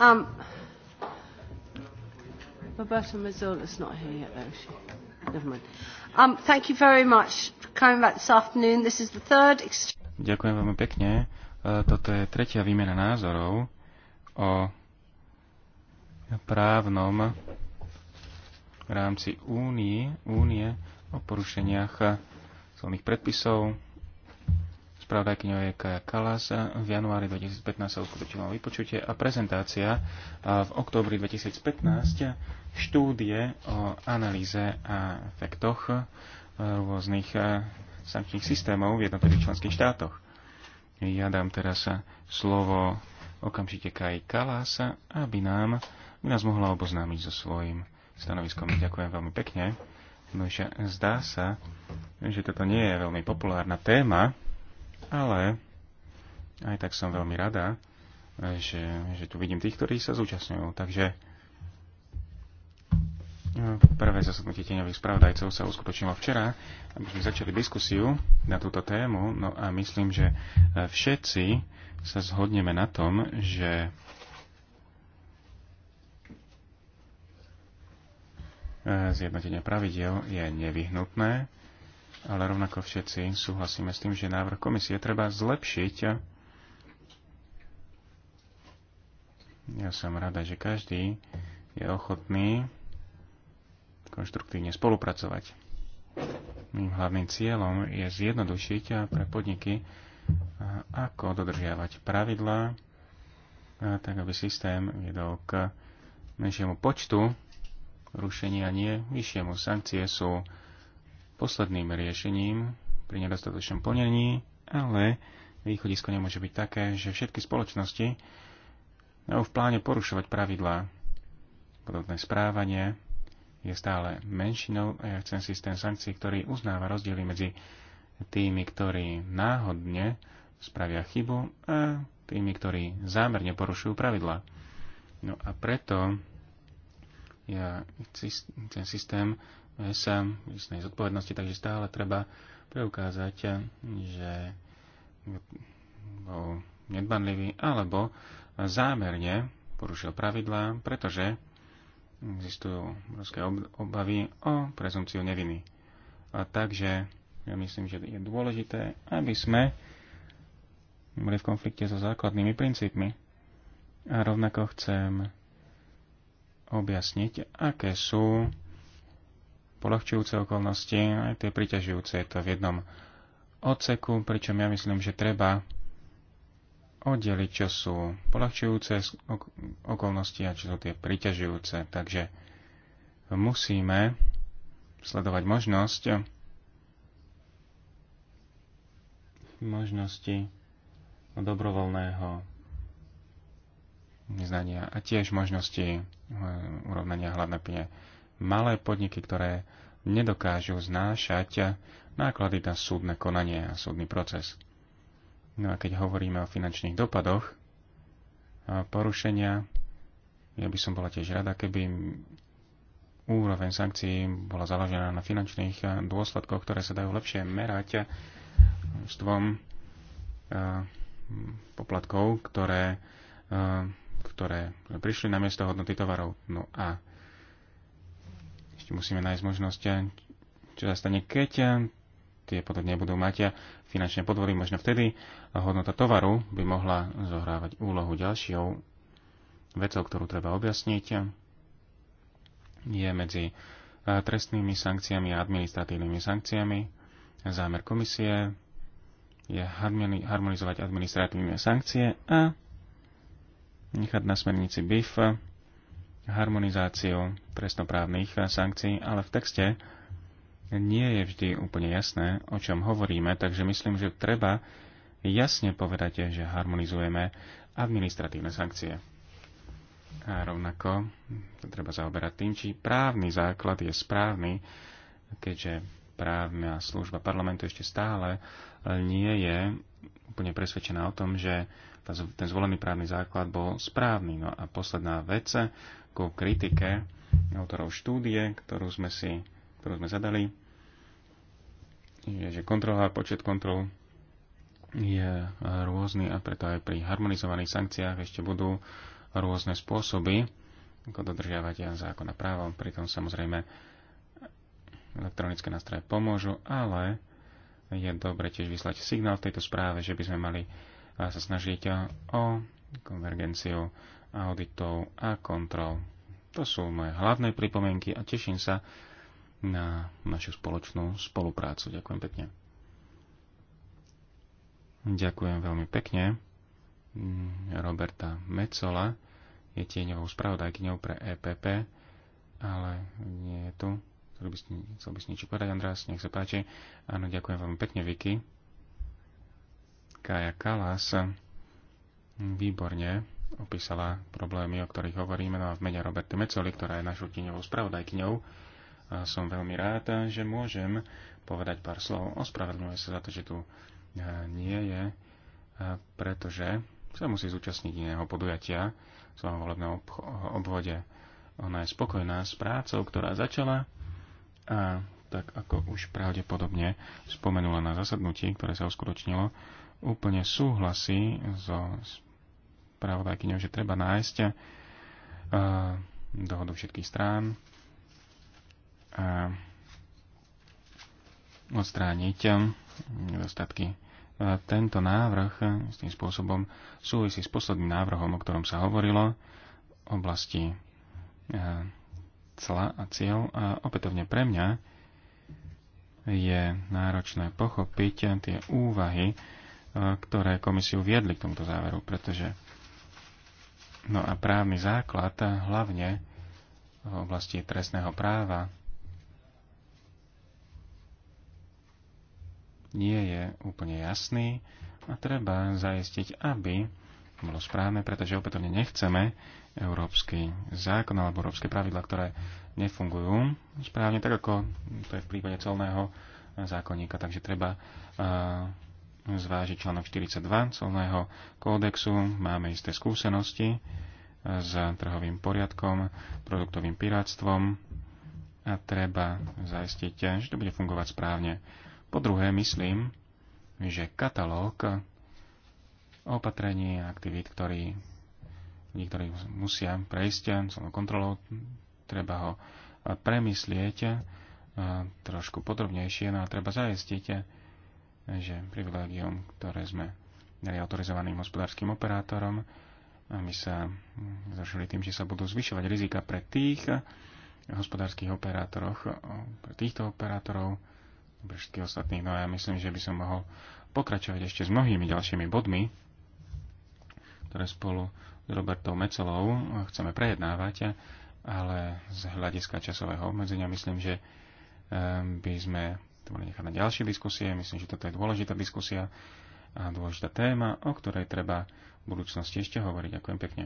Um, Roberta Mazzola not here yet, though. she? Never mind. Um, thank you very much for coming back this afternoon. This is the third Ďakujem veľmi pekne. E, toto je tretia výmena názorov o právnom v rámci únie, únie o porušeniach celných predpisov, Spravodajkyňou je Kaja Kalas. V januári 2015 sa uskutočnilo vypočutie a prezentácia v októbri 2015 štúdie o analýze a efektoch e, rôznych e, sankčných systémov v jednotlivých členských štátoch. Ja dám teraz slovo okamžite Kaj Kalas, aby nám, by nás mohla oboznámiť so svojím stanoviskom. Ďakujem veľmi pekne. No, zdá sa, že toto nie je veľmi populárna téma, ale aj tak som veľmi rada, že, že tu vidím tých, ktorí sa zúčastňujú. Takže e, prvé zasadnutie tieňových spravodajcov sa uskutočnilo včera, aby sme začali diskusiu na túto tému. No a myslím, že e, všetci sa zhodneme na tom, že e, zjednotenie pravidel je nevyhnutné ale rovnako všetci súhlasíme s tým, že návrh komisie treba zlepšiť. Ja som rada, že každý je ochotný konštruktívne spolupracovať. Mým hlavným cieľom je zjednodušiť pre podniky, ako dodržiavať pravidlá, tak aby systém viedol k menšiemu počtu rušenia, nie vyššiemu. Sankcie sú posledným riešením pri nedostatočnom plnení, ale východisko nemôže byť také, že všetky spoločnosti majú v pláne porušovať pravidlá. Podobné správanie je stále menšinou a ja chcem systém sankcií, ktorý uznáva rozdiely medzi tými, ktorí náhodne spravia chybu a tými, ktorí zámerne porušujú pravidlá. No a preto ja chcem systém sa istnej zodpovednosti, takže stále treba preukázať, že bol nedbanlivý alebo zámerne porušil pravidlá, pretože existujú obrovské obavy o prezumciu neviny. A takže ja myslím, že je dôležité, aby sme boli v konflikte so základnými princípmi. A rovnako chcem objasniť, aké sú polahčujúce okolnosti, aj tie priťažujúce. Je to v jednom odseku, pričom ja myslím, že treba oddeliť, čo sú polahčujúce okolnosti a čo sú tie priťažujúce. Takže musíme sledovať možnosť možnosti dobrovoľného neznania a tiež možnosti e, urovnania hlavné pne malé podniky, ktoré nedokážu znášať náklady na súdne konanie a súdny proces. No a keď hovoríme o finančných dopadoch porušenia, ja by som bola tiež rada, keby úroveň sankcií bola založená na finančných dôsledkoch, ktoré sa dajú lepšie merať množstvom poplatkov, ktoré, ktoré prišli na miesto hodnoty tovarov. No a ešte musíme nájsť možnosť, čo sa stane, keď tie podobne budú mať finančné podvody, možno vtedy hodnota tovaru by mohla zohrávať úlohu ďalšou vecou, ktorú treba objasniť, je medzi eh, trestnými sankciami a administratívnymi sankciami. Zámer komisie je harmonizovať administratívne sankcie a nechať na smernici BIF harmonizáciou trestnoprávnych sankcií, ale v texte nie je vždy úplne jasné, o čom hovoríme, takže myslím, že treba jasne povedať, že harmonizujeme administratívne sankcie. A rovnako to treba zaoberať tým, či právny základ je správny, keďže právna služba parlamentu ešte stále nie je úplne presvedčená o tom, že ten zvolený právny základ bol správny. No a posledná vec, ku kritike autorov štúdie, ktorú sme si ktorú sme zadali, je, že kontrola, počet kontrol je rôzny a preto aj pri harmonizovaných sankciách ešte budú rôzne spôsoby, ako dodržiavať zákona a právo. Pritom samozrejme elektronické nástroje pomôžu, ale je dobre tiež vyslať signál v tejto správe, že by sme mali sa snažiť o konvergenciu auditov a kontrol. To sú moje hlavné pripomienky a teším sa na našu spoločnú spoluprácu. Ďakujem pekne. Ďakujem veľmi pekne. Roberta Mecola je tieňovou spravodajkyňou pre EPP, ale nie je tu. Chcel by, si, chcel by si niečo povedať, András, nech sa páči. Áno, ďakujem veľmi pekne, Vicky. Kaja Kalas. Výborne opísala problémy, o ktorých hovoríme, no a v mene Roberty Mecoli, ktorá je našou tíňovou spravodajkyňou, a som veľmi rád, že môžem povedať pár slov. Ospravedlňujem sa za to, že tu nie je, pretože sa musí zúčastniť iného podujatia v svojom volebnom obvode. Ona je spokojná s prácou, ktorá začala a tak ako už pravdepodobne spomenula na zasadnutí, ktoré sa uskutočnilo, úplne súhlasí so spravodajkyňou, že treba nájsť eh, dohodu všetkých strán a odstrániť eh, nedostatky. Tento návrh eh, s tým spôsobom súvisí s posledným návrhom, o ktorom sa hovorilo, v oblasti cla a cieľ. A opätovne pre mňa je náročné pochopiť tie úvahy, ktoré komisiu viedli k tomuto záveru, pretože No a právny základ, hlavne v oblasti trestného práva, nie je úplne jasný a treba zajistiť, aby bolo správne, pretože opätovne nechceme európsky zákon alebo európske pravidla, ktoré nefungujú správne, tak ako to je v prípade celného zákonníka. Takže treba uh, zváži článok 42 colného kódexu. Máme isté skúsenosti s trhovým poriadkom, produktovým piráctvom a treba zaistiť, že to bude fungovať správne. Po druhé, myslím, že katalóg opatrení a aktivít, ktorý, ktorí musia prejsť celou kontrolou, treba ho premyslieť trošku podrobnejšie, no a treba zaistiť, že privilégium, ktoré sme dali autorizovaným hospodárskym operátorom, aby sa zašili tým, že sa budú zvyšovať rizika pre tých hospodárskych operátoroch, pre týchto operátorov, pre všetkých ostatných. No a ja myslím, že by som mohol pokračovať ešte s mnohými ďalšími bodmi, ktoré spolu s Robertou Mecelou chceme prejednávať, ale z hľadiska časového obmedzenia myslím, že eh, by sme to mali nechať na ďalšie diskusie. Myslím, že toto je dôležitá diskusia a dôležitá téma, o ktorej treba v budúcnosti ešte hovoriť. Ďakujem pekne.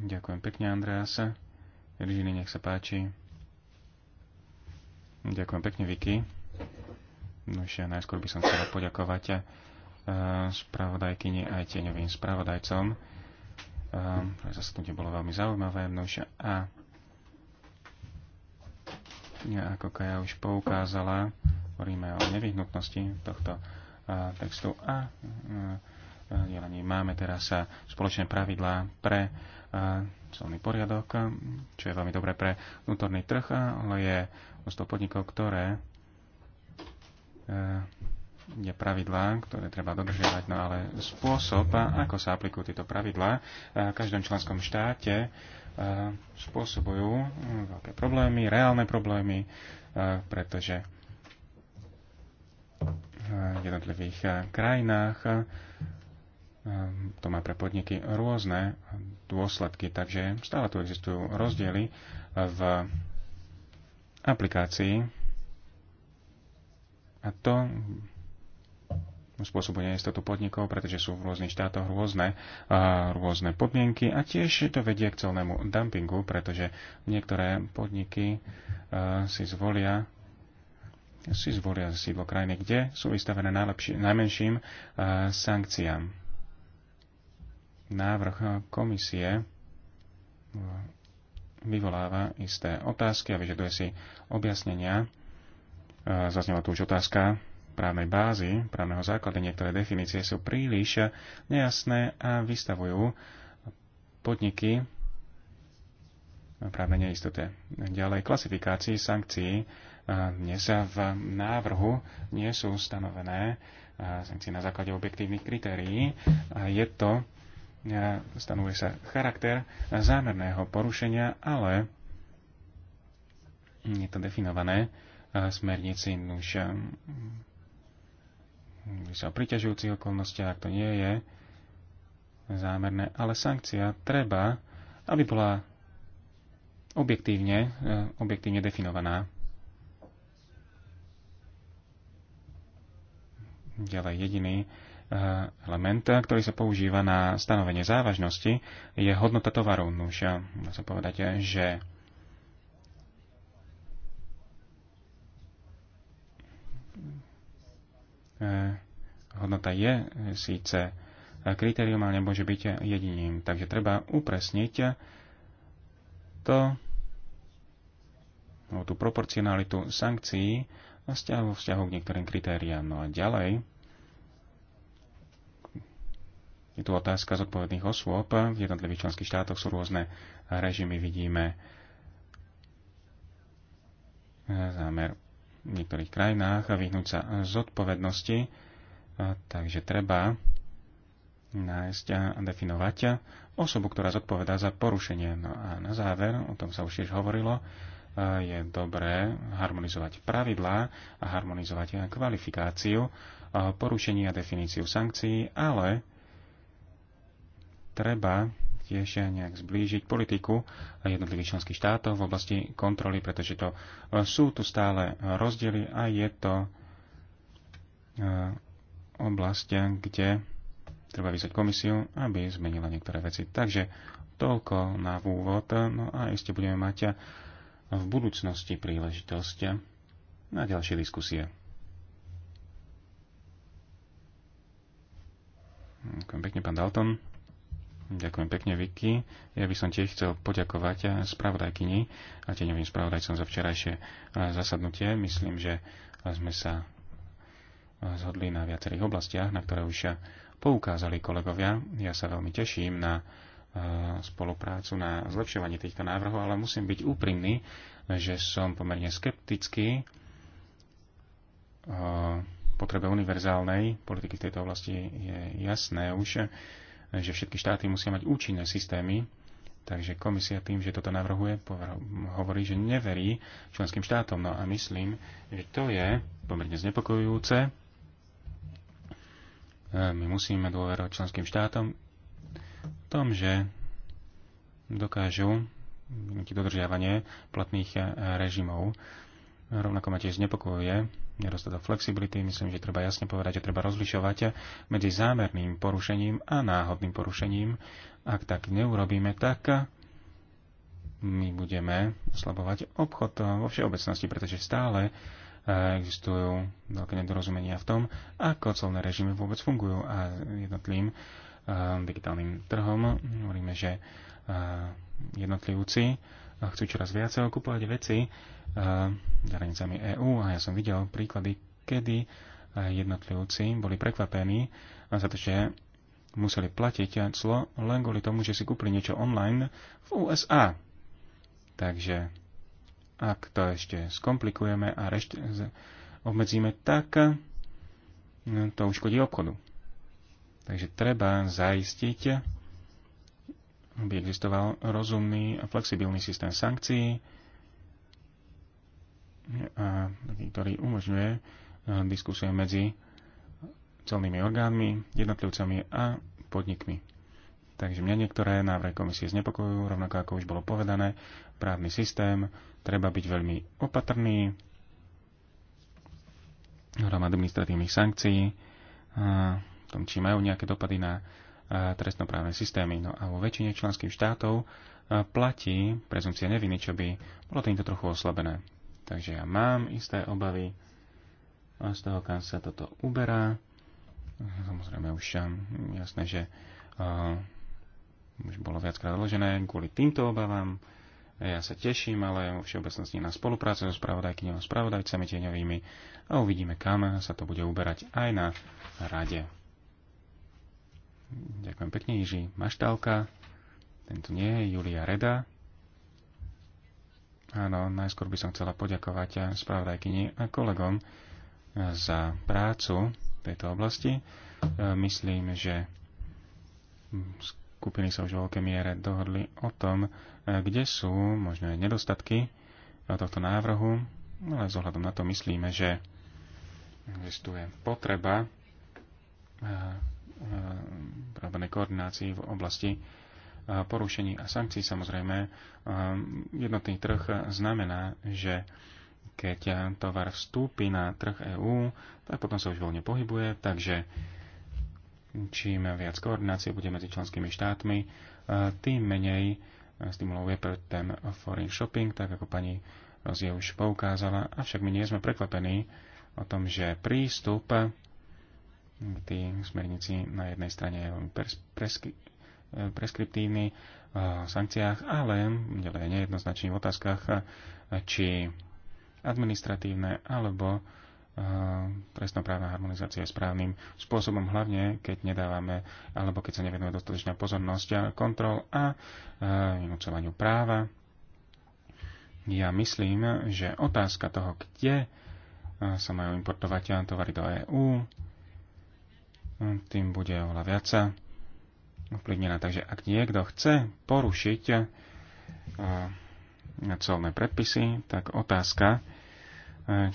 Ďakujem pekne, Andreas. Režiny, nech sa páči. Ďakujem pekne, Vicky. No ešte najskôr by som chcela poďakovať eh, spravodajkyni aj tieňovým spravodajcom. Eh, zasadnutie bolo veľmi zaujímavé. No a ja, ako Kaja už poukázala, hovoríme o nevyhnutnosti tohto textu a delení. Máme teraz spoločné pravidlá pre celný poriadok, čo je veľmi dobré pre vnútorný trh, ale je množstvo podnikov, ktoré je pravidlá, ktoré treba dodržiavať, no ale spôsob, ako sa aplikujú tieto pravidlá v každom členskom štáte, spôsobujú veľké problémy, reálne problémy, pretože jednotlivých eh, krajinách. Eh, to má pre podniky rôzne dôsledky, takže stále tu existujú rozdiely eh, v aplikácii a to spôsobuje neistotu podnikov, pretože sú v rôznych štátoch rôzne, a rôzne podmienky a tiež to vedie k celnému dumpingu, pretože niektoré podniky a, si zvolia si zvolia sídlo krajiny, kde sú vystavené najlepší, najmenším eh, sankciám. Návrh komisie vyvoláva isté otázky a vyžaduje si objasnenia. Eh, zaznela tu už otázka právnej bázy, právneho základu. Niektoré definície sú príliš nejasné a vystavujú podniky právne neistote. Ďalej klasifikácii sankcií dnes v návrhu nie sú stanovené sankcie na základe objektívnych kritérií. Je to, stanovuje sa charakter zámerného porušenia, ale je to definované smernici už sa o priťažujúcich okolnostiach, to nie je zámerné, ale sankcia treba, aby bola objektívne, objektívne definovaná. Ďalej jediný eh, element, ktorý sa používa na stanovenie závažnosti, je hodnota tovaru. Už ja sa povedať, že eh, hodnota je síce kritérium, ale nemôže byť jediným. Takže treba upresniť to, tú proporcionalitu sankcií a vzťahu, vo vzťahu k niektorým kritériám. No a ďalej je tu otázka zodpovedných osôb. V jednotlivých členských štátoch sú rôzne režimy. Vidíme e, zámer v niektorých krajinách a vyhnúť sa zodpovednosti. Takže treba nájsť a definovať osobu, ktorá zodpovedá za porušenie. No a na záver, o tom sa už tiež hovorilo, je dobré harmonizovať pravidlá a harmonizovať kvalifikáciu, eh, porušenie a definíciu sankcií, ale treba tiež nejak zblížiť politiku jednotlivých členských štátov v oblasti kontroly, pretože to eh, sú tu stále rozdiely a je to eh, oblasť, kde treba vyzvať komisiu, aby zmenila niektoré veci. Takže toľko na úvod. No a ešte budeme mať v budúcnosti príležitosť na ďalšie diskusie. Ďakujem pekne, pán Dalton. Ďakujem pekne, Vicky. Ja by som tiež chcel poďakovať spravodajkyni a tieňovým spravodajcom za včerajšie eh, zasadnutie. Myslím, že sme sa eh, zhodli na viacerých oblastiach, na ktoré už poukázali kolegovia. Ja sa veľmi teším na Eh, spoluprácu na zlepšovanie týchto návrhov, ale musím byť úprimný, že som pomerne skeptický eh, potrebe univerzálnej politiky v tejto oblasti je jasné už, že všetky štáty musia mať účinné systémy, takže komisia tým, že toto navrhuje, hovorí, že neverí členským štátom. No a myslím, že to je pomerne znepokojujúce. Eh, my musíme dôverovať členským štátom, tom, že dokážu dodržiavanie platných eh, režimov. Rovnako ma tiež znepokojuje nedostatok flexibility. Myslím, že treba jasne povedať, že treba rozlišovať medzi zámerným porušením a náhodným porušením. Ak tak neurobíme, tak my budeme oslabovať obchod vo všeobecnosti, pretože stále eh, existujú veľké nedorozumenia v tom, ako colné režimy vôbec fungujú a jednotlým Eh, digitálnym trhom. Hovoríme, že eh, jednotlivci eh, chcú čoraz viacej okupovať veci za hranicami EÚ a ja som videl príklady, kedy jednotlivci boli prekvapení za to, že museli platiť clo len kvôli tomu, že si kúpili niečo online v USA. Takže ak to ešte skomplikujeme a rešte obmedzíme, tak to uškodí obchodu. Takže treba zaistiť, aby existoval rozumný a flexibilný systém sankcií, a, ktorý umožňuje eh, diskusie medzi celnými orgánmi, jednotlivcami a podnikmi. Takže mňa niektoré návrhy komisie znepokojujú, rovnako ako už bolo povedané, právny systém, treba byť veľmi opatrný, hromad administratívnych sankcií, a tom, či majú nejaké dopady na e, trestnoprávne systémy. No a vo väčšine členských štátov e, platí prezumcia neviny, čo by bolo týmto trochu oslabené. Takže ja mám isté obavy z toho, kam sa toto uberá. Samozrejme už e, jasné, že uh, už bolo viackrát odložené kvôli týmto obavám. Ja sa teším, ale vo všeobecnosti na spoluprácu so spravodajkyňou a spravodajcami tieňovými a uvidíme, kam sa to bude uberať aj na rade. Ďakujem pekne, Jiži Maštálka. Ten tu nie je, Julia Reda. Áno, najskôr by som chcela poďakovať spravodajkyni a kolegom za prácu v tejto oblasti. E, myslím, že skupiny sa už v veľkej miere dohodli o tom, e, kde sú možno aj nedostatky tohto návrhu, ale ohľadom na to myslíme, že existuje potreba e, Eh, právenej koordinácii v oblasti eh, porušení a sankcií samozrejme. Eh, jednotný trh znamená, že keď tovar vstúpi na trh EÚ, tak potom sa už voľne pohybuje, takže čím viac koordinácie bude medzi členskými štátmi, tým menej stimuluje pre ten foreign shopping, tak ako pani Rozie už poukázala, avšak my nie sme prekvapení o tom, že prístup tí smernici na jednej strane je veľmi preskri- e, preskriptívny v e, sankciách, ale ďalej nejednoznačný v otázkach, e, či administratívne alebo trestnoprávna harmonizácia je správnym spôsobom, hlavne keď nedávame alebo keď sa nevenuje dostatočná pozornosť a kontrol a vynúcovaniu práva. Ja myslím, že otázka toho, kde sa majú importovať tovary do EÚ, tým bude oveľa viac ovplyvnená. Takže ak niekto chce porušiť colné predpisy, tak otázka,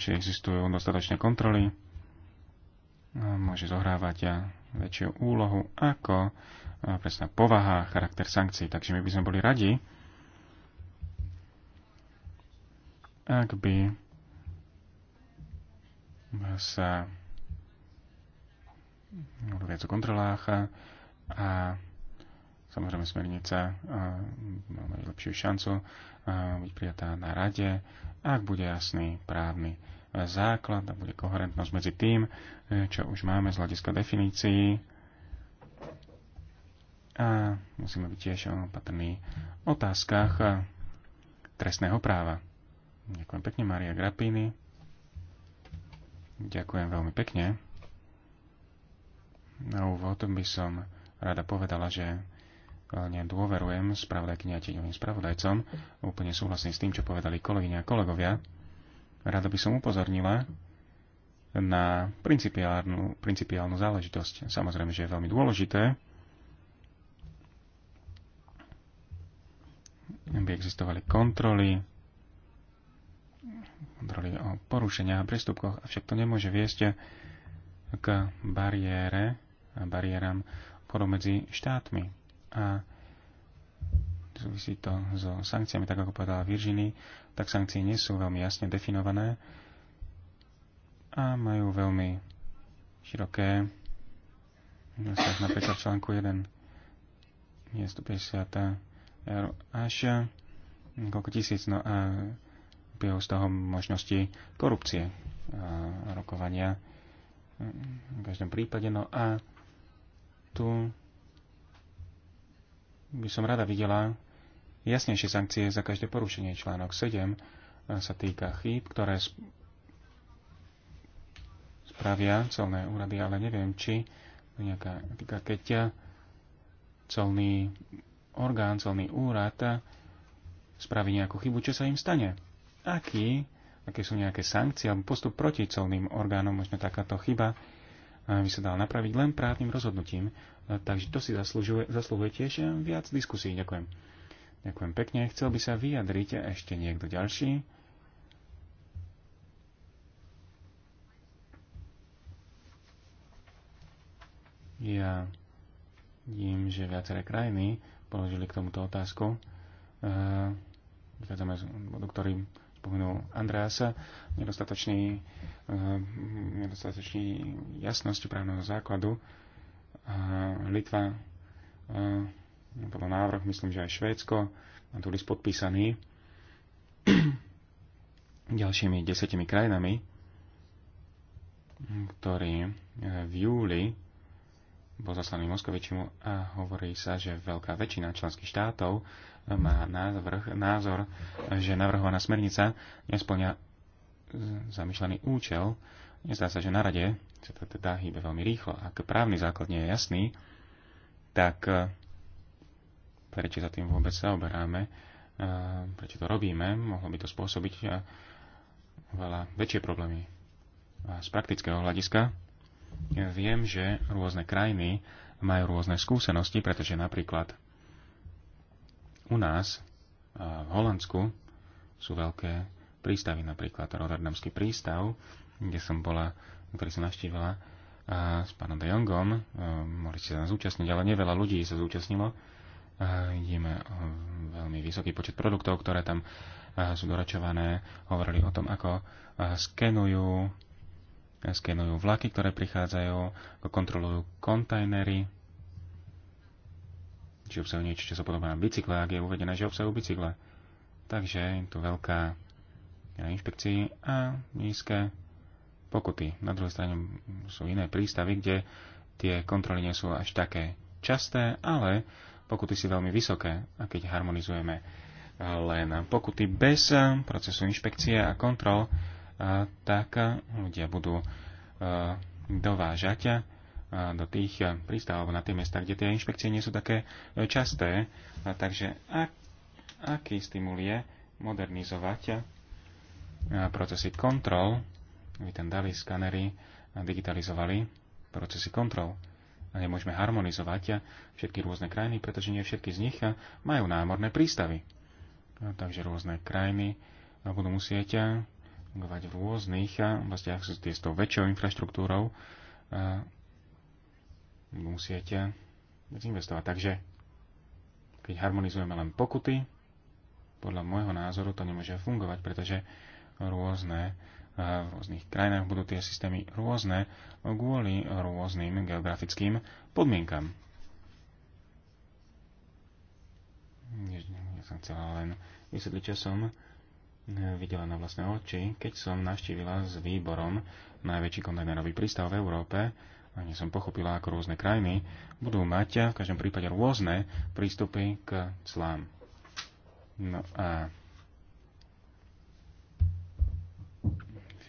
či existujú dostatočné kontroly, môže zohrávať väčšiu úlohu ako presná povaha, charakter sankcií. Takže my by sme boli radi, ak by sa viac o kontrolách a samozrejme smernica má najlepšiu šancu byť prijatá na rade, ak bude jasný právny základ a bude koherentnosť medzi tým, e, čo už máme z hľadiska definícií. A musíme byť tiež opatrní v otázkach trestného práva. Ďakujem pekne, Maria Grappini. Ďakujem veľmi pekne. Na úvod by som rada povedala, že e, dôverujem spravodajkyni a tieňovým spravodajcom. Úplne súhlasím s tým, čo povedali kolegyne a kolegovia. Rada by som upozornila na principiálnu, principiálnu záležitosť. Samozrejme, že je veľmi dôležité, aby existovali kontroly, kontroly o porušeniach a prestupkoch, avšak to nemôže viesť k bariére bariéram obchodu medzi štátmi. A súvisí to so sankciami, tak ako povedala Virginie, tak sankcie nie sú veľmi jasne definované a majú veľmi široké napríklad v článku 1 je 150 eur až koľko tisíc, no a bylo z toho možnosti korupcie a rokovania v každom prípade, no a tu by som rada videla jasnejšie sankcie za každé porušenie. Článok 7 sa týka chýb, ktoré spravia celné úrady, ale neviem, či nejaká, týka keď celný orgán, celný úrad spraví nejakú chybu, čo sa im stane. Aký, aké sú nejaké sankcie alebo postup proti celným orgánom, možno takáto chyba by sa dal napraviť len právnym rozhodnutím. Takže to si zaslúžuje, zaslúžuje tiež eh, viac diskusí. Ďakujem. Ďakujem pekne. Chcel by sa vyjadriť ešte niekto ďalší. Ja vidím, že viaceré krajiny položili k tomuto otázku. Eh, vychádzame z bodu, spomenul Andreasa, nedostatočný, eh, nedostatočný jasnosť právneho základu. Litva, eh, no, podľa návrh, myslím, že aj Švédsko, na tu list podpísaný ďalšími desetimi krajinami, ktorí eh, v júli bol zaslaný Moskovičimu a hovorí sa, že veľká väčšina členských štátov má návrh, názor, že navrhovaná smernica nesplňa e, zamýšľaný účel. Nezdá sa, že na rade sa to teda hýbe veľmi rýchlo. Ak právny základ nie je jasný, tak e, prečo sa tým vôbec oberáme, e, prečo to robíme, mohlo by to spôsobiť veľa väčšie problémy. A z praktického hľadiska viem, že rôzne krajiny majú rôzne skúsenosti, pretože napríklad u nás v Holandsku sú veľké prístavy, napríklad Rotterdamský prístav, kde som bola, ktorý som navštívila a s pánom De Jongom. Mohli ste sa nás zúčastniť, ale neveľa ľudí sa zúčastnilo. A vidíme veľmi vysoký počet produktov, ktoré tam sú doračované. Hovorili o tom, ako skenujú skenujú vlaky, ktoré prichádzajú, kontrolujú kontajnery, či obsahujú niečo, čo sa podobá na bicykle, ak je uvedené, že obsahujú bicykle. Takže je tu veľká inšpekcia a nízke pokuty. Na druhej strane sú iné prístavy, kde tie kontroly nie sú až také časté, ale pokuty sú veľmi vysoké. A keď harmonizujeme len pokuty bez procesu inšpekcie a kontrol, tak ľudia budú e, dovážať e, do tých prístavov alebo na tie miesta, kde tie inšpekcie nie sú také e, časté. Takže ak, aký stimul je modernizovať procesy kontrol, vy tam dali skanery, digitalizovali procesy kontrol. A nemôžeme harmonizovať všetky rôzne krajiny, pretože nie všetky z nich majú námorné prístavy. Takže rôzne krajiny budú musieť fungovať v rôznych eh, oblastiach s tou väčšou infraštruktúrou, eh, musíte zinvestovať. Takže keď harmonizujeme len pokuty, podľa môjho názoru to nemôže fungovať, pretože rôzne eh, v rôznych krajinách budú tie systémy rôzne kvôli rôznym geografickým podmienkam. Ja som chcel, len vysvetliť, čo som Eh, videla na vlastné oči, keď som navštívila s výborom najväčší kontajnerový prístav v Európe, ani som pochopila, ako rôzne krajiny budú mať eh, v každom prípade rôzne prístupy k clám. No a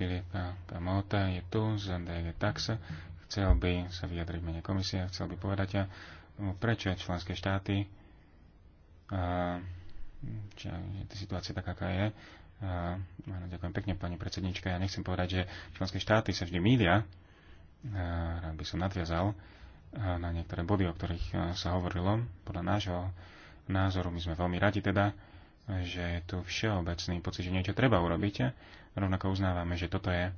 Filipa Kamota je tu z NDG Tax. Chcel by sa vyjadriť mene komisie, chcel by povedať, eh, prečo členské štáty či je situácia taká, aká je, Áno, ďakujem pekne, pani predsednička. Ja nechcem povedať, že členské štáty sa vždy mília. Rád by som nadviazal na niektoré body, o ktorých sa hovorilo. Podľa nášho názoru my sme veľmi radi teda, že je tu všeobecný pocit, že niečo treba urobiť. Rovnako uznávame, že toto je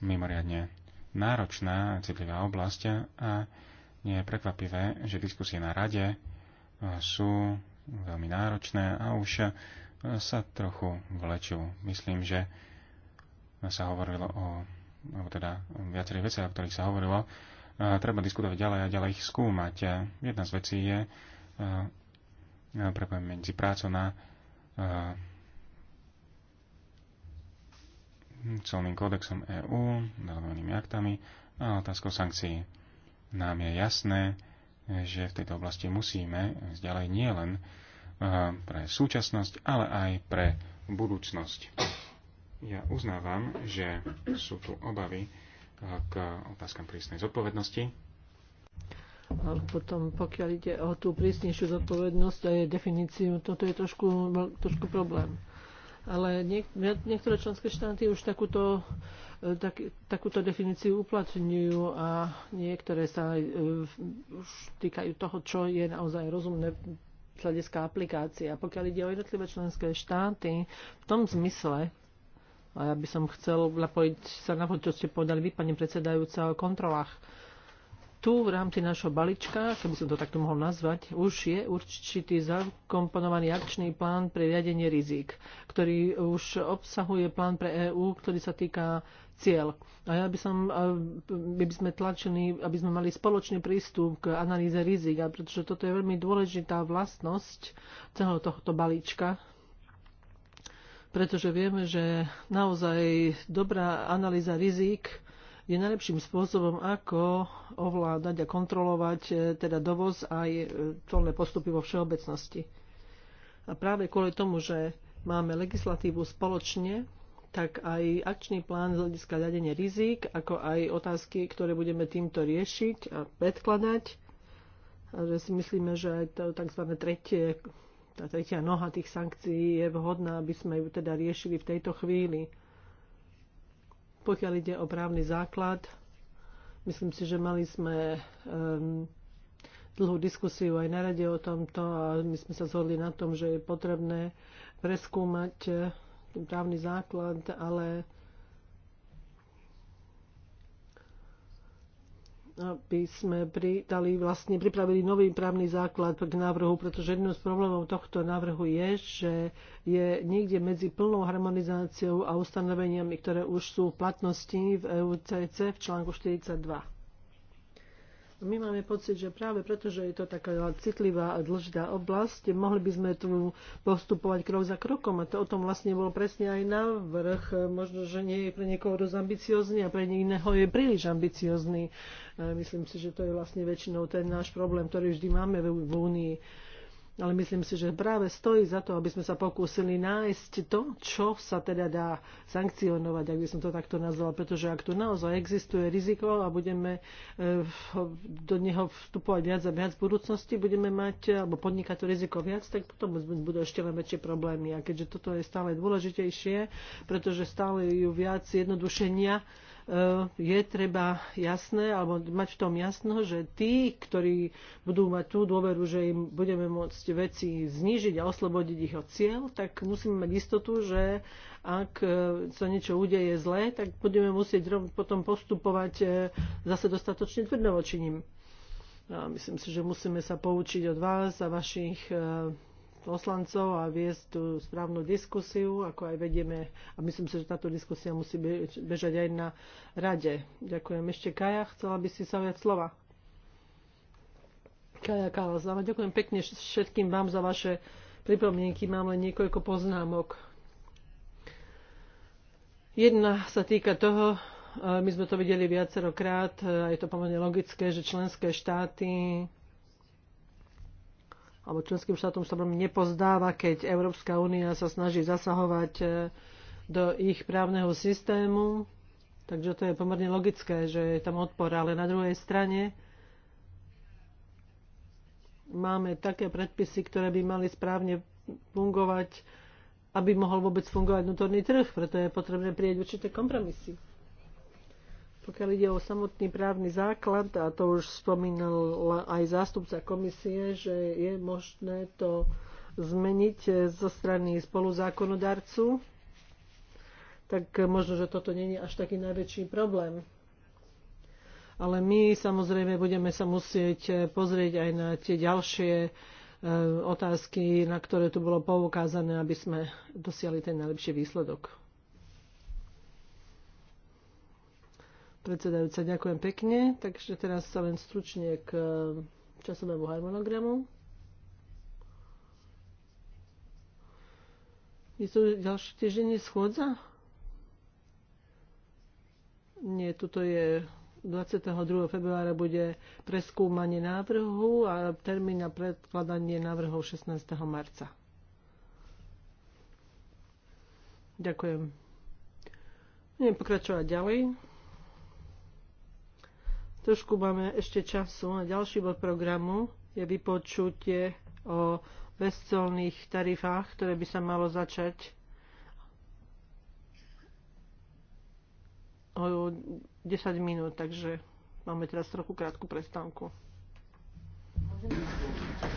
mimoriadne náročná, citlivá oblasť a nie je prekvapivé, že diskusie na rade sú veľmi náročné a už sa trochu vlečú. Myslím, že sa hovorilo o, alebo teda o viacerých veciach, o ktorých sa hovorilo, treba diskutovať ďalej a ďalej ich skúmať. Jedna z vecí je prepojem medzi prácu na celným kódexom EÚ, delegovanými aktami a otázkou sankcií. Nám je jasné, že v tejto oblasti musíme vzdialej nielen len pre súčasnosť, ale aj pre budúcnosť. Ja uznávam, že sú tu obavy eh, k otázkam prísnej zodpovednosti. A potom, pokiaľ ide o tú prísnejšiu zodpovednosť a jej definíciu, toto je trošku, trošku problém. Ale niek- niektoré členské štáty už takúto, eh, tak, takúto definíciu uplatňujú a niektoré sa aj, eh, už týkajú toho, čo je naozaj rozumné hľadiska aplikácie. A pokiaľ ide o jednotlivé členské štáty, v tom zmysle, a ja by som chcel napojiť sa na to, čo ste povedali vy, pani predsedajúca, o kontrolách tu v rámci našho balíčka, keby som to takto mohol nazvať, už je určitý zakomponovaný akčný plán pre riadenie rizik, ktorý už obsahuje plán pre EÚ, ktorý sa týka cieľ. A ja by som, my by sme tlačili, aby sme mali spoločný prístup k analýze rizik, a pretože toto je veľmi dôležitá vlastnosť celého tohto balíčka, pretože vieme, že naozaj dobrá analýza rizik je najlepším spôsobom, ako ovládať a kontrolovať e, teda dovoz aj e, colné postupy vo všeobecnosti. A práve kvôli tomu, že máme legislatívu spoločne, tak aj akčný plán z hľadiska ľadenia rizik, ako aj otázky, ktoré budeme týmto riešiť a predkladať. A že si myslíme, že aj to tzv. tretie, tá tretia noha tých sankcií je vhodná, aby sme ju teda riešili v tejto chvíli. Pokiaľ ide o právny základ, myslím si, že mali sme um, dlhú diskusiu aj na rade o tomto a my sme sa zhodli na tom, že je potrebné preskúmať eh, ten právny základ, ale aby sme pridali, vlastne pripravili nový právny základ k návrhu, pretože jedným z problémov tohto návrhu je, že je niekde medzi plnou harmonizáciou a ustanoveniami, ktoré už sú v platnosti v EUCC v článku 42. My máme pocit, že práve preto, že je to taká citlivá a dlžitá oblasť, mohli by sme tu postupovať krok za krokom. A to o tom vlastne bolo presne aj návrh. Možno, že nie je pre niekoho dosť ambiciozný a pre iného je príliš ambiciozný. E, myslím si, že to je vlastne väčšinou ten náš problém, ktorý vždy máme v Únii ale myslím si, že práve stojí za to, aby sme sa pokúsili nájsť to, čo sa teda dá sankcionovať, ak by som to takto nazvala, pretože ak tu naozaj existuje riziko a budeme e, do neho vstupovať viac a viac v budúcnosti, budeme mať, alebo podnikať to riziko viac, tak potom budú ešte len väčšie problémy. A keďže toto je stále dôležitejšie, pretože stále ju viac jednodušenia, E, je treba jasné, alebo mať v tom jasno, že tí, ktorí budú mať tú dôveru, že im budeme môcť veci znížiť a oslobodiť ich od cieľ, tak musíme mať istotu, že ak e, sa niečo udeje zlé, tak budeme musieť potom postupovať e, zase dostatočne tvrdovočiním. myslím si, že musíme sa poučiť od vás a vašich poslancov a viesť tú správnu diskusiu, ako aj vedieme. A myslím si, že táto diskusia musí bežať aj na rade. Ďakujem. Ešte Kaja, chcela by si sa viac slova. Kaja Kalazava, ďakujem pekne všetkým vám za vaše pripomienky. Mám len niekoľko poznámok. Jedna sa týka toho, e, my sme to videli viacerokrát, e, a je to pomerne logické, že členské štáty alebo členským štátom sa nepozdáva, keď Európska únia sa snaží zasahovať e, do ich právneho systému. Takže to je pomerne logické, že je tam odpor, ale na druhej strane máme také predpisy, ktoré by mali správne fungovať, aby mohol vôbec fungovať vnútorný trh, preto je potrebné prijať určité kompromisy. Pokiaľ ide o samotný právny základ, a to už spomínal aj zástupca komisie, že je možné to zmeniť zo strany spoluzákonodarcu, tak možno, že toto není až taký najväčší problém. Ale my samozrejme budeme sa musieť pozrieť aj na tie ďalšie e, otázky, na ktoré tu bolo poukázané, aby sme dosiahli ten najlepší výsledok. Predsedajúca, ďakujem pekne. Takže teraz sa len stručne k e, časovému harmonogramu. Je tu ďalšie týždenie schôdza? Nie, tuto je 22. februára bude preskúmanie návrhu a termín na predkladanie návrhov 16. marca. Ďakujem. Budem pokračovať ďalej. Trošku máme ešte času na ďalší bod programu. Je vypočutie o bezcelných tarifách, ktoré by sa malo začať o 10 minút, takže máme teraz trochu krátku prestávku. Môžeme.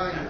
vzdelávania.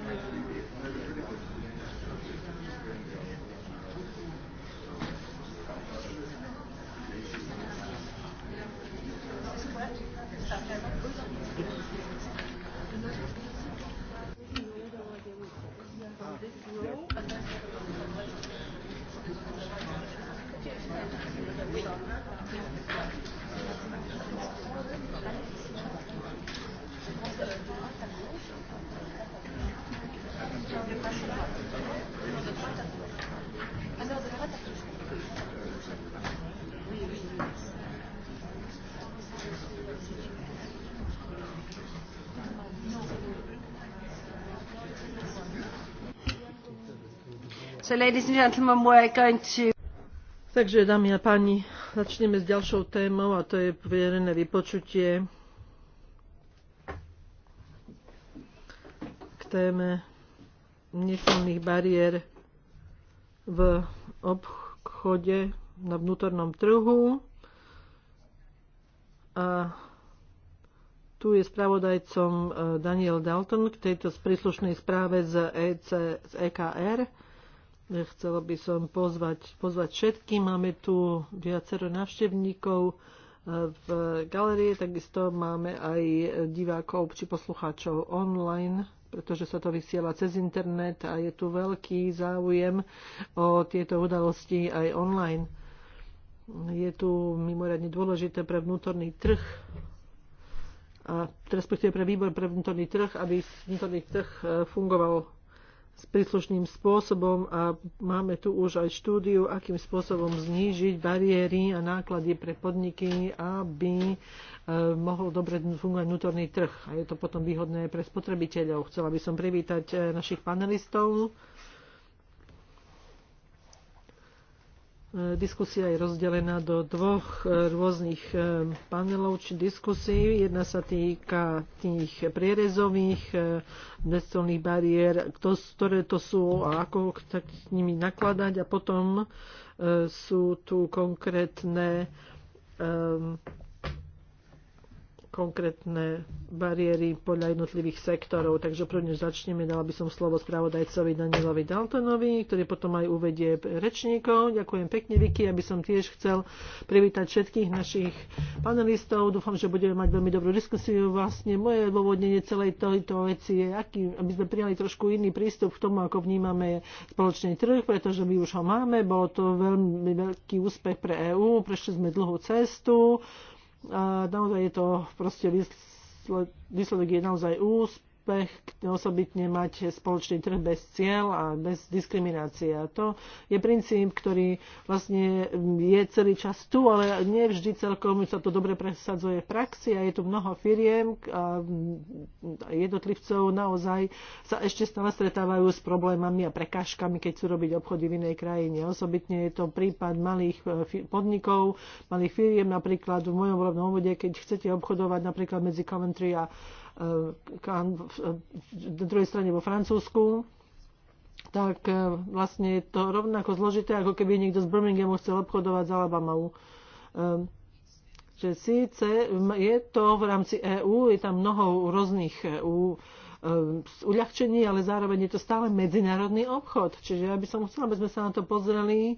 So, ladies and gentlemen, we're going to... Takže, dámy a páni, začneme s ďalšou témou a to je verejné vypočutie k téme nesilných bariér v obchode na vnútornom trhu. A tu je spravodajcom eh, Daniel Dalton k tejto príslušnej správe z, EC, z EKR. Chcela by som pozvať, pozvať všetky. Máme tu viacero návštevníkov e, v galerii, takisto máme aj divákov či poslucháčov online, pretože sa to vysiela cez internet a je tu veľký záujem o tieto udalosti aj online. Je tu mimoriadne dôležité pre vnútorný trh a respektíve pre výbor pre vnútorný trh, aby vnútorný trh e, fungoval s príslušným spôsobom a máme tu už aj štúdiu, akým spôsobom znížiť bariéry a náklady pre podniky, aby e, mohol dobre fungovať vnútorný trh. A je to potom výhodné pre spotrebiteľov. Chcela by som privítať e, našich panelistov. E, diskusia je rozdelená do dvoch e, rôznych e, panelov či diskusí. Jedna sa týka tých prierezových nestolných bariér, ktoré to sú a ako tak s nimi nakladať. A potom sú tu konkrétne konkrétne bariéry podľa jednotlivých sektorov. Takže prvne začneme, dala by som slovo spravodajcovi Danielovi Daltonovi, ktorý potom aj uvedie rečníkov. Ďakujem pekne, Vicky, aby som tiež chcel privítať všetkých našich panelistov. Dúfam, že budeme mať veľmi dobrú diskusiu. Vlastne moje dôvodnenie celej tejto veci je, aký, aby sme prijali trošku iný prístup k tomu, ako vnímame spoločný trh, pretože my už ho máme. Bolo to veľmi veľký úspech pre EÚ, prešli sme dlhú cestu. A naozaj je to proste výsledok je naozaj úsp, úspech osobitne mať spoločný trh bez cieľ a bez diskriminácie. A to je princíp, ktorý vlastne je celý čas tu, ale nie vždy celkom sa to dobre presadzuje v praxi a je tu mnoho firiem a jednotlivcov naozaj sa ešte stále stretávajú s problémami a prekážkami, keď chcú robiť obchody v inej krajine. Osobitne je to prípad malých e, podnikov, malých firiem, napríklad v mojom rovnom obvode, keď chcete obchodovať napríklad medzi Coventry a na e, e, druhej strane vo Francúzsku, tak e, vlastne je to rovnako zložité, ako keby niekto z Birminghamu chcel obchodovať s Alabamou. Čiže síce je to v rámci EÚ, je tam mnoho rôznych EÚ uľahčení, ale zároveň je to stále medzinárodný obchod. Čiže ja by som chcela, aby sme sa na to pozreli e,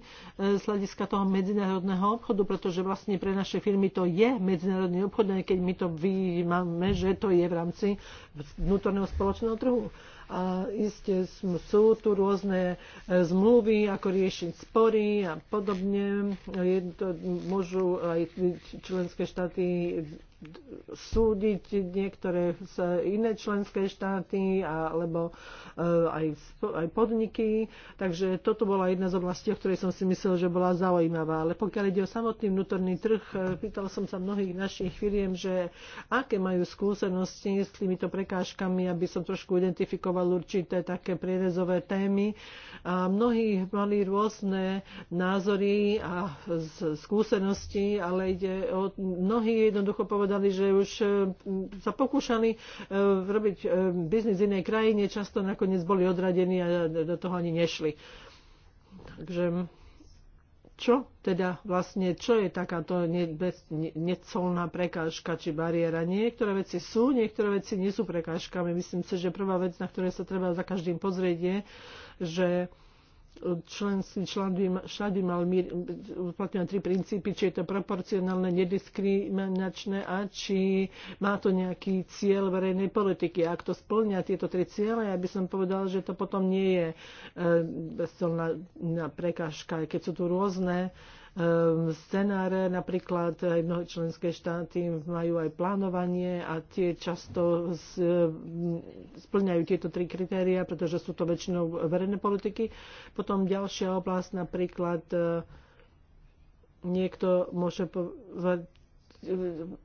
z hľadiska toho medzinárodného obchodu, pretože vlastne pre naše firmy to je medzinárodný obchod, aj keď my to vnímame, že to je v rámci vnútorného spoločného trhu a iste sú tu rôzne e, zmluvy, ako riešiť spory a podobne. Je to, môžu aj členské štáty súdiť niektoré z iné členské štáty alebo eh, aj, aj podniky. Takže toto bola jedna z oblastí, o ktorej som si myslel, že bola zaujímavá. Ale pokiaľ ide o samotný vnútorný trh, eh, pýtal som sa mnohých našich firiem, že aké majú skúsenosti s týmito prekážkami, aby som trošku identifikoval určité také prierezové témy. A mnohí mali rôzne názory a skúsenosti, ale ide o mnohí jednoducho povedali, povedali, že už e, sa pokúšali e, robiť e, biznis v inej krajine, často nakoniec boli odradení a do toho ani nešli. Takže čo teda vlastne, čo je takáto necolná prekážka či bariéra. Niektoré veci sú, niektoré veci nie sú prekážkami. Myslím si, že prvá vec, na ktorej sa treba za každým pozrieť, je, že členský člen by všade mal uplatňovať tri princípy, či je to proporcionálne, nediskriminačné a či má to nejaký cieľ verejnej politiky. A ak to splňa tieto tri ciele, ja by som povedal, že to potom nie je e, bezcelná prekážka, keď sú tu rôzne Ehm, scenáre. Napríklad aj mnohé členské štáty majú aj plánovanie a tie často ehm, splňajú tieto tri kritéria, pretože sú to väčšinou verejné politiky. Potom ďalšia oblasť napríklad ehm, niekto môže povedať,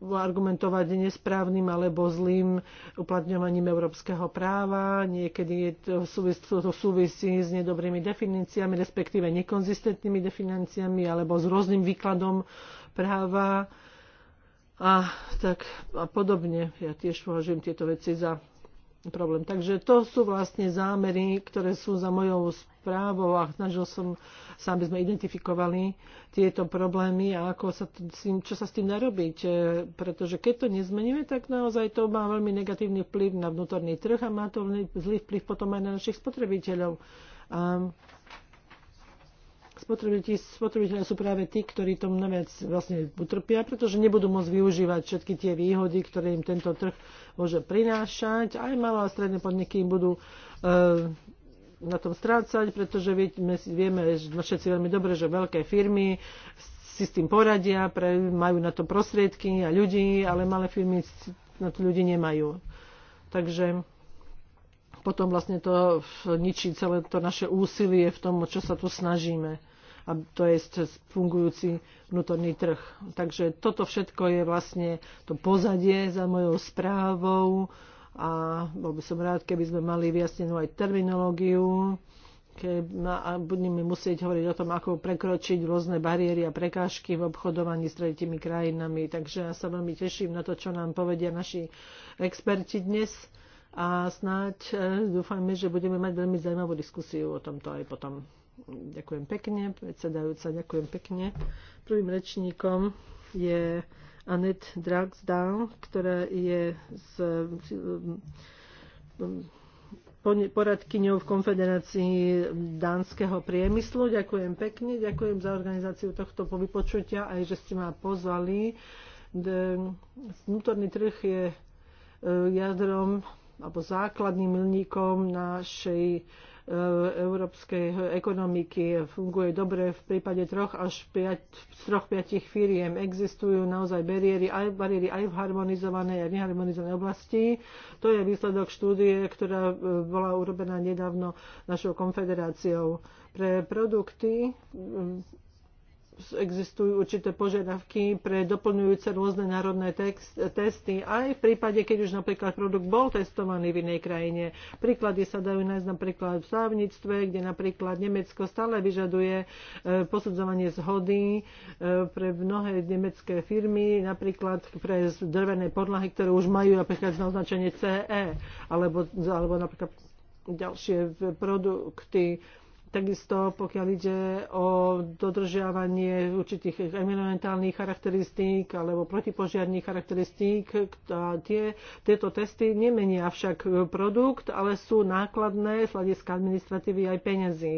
argumentovať nesprávnym alebo zlým uplatňovaním európskeho práva. Niekedy je to, súvis, to súvisí s nedobrými definíciami, respektíve nekonzistentnými definíciami alebo s rôznym výkladom práva a tak a podobne. Ja tiež považujem tieto veci za problém. Takže to sú vlastne zámery, ktoré sú za mojou správou a snažil som sa, aby sme identifikovali tieto problémy a ako sa, čo sa s tým narobiť. E, pretože keď to nezmeníme, tak naozaj to má veľmi negatívny vplyv na vnútorný trh a má to zlý vplyv potom aj na našich spotrebiteľov. A sú práve tí, ktorí tomu najviac vlastne utrpia, pretože nebudú môcť využívať všetky tie výhody, ktoré im tento trh môže prinášať. Aj malé a stredné podniky im budú e, na tom strácať, pretože vieme, vieme no všetci veľmi dobre, že veľké firmy si s tým poradia, pre, majú na to prostriedky a ľudí, ale malé firmy na to ľudí nemajú. Takže potom vlastne to ničí celé to naše úsilie v tom, čo sa tu snažíme a to je fungujúci vnútorný trh. Takže toto všetko je vlastne to pozadie za mojou správou a bol by som rád, keby sme mali vyjasnenú aj terminológiu, keď budeme musieť hovoriť o tom, ako prekročiť rôzne bariéry a prekážky v obchodovaní s tretimi krajinami. Takže ja sa veľmi teším na to, čo nám povedia naši experti dnes a snáď e, dúfajme, že budeme mať veľmi zaujímavú diskusiu o tomto aj potom. Ďakujem pekne, predsedajúca, ďakujem pekne. Prvým rečníkom je Annette Dragsdown, ktorá je z um, um, poradkyňou v Konfederácii dánskeho priemyslu. Ďakujem pekne, ďakujem za organizáciu tohto vypočutia aj, že ste ma pozvali. Vnútorný trh je e, jadrom alebo základným milníkom našej E, európskej ekonomiky funguje dobre v prípade troch až z troch piatich firiem. Existujú naozaj bariéry aj, bariéry aj v harmonizovanej a neharmonizovanej oblasti. To je výsledok štúdie, ktorá e, bola urobená nedávno našou konfederáciou. Pre produkty existujú určité požiadavky pre doplňujúce rôzne národné text, testy, aj v prípade, keď už napríklad produkt bol testovaný v inej krajine. Príklady sa dajú nájsť napríklad v slávnictve, kde napríklad Nemecko stále vyžaduje e, posudzovanie zhody e, pre mnohé nemecké firmy, napríklad pre drvené podlahy, ktoré už majú napríklad na označenie CE, alebo, alebo napríklad ďalšie produkty, Takisto pokiaľ ide o dodržiavanie určitých environmentálnych charakteristík alebo protipožiarných charakteristík, tie, tieto testy nemenia však produkt, ale sú nákladné z hľadiska administratívy aj peniazy.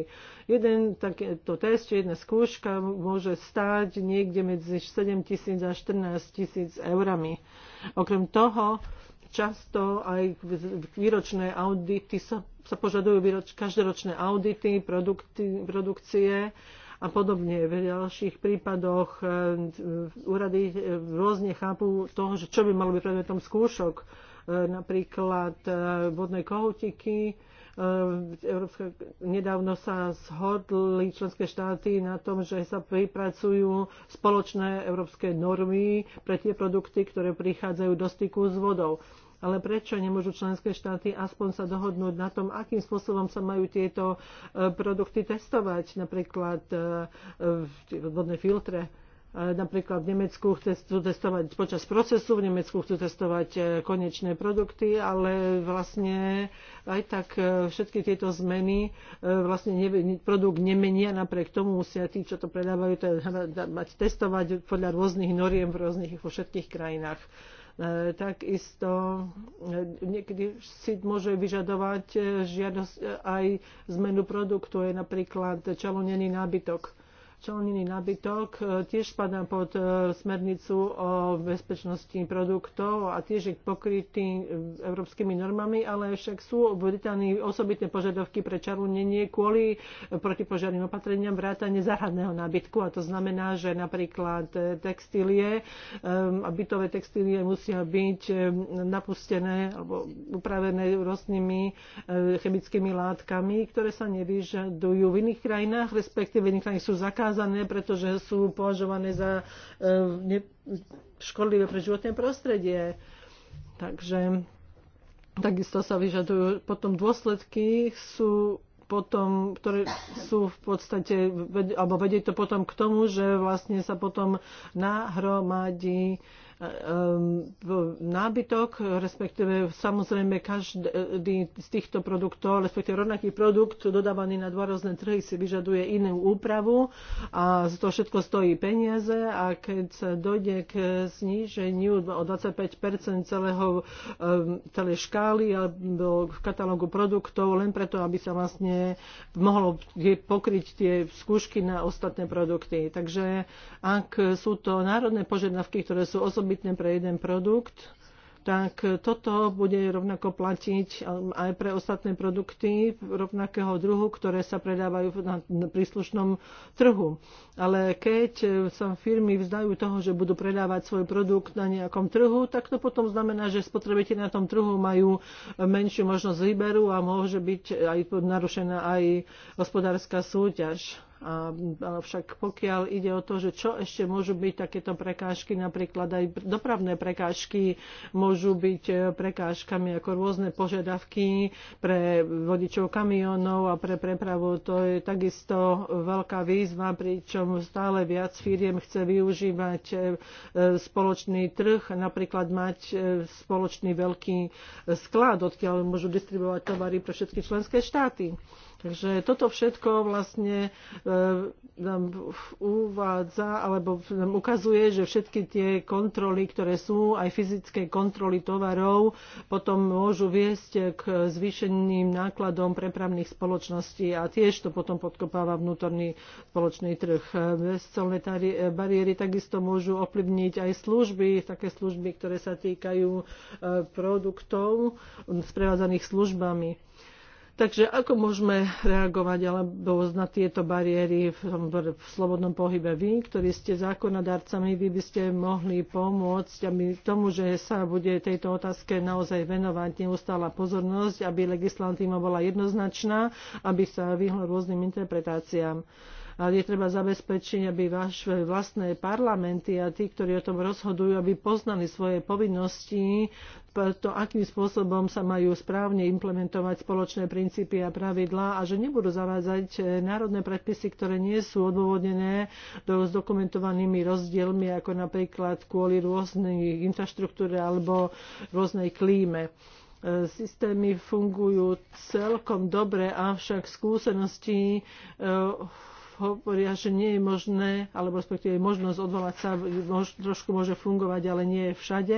Jeden takýto test, jedna skúška môže stať niekde medzi 7 tisíc a 14 tisíc eurami. Okrem toho, často aj výročné audity sa, sa požadujú výroč, každoročné audity produkty, produkcie a podobne. V ďalších prípadoch e, úrady e, rôzne chápu toho, že čo by malo byť predmetom skúšok, e, napríklad vodnej kohutiky, E, Európska, nedávno sa zhodli členské štáty na tom, že sa pripracujú spoločné európske normy pre tie produkty, ktoré prichádzajú do styku s vodou. Ale prečo nemôžu členské štáty aspoň sa dohodnúť na tom, akým spôsobom sa majú tieto e, produkty testovať, napríklad e, vodné filtre? E, napríklad v Nemecku chcú testovať počas procesu, v Nemecku chcú testovať e, konečné produkty, ale vlastne aj tak e, všetky tieto zmeny vlastne ne, produkt nemenia, napriek tomu musia tí, čo to predávajú, to teda, teda, teda, mať testovať podľa rôznych noriem v rôznych vo všetkých krajinách. Takisto niekedy si môže vyžadovať žiadosť aj zmenu produktu, je napríklad čalonený nábytok včelniny nabytok e, tiež spadá pod e, smernicu o bezpečnosti produktov a tiež je pokrytý e, európskymi normami, ale však sú v Británii osobitné požiadavky pre čarunenie kvôli protipožiarným opatreniam vrátane záhradného nábytku a to znamená, že napríklad textílie a bytové textílie musia byť napustené alebo upravené rôznymi chemickými látkami, ktoré sa nevyžadujú v iných krajinách, respektíve v iných krajinách sú zakázané zakázané, pretože sú považované za e, škodlivé pre životné prostredie. Takže takisto sa vyžadujú potom dôsledky, sú potom, ktoré sú v podstate, alebo vedie to potom k tomu, že vlastne sa potom nahromadí Ehm, nábytok, respektíve samozrejme každý z týchto produktov, respektíve rovnaký produkt dodávaný na dva rôzne trhy si vyžaduje inú úpravu a to všetko stojí peniaze a keď sa dojde k zníženiu o 25 celého, ehm, celej škály alebo v katalógu produktov len preto, aby sa vlastne mohlo pokryť tie skúšky na ostatné produkty. Takže ak sú to národné požiadavky, ktoré sú osobi osobitné pre jeden produkt, tak toto bude rovnako platiť um, aj pre ostatné produkty rovnakého druhu, ktoré sa predávajú na príslušnom trhu. Ale keď e, sa firmy vzdajú toho, že budú predávať svoj produkt na nejakom trhu, tak to potom znamená, že spotrebiteľi na tom trhu majú e, menšiu možnosť výberu a môže byť e, aj narušená aj hospodárska súťaž. A však pokiaľ ide o to, že čo ešte môžu byť takéto prekážky, napríklad aj dopravné prekážky môžu byť e, prekážkami ako rôzne požiadavky pre vodičov kamionov a pre prepravu. To je takisto veľká výzva, pričom stále viac firiem chce využívať e, e, spoločný trh, napríklad mať spoločný veľký sklad, odkiaľ môžu distribuovať tovary pre všetky členské štáty. Takže toto všetko vlastne e, nám uvádza alebo nám ukazuje, že všetky tie kontroly, ktoré sú, aj fyzické kontroly tovarov, potom môžu viesť k zvýšeným nákladom prepravných spoločností a tiež to potom podkopáva vnútorný spoločný trh. E, bezcelné e, bariéry takisto môžu ovplyvniť aj služby, také služby, ktoré sa týkajú produktov sprevádzaných službami Takže ako môžeme reagovať alebo na tieto bariéry v, v, v slobodnom pohybe? Vy, ktorí ste zákonodarcami, vy by ste mohli pomôcť aby tomu, že sa bude tejto otázke naozaj venovať neustála pozornosť, aby legislatíva bola jednoznačná, aby sa vyhlo rôznym interpretáciám ale je treba zabezpečiť, aby vaše vlastné parlamenty a tí, ktorí o tom rozhodujú, aby poznali svoje povinnosti, to, akým spôsobom sa majú správne implementovať spoločné princípy a pravidlá a že nebudú zavádzať eh, národné predpisy, ktoré nie sú odôvodnené do, s dokumentovanými rozdielmi, ako napríklad kvôli rôznej infraštruktúre alebo rôznej klíme eh, systémy fungujú celkom dobre, avšak skúsenosti eh, hovoria, že nie je možné, alebo respektíve možnosť odvolať sa mož, trošku môže fungovať, ale nie je všade.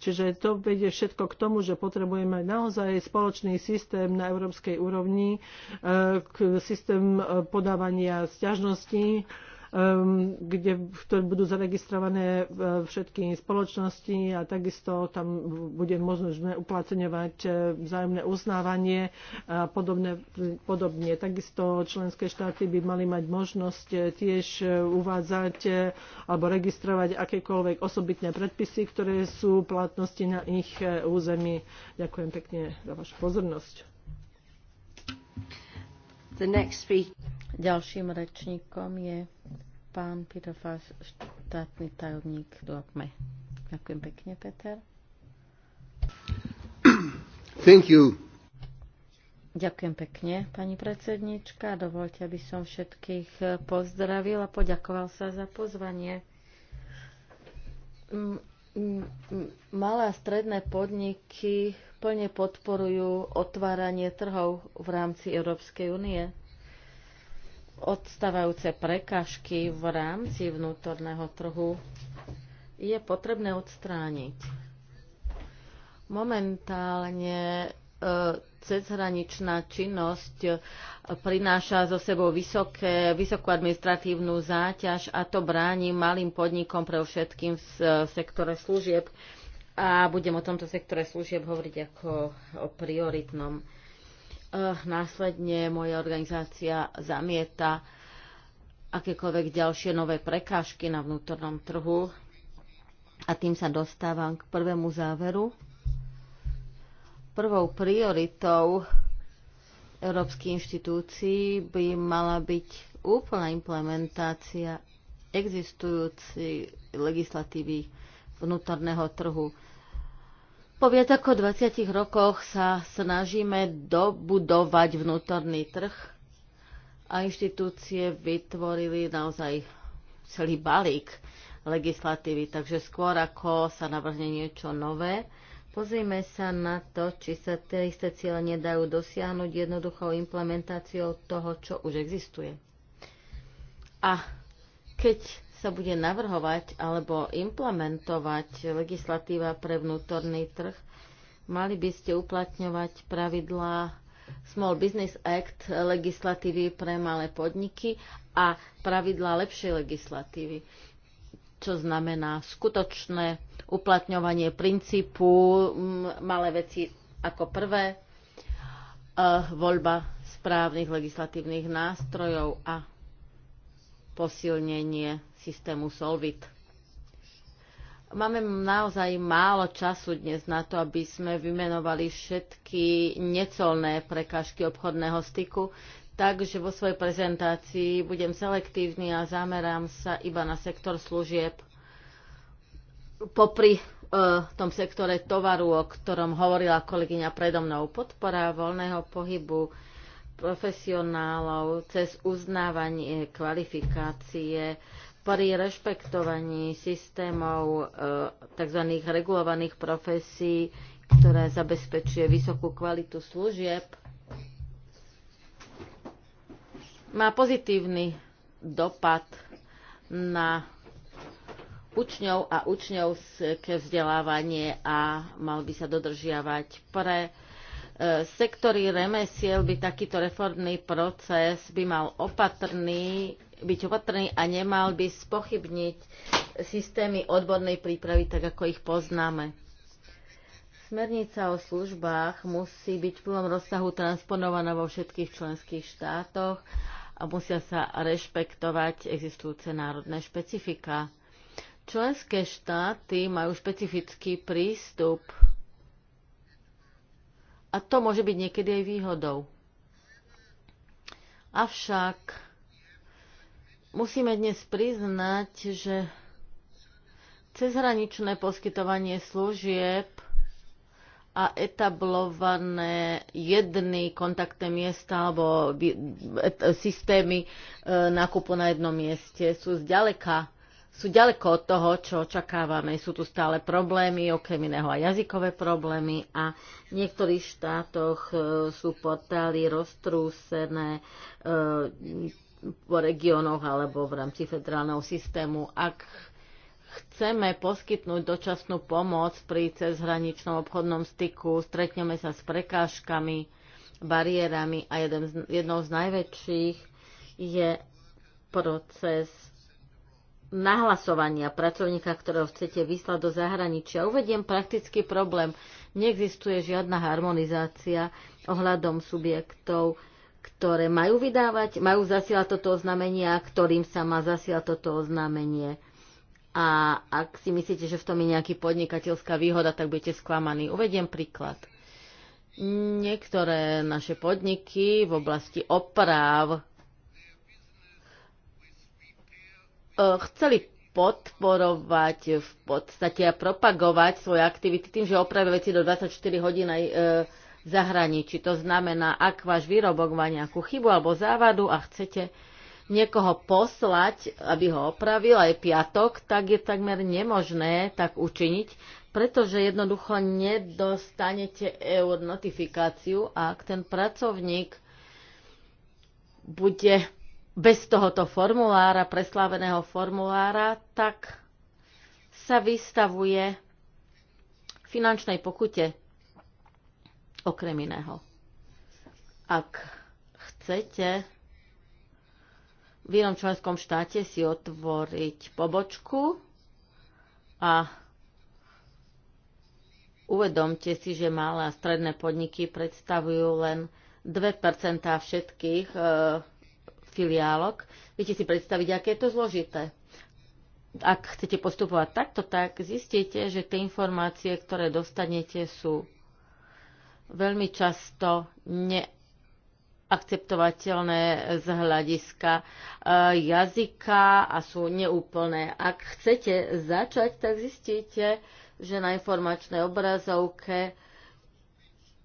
Čiže to vedie všetko k tomu, že potrebujeme naozaj spoločný systém na európskej úrovni, e, systém e, podávania sťažností, Ehm, kde budú zaregistrované e, všetky spoločnosti a takisto tam bude možné uplatňovať e, vzájomné uznávanie a podobne, podobne. Takisto členské štáty by mali mať možnosť e, tiež uvádzať alebo registrovať akékoľvek osobitné predpisy, ktoré sú platnosti na ich území. Ďakujem pekne za vašu pozornosť. The next speaker. Ďalším rečníkom je pán Pirofas, štátny tajomník DOCME. Ďakujem pekne, Peter. Thank you. Ďakujem pekne, pani predsednička. Dovolte, aby som všetkých pozdravil a poďakoval sa za pozvanie. Malé a stredné podniky plne podporujú otváranie trhov v rámci Európskej únie odstávajúce prekážky v rámci vnútorného trhu je potrebné odstrániť. Momentálne e, cezhraničná činnosť e, prináša zo sebou vysoké, vysokú administratívnu záťaž a to bráni malým podnikom pre všetkým v e, sektore služieb. A budem o tomto sektore služieb hovoriť ako o prioritnom. Eh, následne moja organizácia zamieta akékoľvek ďalšie nové prekážky na vnútornom trhu. A tým sa dostávam k prvému záveru. Prvou prioritou Európskej inštitúcií by mala byť úplná implementácia existujúcej legislatívy vnútorného trhu. Po viac ako 20 rokoch sa snažíme dobudovať vnútorný trh a inštitúcie vytvorili naozaj celý balík legislatívy. Takže skôr ako sa navrhne niečo nové, pozrime sa na to, či sa tie isté cieľe nedajú dosiahnuť jednoduchou implementáciou toho, čo už existuje. A keď sa bude navrhovať alebo implementovať legislatíva pre vnútorný trh, mali by ste uplatňovať pravidlá Small Business Act legislatívy pre malé podniky a pravidlá lepšej legislatívy, čo znamená skutočné uplatňovanie princípu mm, malé veci ako prvé, eh, voľba správnych legislatívnych nástrojov a posilnenie systému Solvit. Máme naozaj málo času dnes na to, aby sme vymenovali všetky necolné prekážky obchodného styku, takže vo svojej prezentácii budem selektívny a zamerám sa iba na sektor služieb popri e, tom sektore tovaru, o ktorom hovorila kolegyňa predo mnou. Podpora voľného pohybu profesionálov cez uznávanie kvalifikácie pri rešpektovaní systémov e, tzv. regulovaných profesí, ktoré zabezpečuje vysokú kvalitu služieb, má pozitívny dopad na učňov a učňovské vzdelávanie a mal by sa dodržiavať pre sektory remesiel by takýto reformný proces by mal opatrný, byť opatrný a nemal by spochybniť systémy odbornej prípravy, tak ako ich poznáme. Smernica o službách musí byť v plnom rozsahu transponovaná vo všetkých členských štátoch a musia sa rešpektovať existujúce národné špecifika. Členské štáty majú špecifický prístup a to môže byť niekedy aj výhodou. Avšak musíme dnes priznať, že cezhraničné poskytovanie služieb a etablované jedny kontaktné miesta alebo systémy e, nákupu na jednom mieste sú zďaleka sú ďaleko od toho, čo očakávame. Sú tu stále problémy, okrem iného aj jazykové problémy a v niektorých štátoch e, sú portály roztrúsené po e, regiónoch alebo v rámci federálneho systému. Ak chceme poskytnúť dočasnú pomoc pri cezhraničnom obchodnom styku, stretneme sa s prekážkami, bariérami a jeden z, jednou z najväčších je proces nahlasovania pracovníka, ktorého chcete vyslať do zahraničia. Uvediem praktický problém. Neexistuje žiadna harmonizácia ohľadom subjektov, ktoré majú vydávať, majú zasielať toto oznámenie a ktorým sa má zasielať toto oznámenie. A ak si myslíte, že v tom je nejaký podnikateľská výhoda, tak budete sklamaní. Uvediem príklad. Niektoré naše podniky v oblasti oprav Eh, chceli podporovať v podstate a propagovať svoje aktivity tým, že opravia veci do 24 hodín aj eh, v zahraničí. To znamená, ak váš výrobok má nejakú chybu alebo závadu a chcete niekoho poslať, aby ho opravil aj piatok, tak je takmer nemožné tak učiniť, pretože jednoducho nedostanete eur notifikáciu, ak ten pracovník bude bez tohoto formulára, presláveného formulára, tak sa vystavuje finančnej pokute okrem iného. Ak chcete v inom členskom štáte si otvoriť pobočku a uvedomte si, že malé a stredné podniky predstavujú len 2% všetkých e, filiálok. Viete si predstaviť, aké je to zložité. Ak chcete postupovať takto, tak zistíte, že tie informácie, ktoré dostanete, sú veľmi často neakceptovateľné z hľadiska eh, jazyka a sú neúplné. Ak chcete začať, tak zistíte, že na informačnej obrazovke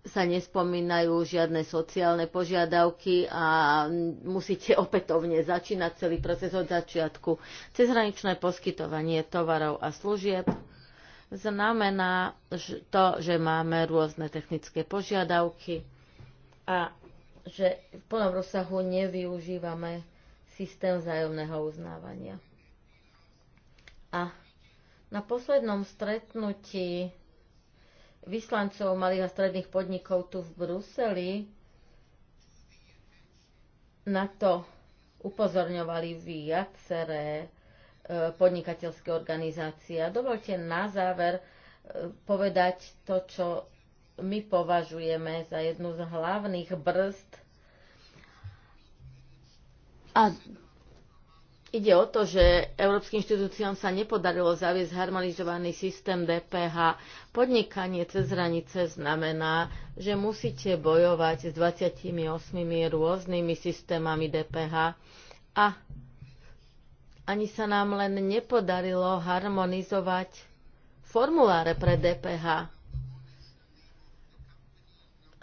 sa nespomínajú žiadne sociálne požiadavky a musíte opätovne začínať celý proces od začiatku. Cezhraničné poskytovanie tovarov a služieb znamená to, že máme rôzne technické požiadavky a že v plnom rozsahu nevyužívame systém vzájomného uznávania. A na poslednom stretnutí vyslancov malých a stredných podnikov tu v Bruseli na to upozorňovali viaceré e, podnikateľské organizácie. A dovolte na záver e, povedať to, čo my považujeme za jednu z hlavných brzd a Ide o to, že európskym inštitúciám sa nepodarilo zaviesť harmonizovaný systém DPH. Podnikanie cez hranice znamená, že musíte bojovať s 28 rôznymi systémami DPH a ani sa nám len nepodarilo harmonizovať formuláre pre DPH.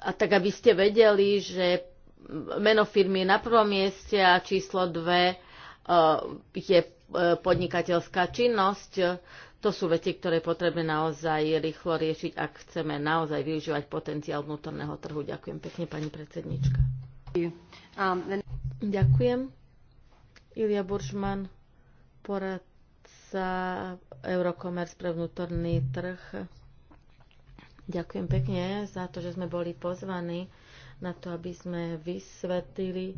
A tak, aby ste vedeli, že meno firmy je na prvom mieste a číslo 2 E, je e, podnikateľská činnosť. To sú veci, ktoré potrebujeme naozaj rýchlo riešiť, ak chceme naozaj využívať potenciál vnútorného trhu. Ďakujem pekne, pani predsednička. Ďakujem. Ilia Buržman, poradca Eurocommerce pre vnútorný trh. Ďakujem pekne za to, že sme boli pozvaní na to, aby sme vysvetlili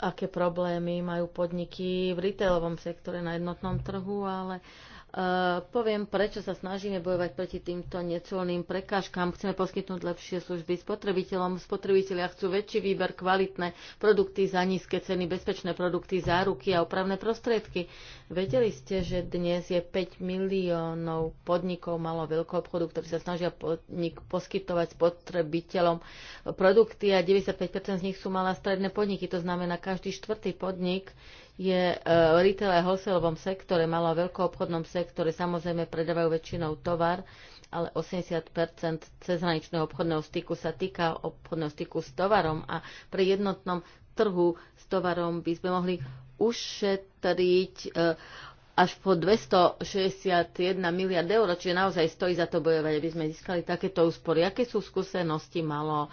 aké problémy majú podniky v retailovom sektore na jednotnom trhu, ale Eh, poviem, prečo sa snažíme bojovať proti týmto necelným prekážkám. Chceme poskytnúť lepšie služby spotrebiteľom. Spotrebitelia chcú väčší výber, kvalitné produkty za nízke ceny, bezpečné produkty, záruky a opravné prostriedky. Vedeli ste, že dnes je 5 miliónov podnikov malo veľkého obchodu, ktorí sa snažia podnik poskytovať spotrebiteľom produkty a 95% z nich sú malé stredné podniky. To znamená, každý štvrtý podnik je v e, retail a wholesalovom sektore, malo veľkou obchodnom sektore, samozrejme predávajú väčšinou tovar, ale 80 cezhraničného obchodného styku sa týka obchodného styku s tovarom a pri jednotnom trhu s tovarom by sme mohli ušetriť e, až po 261 miliard eur, čiže naozaj stojí za to bojovať, aby sme získali takéto úspory. Aké sú skúsenosti malo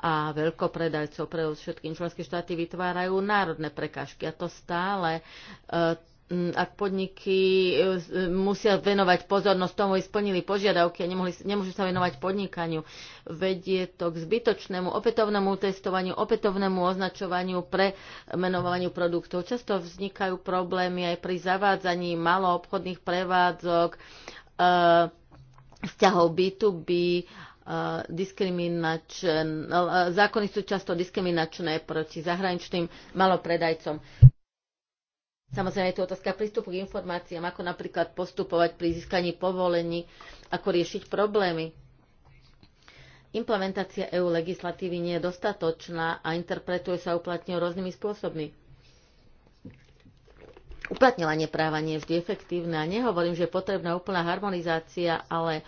a veľkopredajcov pre všetkým členské štáty vytvárajú národné prekážky a to stále e, Mm, ak podniky e, e, musia venovať pozornosť tomu, aby splnili požiadavky a nemohli, nemôžu sa venovať podnikaniu. Vedie to k zbytočnému opätovnému testovaniu, opätovnému označovaniu, pre menovaniu produktov. Často vznikajú problémy aj pri zavádzaní maloobchodných prevádzok, e, vzťahov B2B, zákony sú často diskriminačné proti zahraničným malopredajcom Samozrejme je tu otázka prístupu k informáciám, ako napríklad postupovať pri získaní povolení, ako riešiť problémy. Implementácia EU legislatívy nie je dostatočná a interpretuje sa uplatňuje rôznymi spôsobmi. Uplatňovanie práva nie je vždy efektívne a nehovorím, že je potrebná úplná harmonizácia, ale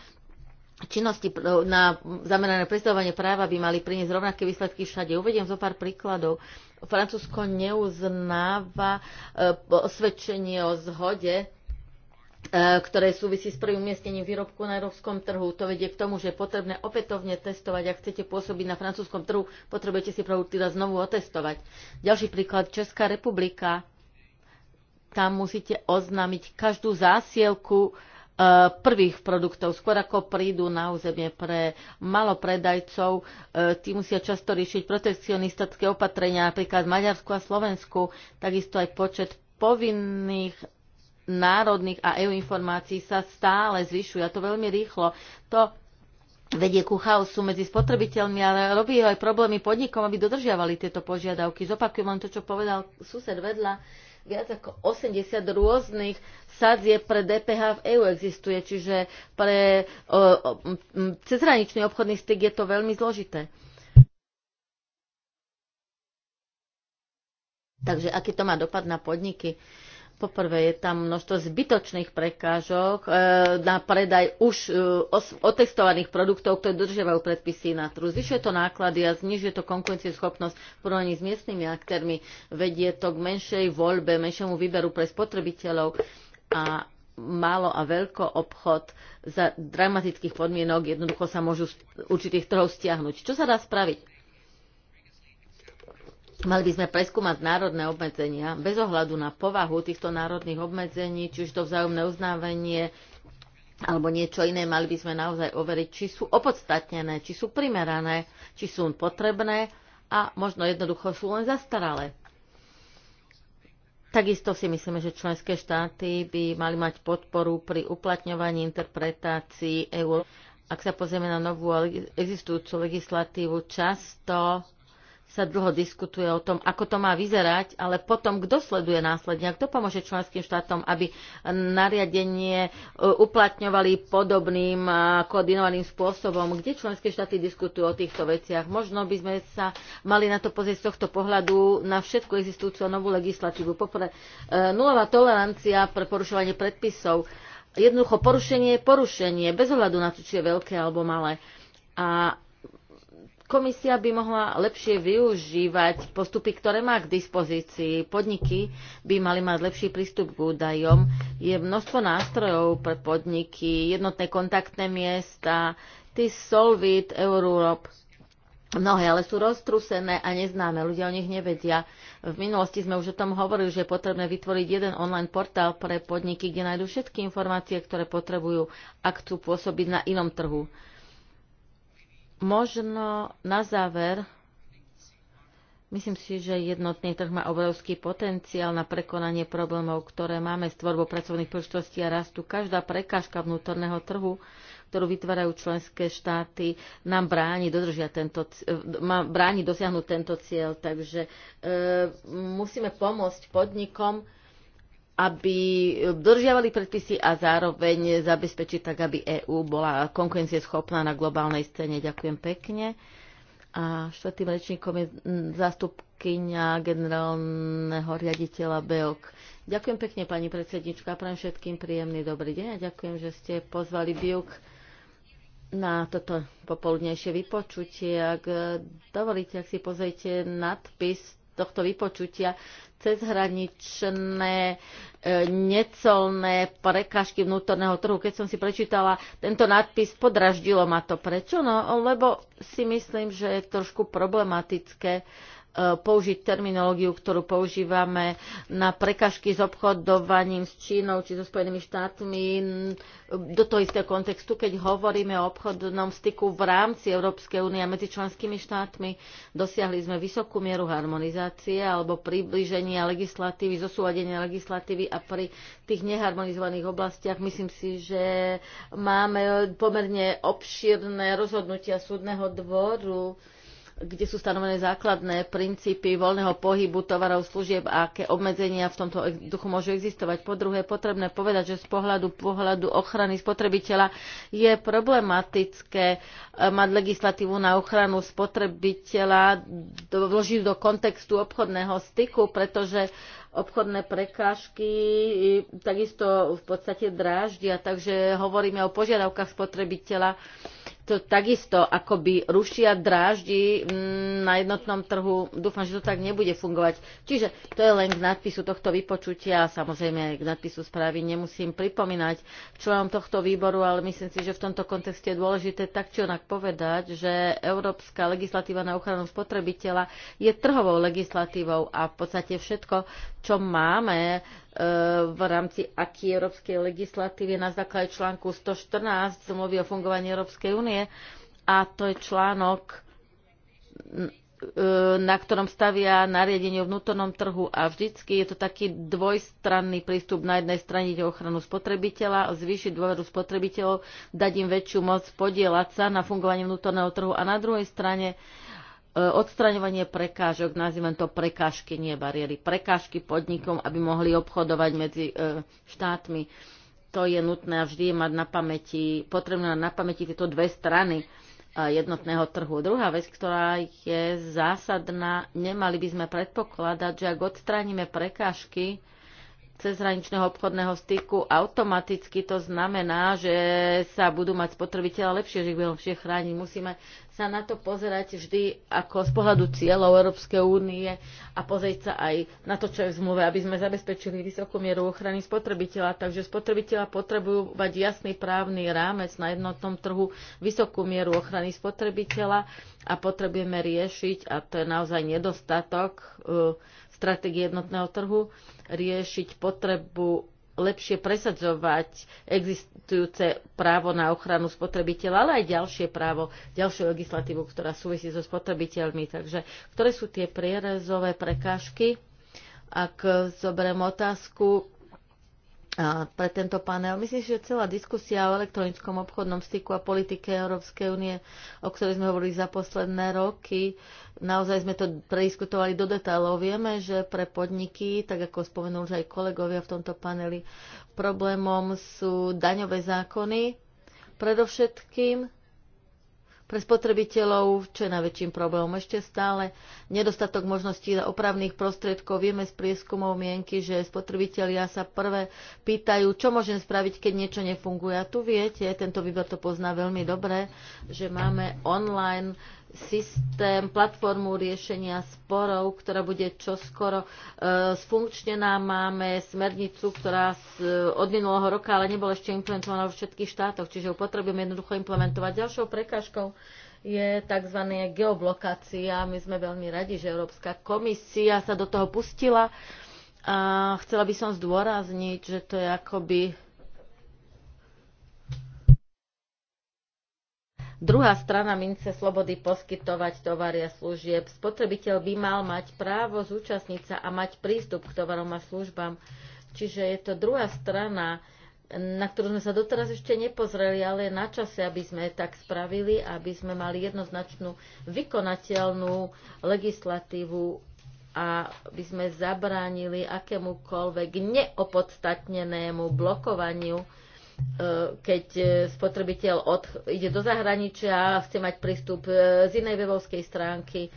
činnosti na zamerané predstavovanie práva by mali priniesť rovnaké výsledky všade. Uvediem zo pár príkladov. Francúzsko neuznáva e, osvedčenie o zhode e, ktoré súvisí s prvým umiestnením výrobku na európskom trhu. To vedie k tomu, že je potrebné opätovne testovať. Ak chcete pôsobiť na francúzskom trhu, potrebujete si produkt teda znovu otestovať. Ďalší príklad, Česká republika. Tam musíte oznámiť každú zásielku Eh, prvých produktov, skôr ako prídu na územie pre malopredajcov. Eh, tí musia často riešiť protekcionistické opatrenia, napríklad v Maďarsku a Slovensku, takisto aj počet povinných národných a EU informácií sa stále zvyšuje a to veľmi rýchlo. To vedie ku chaosu medzi spotrebiteľmi, ale robí aj problémy podnikom, aby dodržiavali tieto požiadavky. Zopakujem vám to, čo povedal sused vedľa viac ako 80 rôznych sadzie pre DPH v EÚ existuje, čiže pre o, o, cezhraničný obchodný styk je to veľmi zložité. Takže aký to má dopad na podniky? Poprvé je tam množstvo zbytočných prekážok e, na predaj už e, otestovaných produktov, ktoré dodržiavajú predpisy na trhu. Zvyšuje to náklady a znižuje to konkurencieschopnosť v porovnaní s miestnymi aktérmi. Vedie to k menšej voľbe, menšiemu výberu pre spotrebiteľov a málo a veľko obchod za dramatických podmienok jednoducho sa môžu z určitých trhov stiahnuť. Čo sa dá spraviť? Mali by sme preskúmať národné obmedzenia bez ohľadu na povahu týchto národných obmedzení, či už to vzájomné uznávanie alebo niečo iné, mali by sme naozaj overiť, či sú opodstatnené, či sú primerané, či sú potrebné a možno jednoducho sú len zastaralé. Takisto si myslíme, že členské štáty by mali mať podporu pri uplatňovaní interpretácií EU. Ak sa pozrieme na novú existujúcu legislatívu, často sa dlho diskutuje o tom, ako to má vyzerať, ale potom kto sleduje následne kto pomôže členským štátom, aby nariadenie e, uplatňovali podobným koordinovaným spôsobom, kde členské štáty diskutujú o týchto veciach. Možno by sme sa mali na to pozrieť z tohto pohľadu na všetku existujúcu novú legislatívu. Poprvé, e, nulová tolerancia pre porušovanie predpisov. Jednoducho porušenie je porušenie, bez ohľadu na to, či je veľké alebo malé. A Komisia by mohla lepšie využívať postupy, ktoré má k dispozícii. Podniky by mali mať lepší prístup k údajom. Je množstvo nástrojov pre podniky, jednotné kontaktné miesta, ty Solvit, Eurorop. Mnohé ale sú roztrusené a neznáme, ľudia o nich nevedia. V minulosti sme už o tom hovorili, že je potrebné vytvoriť jeden online portál pre podniky, kde nájdú všetky informácie, ktoré potrebujú ak chcú pôsobiť na inom trhu. Možno na záver, myslím si, že jednotný trh má obrovský potenciál na prekonanie problémov, ktoré máme s tvorbou pracovných príležitostí a rastu. Každá prekážka vnútorného trhu, ktorú vytvárajú členské štáty, nám bráni, dodržia tento, e, bráni dosiahnuť tento cieľ. Takže e, musíme pomôcť podnikom, aby držiavali predpisy a zároveň zabezpečiť tak, aby EÚ bola konkurencieschopná na globálnej scéne. Ďakujem pekne. A štvrtým rečníkom je zástupkynia generálneho riaditeľa BEOK. Ďakujem pekne, pani predsednička. Prajem všetkým príjemný dobrý deň a ďakujem, že ste pozvali BIUK na toto popoludnejšie vypočutie. Ak dovolíte, ak si pozrite nadpis tohto vypočutia cezhraničné e, necolné prekažky vnútorného trhu. Keď som si prečítala tento nadpis, podraždilo ma to. Prečo? No, lebo si myslím, že je trošku problematické Eh, použiť terminológiu, ktorú používame na prekažky s obchodovaním s Čínou či so Spojenými štátmi do toho istého kontextu, keď hovoríme o obchodnom styku v rámci Európskej únie a medzi členskými štátmi. Dosiahli sme vysokú mieru harmonizácie alebo približenia legislatívy, zosúladenia legislatívy a pri tých neharmonizovaných oblastiach myslím si, že máme pomerne obšírne rozhodnutia súdneho dvoru, kde sú stanovené základné princípy voľného pohybu tovarov, služieb a aké obmedzenia v tomto duchu môžu existovať. Po druhé, potrebné povedať, že z pohľadu, pohľadu ochrany spotrebiteľa je problematické eh, mať legislatívu na ochranu spotrebiteľa vložiť do kontextu obchodného styku, pretože obchodné prekážky eh, takisto v podstate dráždia, takže hovoríme o požiadavkách spotrebiteľa to takisto akoby rušia dráždi mm, na jednotnom trhu. Dúfam, že to tak nebude fungovať. Čiže to je len k nadpisu tohto vypočutia a samozrejme aj k nadpisu správy nemusím pripomínať členom tohto výboru, ale myslím si, že v tomto kontexte je dôležité tak či onak povedať, že európska legislatíva na ochranu spotrebiteľa je trhovou legislatívou a v podstate všetko, čo máme v rámci aký európskej legislatívy na základe článku 114 zmluvy o fungovaní Európskej únie a to je článok, e, na ktorom stavia nariadenie o vnútornom trhu a vždycky je to taký dvojstranný prístup. Na jednej strane ide ochranu spotrebiteľa, zvýšiť dôveru spotrebiteľov, dať im väčšiu moc podielať sa na fungovanie vnútorného trhu a na druhej strane E, odstraňovanie prekážok, nazývam to prekážky, nie bariéry, prekážky podnikom, aby mohli obchodovať medzi e, štátmi. To je nutné a vždy je mať na pamäti, potrebné na pamäti tieto dve strany e, jednotného trhu. Druhá vec, ktorá je zásadná, nemali by sme predpokladať, že ak odstránime prekážky, cezhraničného obchodného styku automaticky to znamená, že sa budú mať spotrebiteľa lepšie, že ich budú lepšie chrániť. Musíme sa na to pozerať vždy ako z pohľadu cieľov Európskej únie a pozrieť sa aj na to, čo je v zmluve, aby sme zabezpečili vysokú mieru ochrany spotrebiteľa. Takže spotrebiteľa potrebujú mať jasný právny rámec na jednotnom trhu, vysokú mieru ochrany spotrebiteľa a potrebujeme riešiť, a to je naozaj nedostatok, e, stratégie jednotného trhu, riešiť potrebu lepšie presadzovať existujúce právo na ochranu spotrebiteľa, ale aj ďalšie právo, ďalšiu legislatívu, ktorá súvisí so spotrebiteľmi. Takže ktoré sú tie prierezové prekážky? Ak zoberiem otázku pre tento panel. Myslím, že celá diskusia o elektronickom obchodnom styku a politike Európskej únie, o ktorej sme hovorili za posledné roky, naozaj sme to prediskutovali do detailov. Vieme, že pre podniky, tak ako spomenul už aj kolegovia v tomto paneli, problémom sú daňové zákony, predovšetkým pre spotrebiteľov, čo je najväčším problémom ešte stále, nedostatok možností opravných prostriedkov. Vieme z prieskumov mienky, že spotrebitelia sa prvé pýtajú, čo môžem spraviť, keď niečo nefunguje. A tu viete, tento výber to pozná veľmi dobre, že máme online systém, platformu riešenia sporov, ktorá bude čoskoro e, sfunkčnená. Máme smernicu, ktorá z, e, od minulého roka, ale nebola ešte implementovaná vo všetkých štátoch, čiže ju potrebujeme jednoducho implementovať. Ďalšou prekážkou je tzv. geoblokácia. My sme veľmi radi, že Európska komisia sa do toho pustila. A chcela by som zdôrazniť, že to je akoby druhá strana mince slobody poskytovať tovary a služieb. Spotrebiteľ by mal mať právo zúčastniť sa a mať prístup k tovarom a službám. Čiže je to druhá strana, na ktorú sme sa doteraz ešte nepozreli, ale je na čase, aby sme tak spravili, aby sme mali jednoznačnú vykonateľnú legislatívu a aby sme zabránili akémukoľvek neopodstatnenému blokovaniu E, keď e, spotrebiteľ od, ide do zahraničia a chce mať prístup e, z inej webovskej stránky.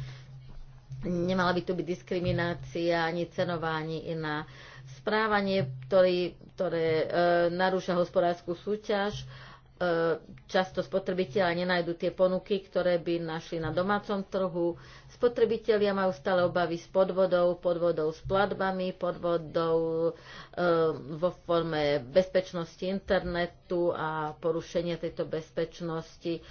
Nemala by tu byť diskriminácia, ani cenová, ani iná správanie, ktorý, ktoré e, narúša hospodárskú súťaž. E, E, často spotrebitelia nenajdu tie ponuky, ktoré by našli na domácom trhu. Spotrebitelia majú stále obavy s podvodov, podvodou s platbami, podvodou e, vo forme bezpečnosti internetu a porušenia tejto bezpečnosti. E,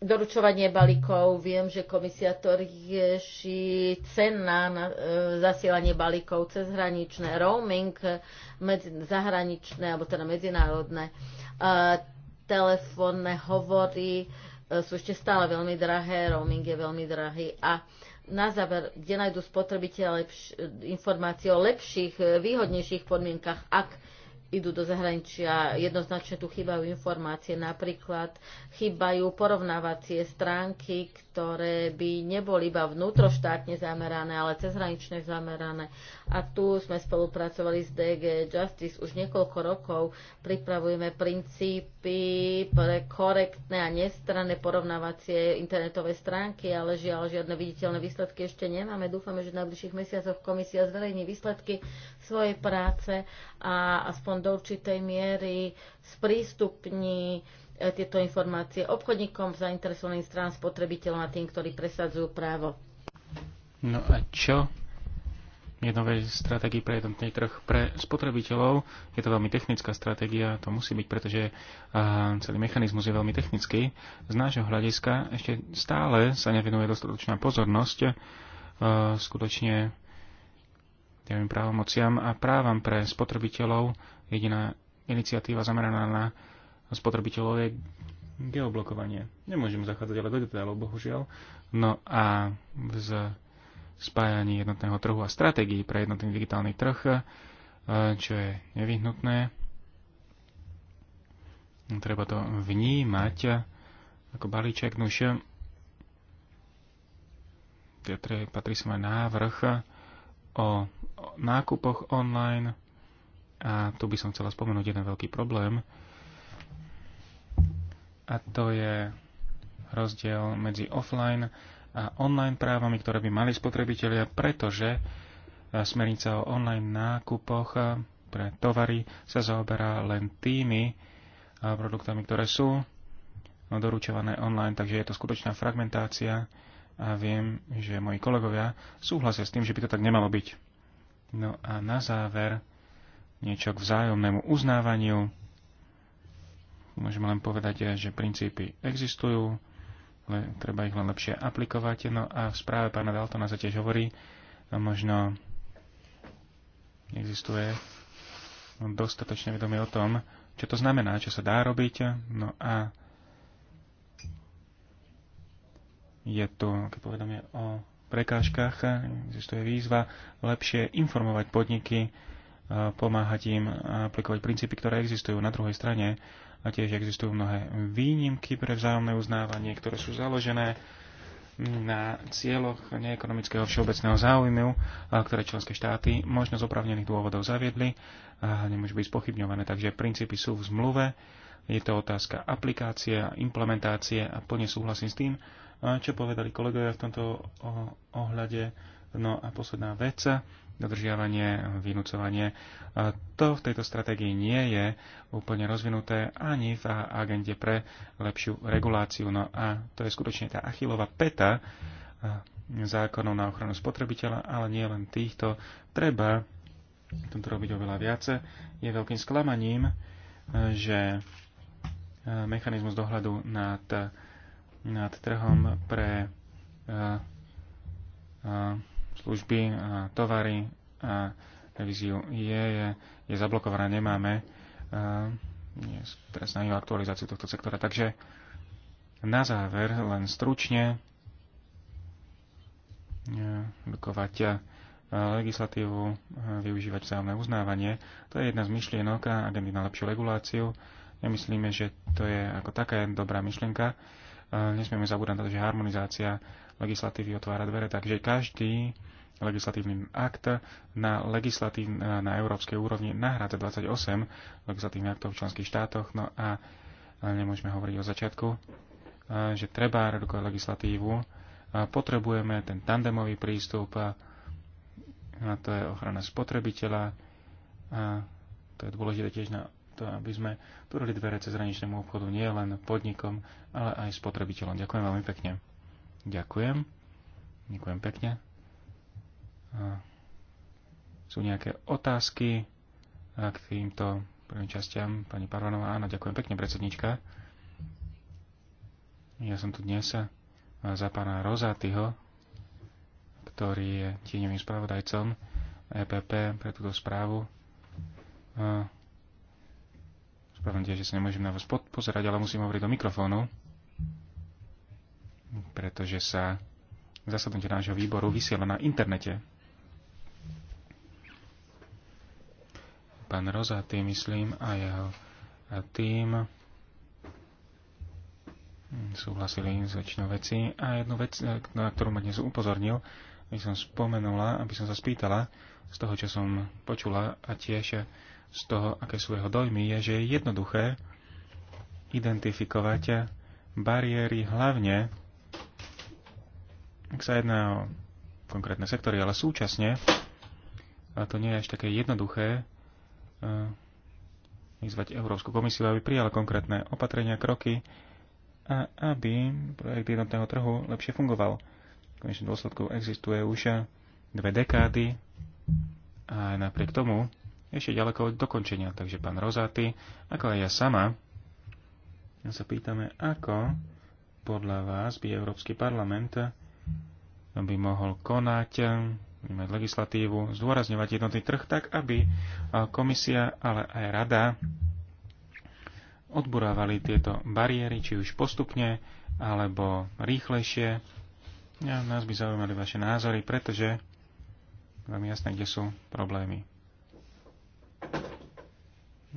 doručovanie balíkov. Viem, že komisia to rieši cena na e, zasielanie balíkov cez hraničné, roaming medzi, zahraničné, alebo teda medzinárodné. E, telefónne hovory e, sú ešte stále veľmi drahé, roaming je veľmi drahý a na záver, kde nájdú spotrebitelia informácie o lepších, výhodnejších podmienkach, ak idú do zahraničia, jednoznačne tu chýbajú informácie, napríklad chýbajú porovnávacie stránky, ktoré by neboli iba vnútroštátne zamerané, ale cezhranične zamerané. A tu sme spolupracovali s DG Justice už niekoľko rokov, pripravujeme princípy pre korektné a nestranné porovnávacie internetové stránky, ale žiaľ žiadne viditeľné výsledky ešte nemáme. Dúfame, že v najbližších mesiacoch komisia zverejní výsledky svojej práce a aspoň aspoň do určitej miery sprístupní eh, tieto informácie obchodníkom, zainteresovaným strán, spotrebiteľom a tým, ktorí presadzujú právo. No a čo je novej pre jednotný trh pre spotrebiteľov? Je to veľmi technická stratégia, to musí byť, pretože eh, celý mechanizmus je veľmi technický. Z nášho hľadiska ešte stále sa nevenuje dostatočná pozornosť eh, skutočne daňovým právomociam a právam pre spotrebiteľov. Jediná iniciatíva zameraná na spotrebiteľov je geoblokovanie. Nemôžem zachádzať ale do detailov, bohužiaľ. No a z spájaní jednotného trhu a stratégií pre jednotný digitálny trh, eh, čo je nevyhnutné, treba to vnímať eh, ako balíček. Nuž, eh, patrí sa aj návrh o nákupoch online. A tu by som chcela spomenúť jeden veľký problém. A to je rozdiel medzi offline a online právami, ktoré by mali spotrebitelia, pretože eh, smernica o online nákupoch eh, pre tovary sa zaoberá len tými eh, produktami, ktoré sú doručované online, takže je to skutočná fragmentácia a viem, že moji kolegovia súhlasia s tým, že by to tak nemalo byť. No a na záver niečo k vzájomnému uznávaniu. Môžeme len povedať, že princípy existujú, ale treba ich len lepšie aplikovať. No a v správe pána Daltona sa tiež hovorí, no možno existuje dostatočne vedomie o tom, čo to znamená, čo sa dá robiť. No a je tu také povedomie o prekážkach, existuje výzva lepšie informovať podniky, e, pomáhať im aplikovať princípy, ktoré existujú na druhej strane a tiež existujú mnohé výnimky pre vzájomné uznávanie, ktoré sú založené na cieľoch neekonomického všeobecného záujmu, e, ktoré členské štáty možno z opravnených dôvodov zaviedli a nemôžu byť spochybňované. Takže princípy sú v zmluve, je to otázka aplikácie a implementácie a plne súhlasím s tým, čo povedali kolegovia v tomto ohľade. No a posledná vec, dodržiavanie, vynúcovanie. To v tejto stratégii nie je úplne rozvinuté ani v agende pre lepšiu reguláciu. No a to je skutočne tá achilová peta zákonov na ochranu spotrebiteľa, ale nie len týchto. Treba v tomto robiť oveľa viace. Je veľkým sklamaním, že mechanizmus dohľadu nad nad trhom pre eh, eh, služby a tovary a revíziu je, je, je zablokovaná, nemáme eh, nie, teraz na aktualizáciu tohto sektora. Takže na záver len stručne edukovať legislatívu, využívať vzájomné uznávanie. To je jedna z myšlienok a agendy na lepšiu reguláciu. Nemyslíme, že to je ako taká dobrá myšlienka nesmieme zabúdať na to, že harmonizácia legislatívy otvára dvere, takže každý legislatívny akt na, legislatív, na európskej úrovni nahrádza 28 legislatívnych aktov v členských štátoch, no a nemôžeme hovoriť o začiatku, že treba redukovať legislatívu, potrebujeme ten tandemový prístup, a to je ochrana spotrebiteľa, a to je dôležité tiež na to, aby sme otvorili dvere cez hraničnému obchodu nie len podnikom, ale aj spotrebiteľom. Ďakujem veľmi pekne. Ďakujem. Ďakujem pekne. Sú nejaké otázky k týmto prvým častiam? Pani Parvanová, áno, ďakujem pekne, predsednička. Ja som tu dnes za pána Rozátyho, ktorý je tieňovým spravodajcom EPP pre túto správu. Pravdete, že sa nemôžem na vás pozerať, ale musím hovoriť do mikrofónu, pretože sa zasadnutie nášho výboru vysiela na internete. Pán tým myslím, a jeho a tým súhlasili s väčšinou veci. A jednu vec, e, na ktorú ma dnes upozornil, aby som spomenula, aby som sa spýtala z toho, čo som počula a tiež z toho, aké sú jeho dojmy, je, že je jednoduché identifikovať bariéry hlavne, ak sa jedná o konkrétne sektory, ale súčasne, a to nie je až také jednoduché, vyzvať Európsku komisiu, aby prijala konkrétne opatrenia, kroky a aby projekt jednotného trhu lepšie fungoval. V konečnom dôsledku existuje už dve dekády a napriek tomu ešte ďaleko od dokončenia. Takže pán Rozáty, ako aj ja sama, ja sa pýtame, ako podľa vás by Európsky parlament by mohol konať, mať legislatívu, zdôrazňovať jednotný trh tak, aby komisia, ale aj rada odburávali tieto bariéry, či už postupne, alebo rýchlejšie. Ja, nás by zaujímali vaše názory, pretože vám jasné, kde sú problémy.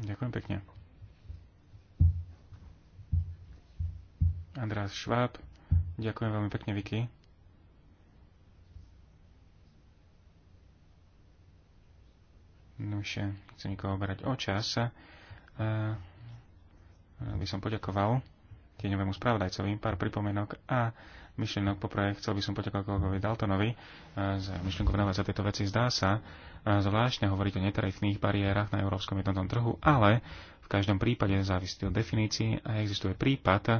Ďakujem pekne. András Šváb. Ďakujem veľmi pekne, No ešte, eh, chcem nikoho obrať o čas. Eh, eh, by som poďakoval tieňovému spravodajcovi pár pripomenok a myšlienok. Poprvé chcel by som poďakovať kolegovi Daltonovi e, za myšlienku venovať za tieto veci. Zdá sa e, zvláštne hovoriť o netarifných bariérach na európskom jednotnom trhu, ale v každom prípade závisí od definícií a existuje prípad, e,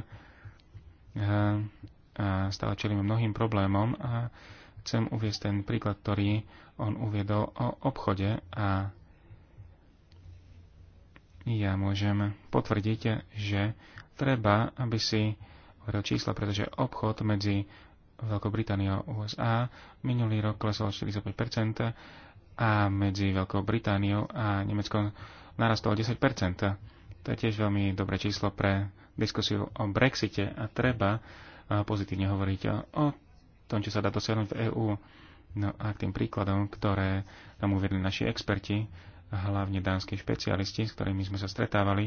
a stále čelíme mnohým problémom a chcem uviesť ten príklad, ktorý on uviedol o obchode a ja môžem potvrdiť, že treba, aby si čísla, pretože obchod medzi Veľkou Britániou a USA minulý rok klesol 45% a medzi Veľkou Britániou a Nemeckom narastol 10%. To je tiež veľmi dobré číslo pre diskusiu o Brexite a treba pozitívne hovoriť o tom, čo sa dá dosiahnuť v EÚ. No a k tým príkladom, ktoré nám uvedli naši experti, hlavne dánsky špecialisti, s ktorými sme sa stretávali,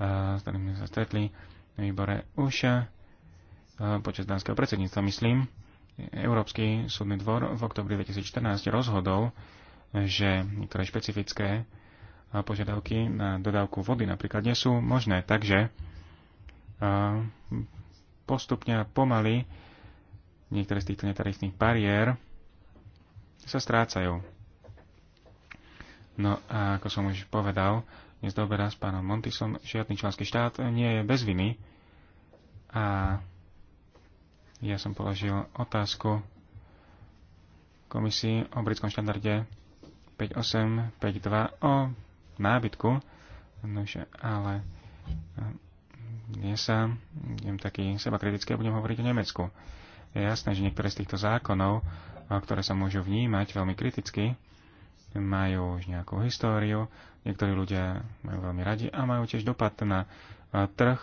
s ktorými sme sa stretli na výbore už počas dánskeho predsedníctva, myslím, Európsky súdny dvor v oktobri 2014 rozhodol, že niektoré špecifické požiadavky na dodávku vody napríklad nie sú možné. Takže postupne pomaly niektoré z týchto netarifných bariér sa strácajú. No a ako som už povedal, dnes dobera s pánom Montisom, žiadny členský štát nie je bez viny a ja som položil otázku komisii o britskom štandarde 5852 o nábytku, nože, ale ja eh, sa idem taký seba kritický a budem hovoriť o Nemecku. Je jasné, že niektoré z týchto zákonov, eh, ktoré sa môžu vnímať veľmi kriticky, majú už nejakú históriu, niektorí ľudia majú veľmi radi a majú tiež dopad na eh, trh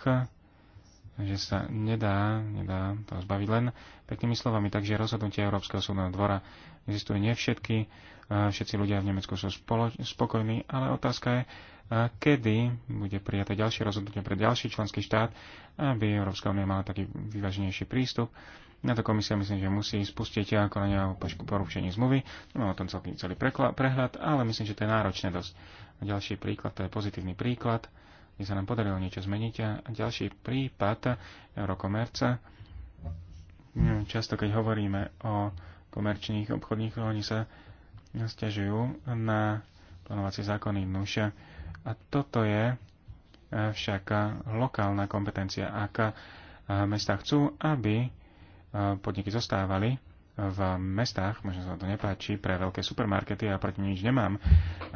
že sa nedá, nedá to zbaviť len peknými slovami. Takže rozhodnutie Európskeho súdneho dvora existujú nie všetky. E, všetci ľudia v Nemecku sú spokojní, ale otázka je, e, kedy bude prijaté ďalšie rozhodnutie pre ďalší členský štát, aby Európska únia mala taký vyváženejší prístup. Na to komisia myslím, že musí spustiť ako na o porušení zmluvy. Nemám o tom celý, celý prehľad, ale myslím, že to je náročné dosť. A ďalší príklad, to je pozitívny príklad kde sa nám podarilo niečo zmeniť. A ďalší prípad Eurokomerca. Často, keď hovoríme o komerčných obchodných oni sa stiažujú na plánovacie zákony nuša. A toto je však lokálna kompetencia. Ak mesta chcú, aby podniky zostávali v mestách, možno sa to nepáči, pre veľké supermarkety, ja proti nič nemám.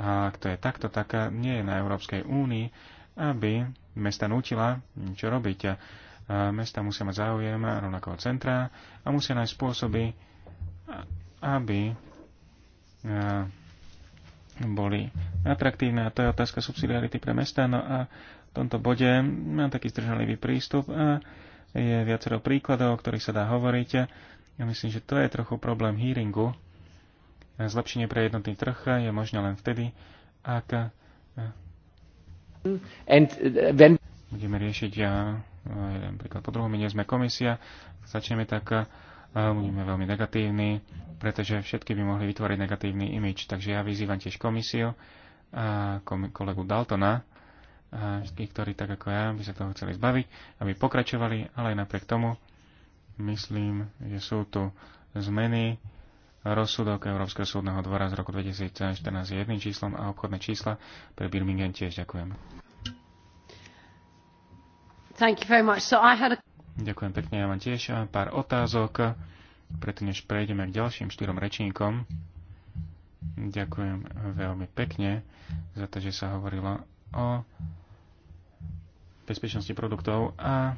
A ak to je takto, tak nie je na Európskej únii, aby mesta nutila niečo robiť. A mesta musia mať záujem rovnakého centra a musia nájsť spôsoby, aby boli atraktívne a to je otázka subsidiarity pre mesta. No a v tomto bode mám taký zdržanlivý prístup a je viacero príkladov, o ktorých sa dá hovoriť. Ja myslím, že to je trochu problém hearingu. Zlepšenie pre jednotný trh je možné len vtedy, ak Uh, budeme riešiť ja, jeden eh, príklad po druhom, my nie sme komisia, začneme tak, eh, budeme veľmi negatívni, pretože všetky by mohli vytvoriť negatívny imič. Takže ja vyzývam tiež komisiu a kolegu Daltona, a všetkých, ktorí tak ako ja by sa toho chceli zbaviť, aby pokračovali, ale aj napriek tomu myslím, že sú tu zmeny, Rozsudok Európskeho súdneho dvora z roku 2014 s jedným číslom a obchodné čísla pre Birmingham tiež ďakujem. Thank you very much. So I had a... Ďakujem pekne, ja mám tiež eh, pár otázok, preto než prejdeme k ďalším štyrom rečníkom. Ďakujem veľmi pekne za to, že sa hovorilo o bezpečnosti produktov a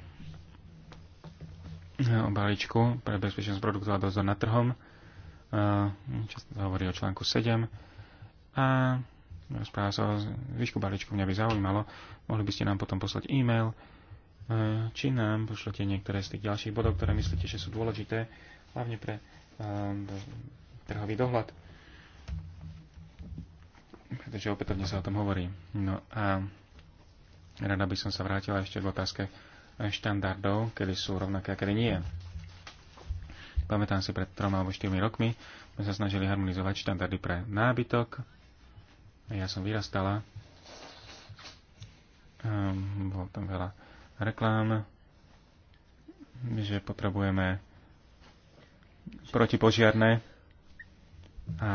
o balíčku pre bezpečnosť produktov a dozor nad trhom. Eh, čo hovorí o článku 7 a správa sa o výšku balíčku, mňa by zaujímalo, mohli by ste nám potom poslať e-mail, eh, či nám pošlete niektoré z tých ďalších bodov, ktoré myslíte, že sú dôležité, hlavne pre eh, trhový dohľad. Pretože opätovne sa o tom hovorí. No a rada by som sa vrátila ešte v otázke štandardov, kedy sú rovnaké a kedy nie. Pamätám si, pred troma alebo štyrmi rokmi sme sa snažili harmonizovať štandardy pre nábytok. Ja som vyrastala. Um, bolo tam veľa reklám, že potrebujeme protipožiarné a, a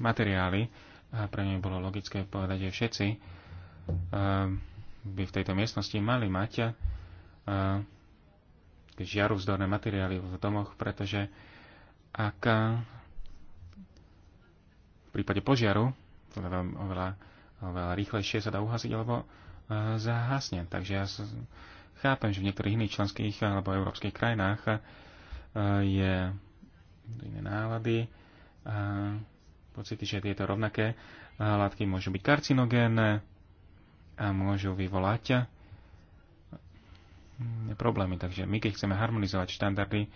materiály. A pre mňa bolo logické povedať, že všetci a, ehm, by v tejto miestnosti mali mať a, žiarovzdorné materiály v domoch, pretože ak v prípade požiaru, teda oveľa, oveľa rýchlejšie sa dá uhasiť alebo e, zahasne. Takže ja chápem, že v niektorých iných členských alebo európskych krajinách e, je iné nálady a pocity, že tieto rovnaké látky môžu byť karcinogénne a môžu vyvolať Mm, problémy. Takže my, keď chceme harmonizovať štandardy,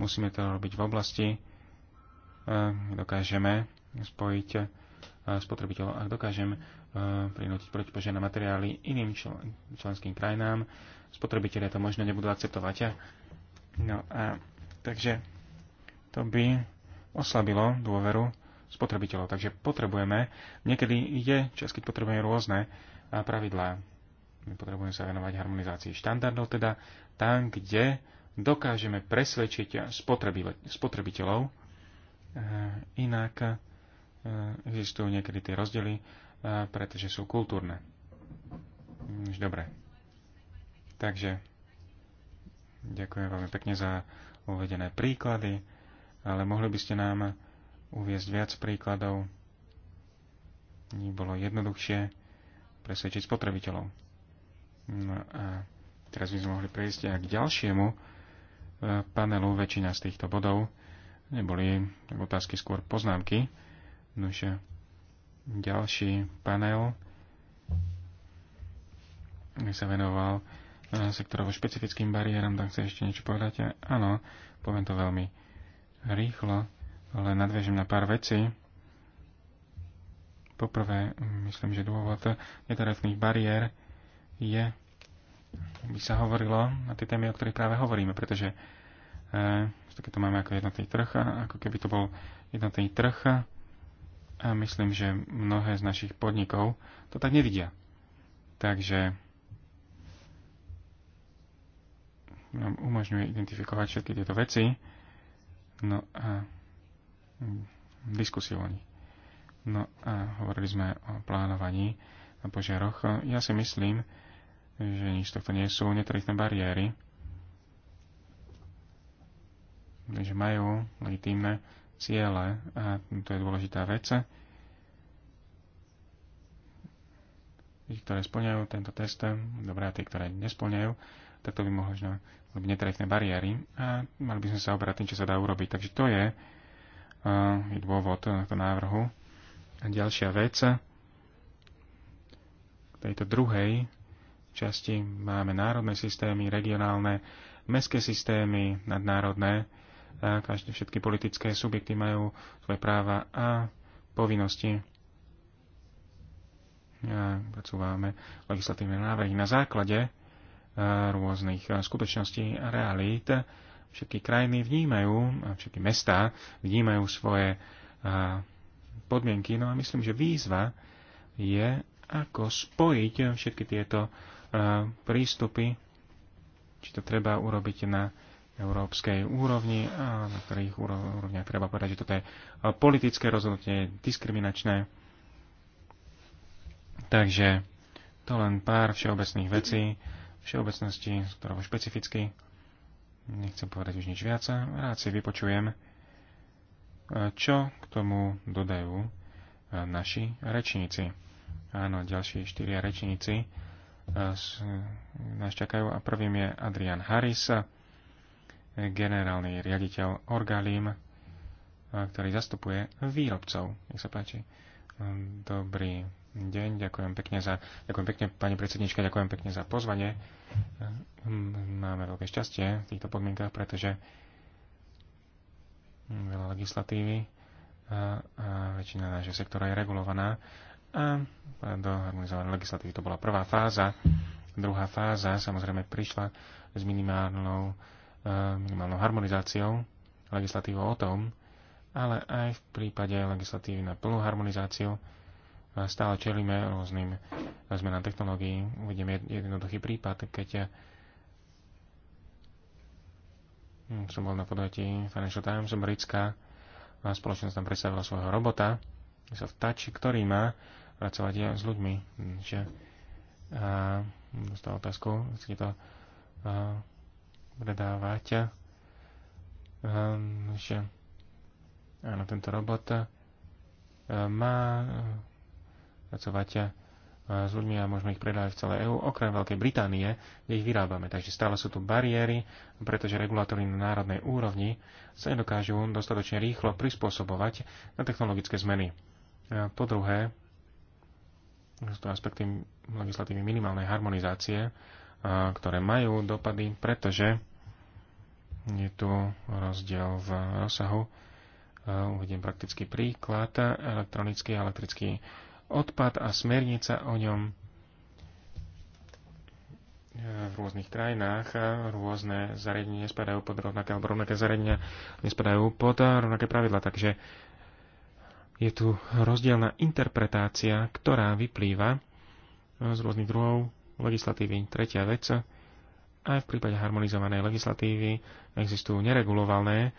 musíme to robiť v oblasti, eh, dokážeme spojiť eh, spotrebiteľov, ak dokážem eh, prinútiť protipožiadne materiály iným členským krajinám, spotrebitelia to možno nebudú akceptovať. No a takže to by oslabilo dôveru spotrebiteľov. Takže potrebujeme, niekedy je čas, keď potrebujeme rôzne pravidlá. My potrebujeme sa venovať harmonizácii štandardov, teda tam, kde dokážeme presvedčiť spotrebiteľov. E, inak e, existujú niekedy tie rozdiely, e, pretože sú kultúrne. Už dobre. Takže ďakujem veľmi pekne za uvedené príklady, ale mohli by ste nám uviezť viac príkladov, bolo jednoduchšie presvedčiť spotrebiteľov. No a teraz by sme mohli prejsť aj k ďalšiemu e, panelu. Väčšina z týchto bodov neboli otázky, skôr poznámky. Nože ďalší panel sa venoval e, sektorovo špecifickým bariéram, tak chce ešte niečo povedať? E, áno, poviem to veľmi rýchlo, ale nadviežem na pár vecí. Poprvé, myslím, že dôvod netarefných bariér je by sa hovorilo na tie témy, o ktorých práve hovoríme, pretože e, takéto máme ako jednotný trh, ako keby to bol jednotný trh a myslím, že mnohé z našich podnikov to tak nevidia. Takže nám umožňuje identifikovať všetky tieto veci no a mm, diskusiu o nich. No a hovorili sme o plánovaní na požiaroch. Ja si myslím, že nič takto nie sú netarifné bariéry, Takže majú legitímne ciele a to je dôležitá vec, ktoré splňajú tento test, dobré a tie, ktoré nesplňajú, tak to by možno robiť netarifné bariéry a mali by sme sa obrať tým, čo sa dá urobiť. Takže to je, je eh, dôvod tohto návrhu. A ďalšia vec, tejto druhej časti máme národné systémy, regionálne, mestské systémy, nadnárodné. A každé, všetky politické subjekty majú svoje práva a povinnosti. A pracováme legislatívne návrhy na základe rôznych skutočností a realít. Všetky krajiny vnímajú, a všetky mestá vnímajú svoje podmienky. No a myslím, že výzva je, ako spojiť všetky tieto E, prístupy, či to treba urobiť na európskej úrovni a na ktorých úrovniach treba povedať, že toto je e, politické rozhodnutie, diskriminačné. Takže to len pár všeobecných vecí, všeobecnosti, skoro špecificky. Nechcem povedať už nič viac. Rád si vypočujem, e, čo k tomu dodajú naši rečníci. Áno, ďalší štyria rečníci nás čakajú a prvým je Adrian Harris, generálny riaditeľ Orgalim, ktorý zastupuje výrobcov. Nech sa páči. Dobrý deň, ďakujem pekne za, ďakujem pekne pani predsednička, ďakujem pekne za pozvanie. Máme veľké šťastie v týchto podmienkach, pretože veľa legislatívy a, a väčšina nášho sektora je regulovaná a do harmonizovanej legislatívy. To bola prvá fáza. Druhá fáza samozrejme prišla s minimálnou, e, minimálnou harmonizáciou legislatívou o tom, ale aj v prípade legislatívy na plnú harmonizáciu stále čelíme rôznym zmenám technológií. Uvediem jednoduchý prípad, keď hm, som bol na podujatí Financial Times, britská spoločnosť tam predstavila svojho robota, sa vtači, ktorý má pracovať aj s ľuďmi. Že, a, dostal otázku, chcete to a, predávať. A, že, áno, tento robot a, má pracovať s ľuďmi a môžeme ich predávať v celej EÚ, okrem Veľkej Británie, kde ich vyrábame. Takže stále sú tu bariéry, pretože regulátory na národnej úrovni sa nedokážu dostatočne rýchlo prispôsobovať na technologické zmeny. Po druhé, sú to aspekty legislatívy minimálnej harmonizácie, ktoré majú dopady, pretože je tu rozdiel v rozsahu. Uvediem praktický príklad. Elektronický a elektrický odpad a smernica o ňom e, v rôznych krajinách e, rôzne zariadenia nespadajú pod rovnaké, alebo rovnaké zariadenia nespadajú pod rovnaké pravidla. Takže je tu rozdielna interpretácia, ktorá vyplýva z rôznych druhov legislatívy. Tretia vec, aj v prípade harmonizovanej legislatívy existujú neregulované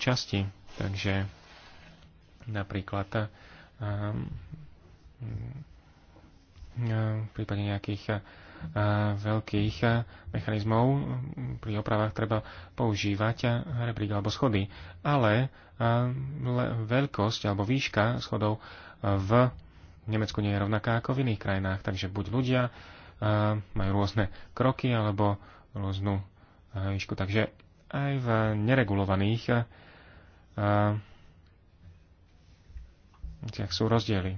časti. Takže napríklad ehm, ehm, v prípade nejakých E, veľkých e, mechanizmov pri opravách treba používať e, rebrík alebo schody. Ale veľkosť alebo výška schodov v Nemecku nie je rovnaká ako v iných krajinách, takže buď ľudia majú rôzne kroky alebo rôznu výšku. Takže aj v neregulovaných sú rozdiely.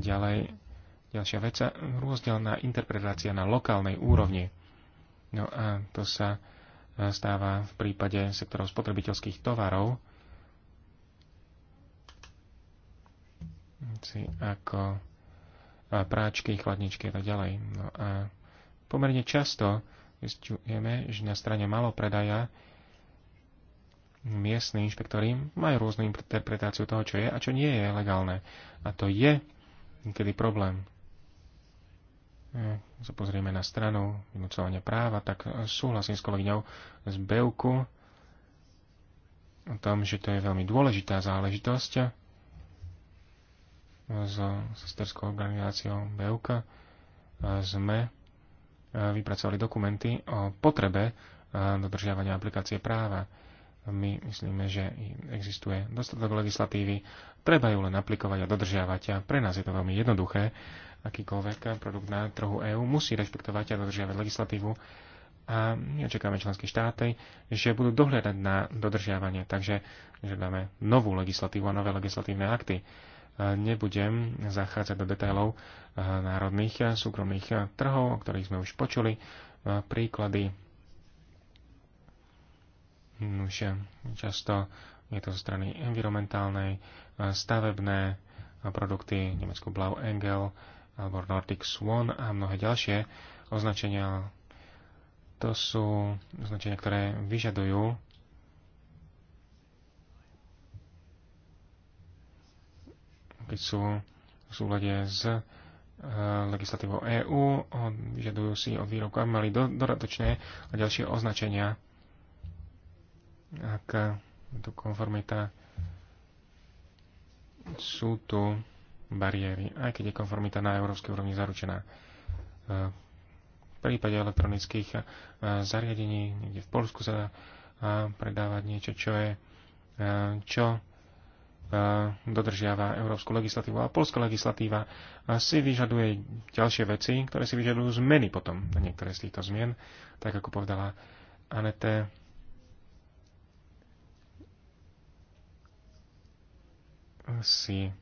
Ďalej Ďalšia vec, e, rozdielna interpretácia na lokálnej úrovni. No a to sa e, stáva v prípade sektorov spotrebiteľských tovarov, si ako e, práčky, chladničky a tak ďalej. No a pomerne často zistujeme, že na strane malopredaja miestni inšpektori majú rôznu interpretáciu toho, čo je a čo nie je legálne. A to je niekedy problém. No, sa pozrieme na stranu vynúcovania práva, tak e, súhlasím s kolegyňou z Beuku o tom, že to je veľmi dôležitá záležitosť e, s sesterskou organizáciou Beuka. E, sme vypracovali dokumenty o potrebe dodržiavania aplikácie práva. My myslíme, že existuje dostatok legislatívy, treba ju len aplikovať a dodržiavať a pre nás je to veľmi jednoduché akýkoľvek produkt na trhu EÚ musí rešpektovať a dodržiavať legislatívu a my očakávame členské štáty, že budú dohľadať na dodržiavanie, takže že dáme novú legislatívu a nové legislatívne akty. Nebudem zachádzať do detailov národných súkromných trhov, o ktorých sme už počuli, príklady. Už často je to zo strany environmentálnej, stavebné produkty, Nemecku Blau Engel, alebo Nordic Swan a mnohé ďalšie označenia. To sú označenia, ktoré vyžadujú keď sú v súlade s eh, e, legislatívou EÚ, vyžadujú si od výrobkov, aby mali do, dodatočné a ďalšie označenia, ak tu konformita sú tu bariéry, aj keď je konformita na európskej úrovni zaručená. E, v prípade elektronických e, zariadení niekde v Polsku sa dá e, predávať niečo, čo je čo dodržiava európsku legislatívu a polská legislatíva si vyžaduje ďalšie veci, ktoré si vyžadujú zmeny potom na niektoré z týchto zmien, tak ako povedala Anete. si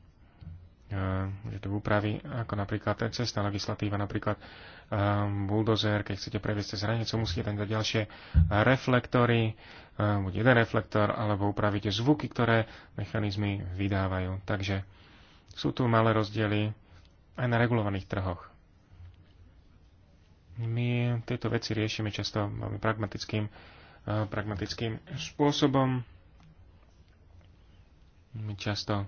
že eh, to úpravy, ako napríklad cestná legislatíva, napríklad eh, buldozer, keď chcete previesť cez hranicu, musíte tam dať ďalšie reflektory, eh, buď jeden reflektor, alebo upravíte zvuky, ktoré mechanizmy vydávajú. Takže sú tu malé rozdiely aj na regulovaných trhoch. My tieto veci riešime často veľmi pragmatickým, pragmatickým spôsobom. My často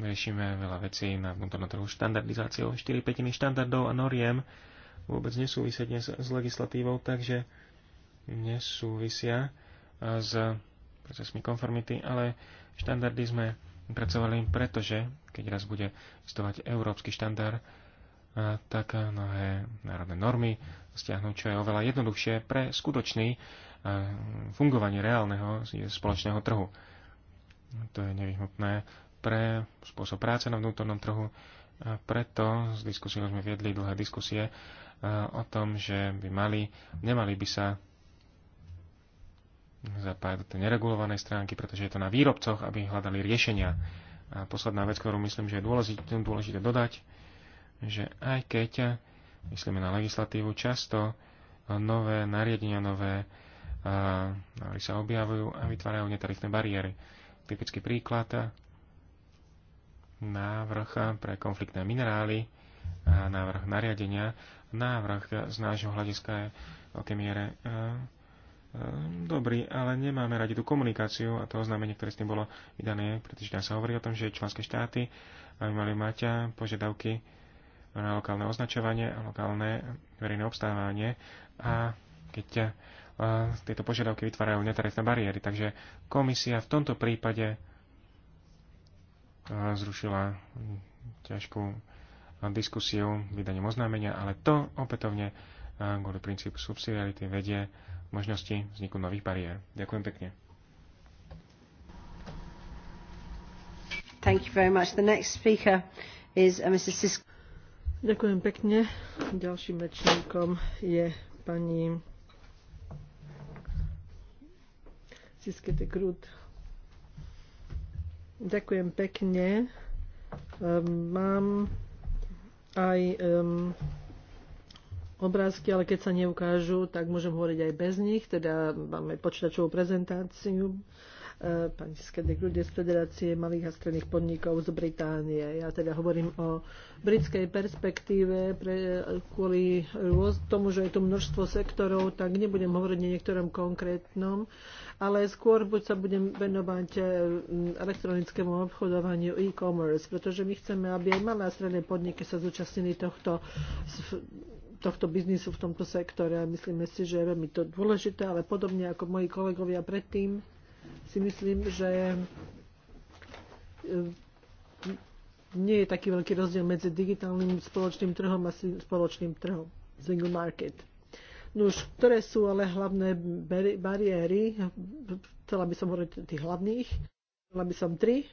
riešime veľa vecí na vnútornom trhu štandardizáciou. 4 petiny štandardov a noriem vôbec nesúvisia dnes s legislatívou, takže nesúvisia s procesmi konformity, ale štandardy sme pracovali, pretože keď raz bude existovať európsky štandard, tak mnohé národné normy stiahnu, čo je oveľa jednoduchšie pre skutočný fungovanie reálneho spoločného trhu. To je nevyhnutné pre spôsob práce na vnútornom trhu. preto s diskusiou sme viedli dlhé diskusie o tom, že by mali, nemali by sa zapájať do tej neregulovanej stránky, pretože je to na výrobcoch, aby hľadali riešenia. A posledná vec, ktorú myslím, že je dôležité, dôležité dodať, že aj keď myslíme na legislatívu, často nové nariadenia, nové a, sa objavujú a vytvárajú netarifné bariéry. Typický príklad návrh pre konfliktné minerály a návrh nariadenia. Návrh z nášho hľadiska je v veľkej miere e, e, dobrý, ale nemáme radi tú komunikáciu a to oznámenie, ktoré s tým bolo vydané, pretože tam sa hovorí o tom, že členské štáty aby mali mať e, požiadavky na lokálne označovanie a lokálne verejné obstávanie a keď e, tieto požiadavky vytvárajú netarestné bariéry. Takže komisia v tomto prípade zrušila ťažkú diskusiu vydaním oznámenia, ale to opätovne kvôli princípu subsidiarity vedie možnosti vzniku nových bariér. Ďakujem pekne. Thank you very much. The next speaker is uh, Mrs. Sisko. Ďakujem pekne. Ďalším rečníkom je pani Siskete Krut. Ďakujem pekne. Ehm, mám aj um, obrázky, ale keď sa neukážu, tak môžem hovoriť aj bez nich. Teda máme počítačovú prezentáciu pani ľudia z Federácie malých a stredných podnikov z Británie. Ja teda hovorím o britskej perspektíve pre, kvôli tomu, že je tu množstvo sektorov, tak nebudem hovoriť o niektorom konkrétnom, ale skôr buď sa budem venovať e, elektronickému obchodovaniu e-commerce, pretože my chceme, aby aj malé a stredné podniky sa zúčastnili tohto tohto biznisu v tomto sektore a myslíme si, že je veľmi to dôležité, ale podobne ako moji kolegovia predtým, si myslím, že e, nie je taký veľký rozdiel medzi digitálnym spoločným trhom a spoločným trhom, single market. Nuž, ktoré sú ale hlavné bariéry? Chcela by som hovoriť tých hlavných. Chcela by som tri.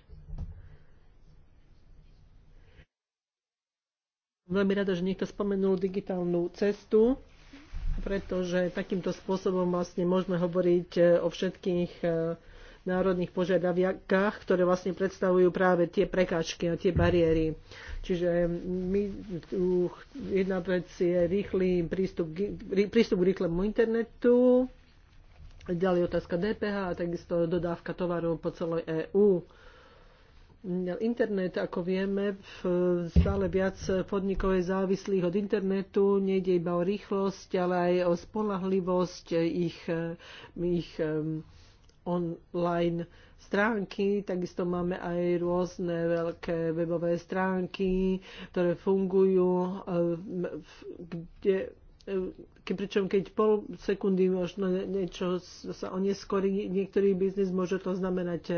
Veľmi rada, že niekto spomenul digitálnu cestu pretože takýmto spôsobom vlastne môžeme hovoriť e, o všetkých e, národných požiadaviakách, ktoré vlastne predstavujú práve tie prekážky a tie bariéry. Čiže my, uh, jedna vec je rýchly prístup, prístup k rýchlemu internetu, ďalej otázka DPH a takisto dodávka tovarov po celej EÚ. Internet, ako vieme, stále viac podnikov je závislých od internetu. Nejde iba o rýchlosť, ale aj o spolahlivosť ich, ich online stránky, takisto máme aj rôzne veľké webové stránky, ktoré fungujú, kde ke, pričom keď pol sekundy možno niečo sa oneskorí, niektorý biznis môže to znamenať e,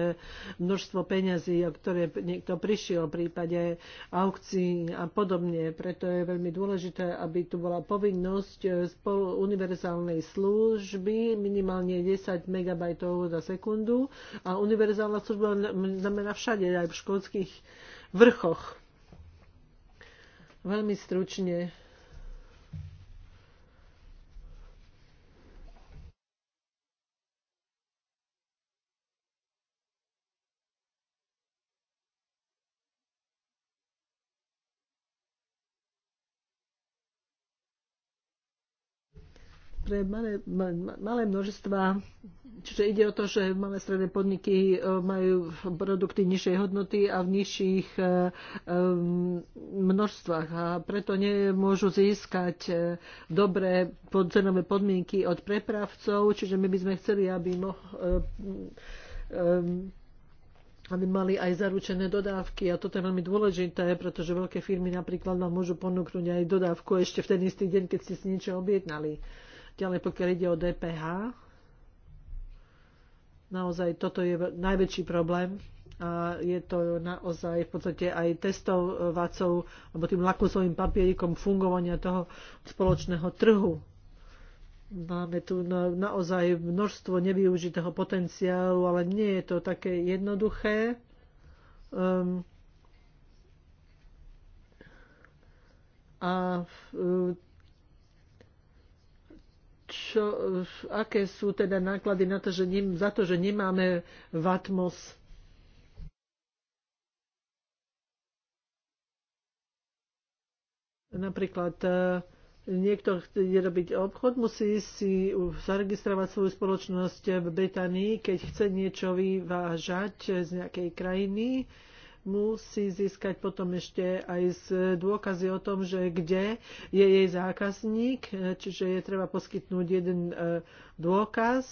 množstvo peňazí, o ktoré niekto prišiel v prípade aukcií a podobne. Preto je veľmi dôležité, aby tu bola povinnosť e, spolu univerzálnej služby minimálne 10 MB za sekundu a univerzálna služba znamená všade, aj v školských vrchoch. Veľmi stručne pre malé, malé množstva Čiže ide o to, že malé stredné podniky e, majú produkty nižšej hodnoty a v nižších e, e, množstvách a preto nemôžu získať dobré cenové podmienky od prepravcov, čiže my by sme chceli, aby mo- aby mali aj zaručené dodávky a toto je veľmi dôležité, pretože veľké firmy napríklad vám môžu ponúknuť aj dodávku ešte v ten istý deň, keď ste si niečo objednali. Ďalej, pokiaľ ide o DPH, naozaj toto je najväčší problém a je to naozaj v podstate aj testovacou alebo tým lakusovým papierikom fungovania toho spoločného trhu. Máme tu naozaj množstvo nevyužitého potenciálu, ale nie je to také jednoduché. Um, a e, čo, aké sú teda náklady na to, že ne, za to, že nemáme Vatmos? Napríklad e, niekto chce robiť obchod, musí si zaregistrovať svoju spoločnosť v Británii, keď chce niečo vyvážať z nejakej krajiny musí získať potom ešte aj z dôkazy o tom, že kde je jej zákazník, čiže je treba poskytnúť jeden e, dôkaz,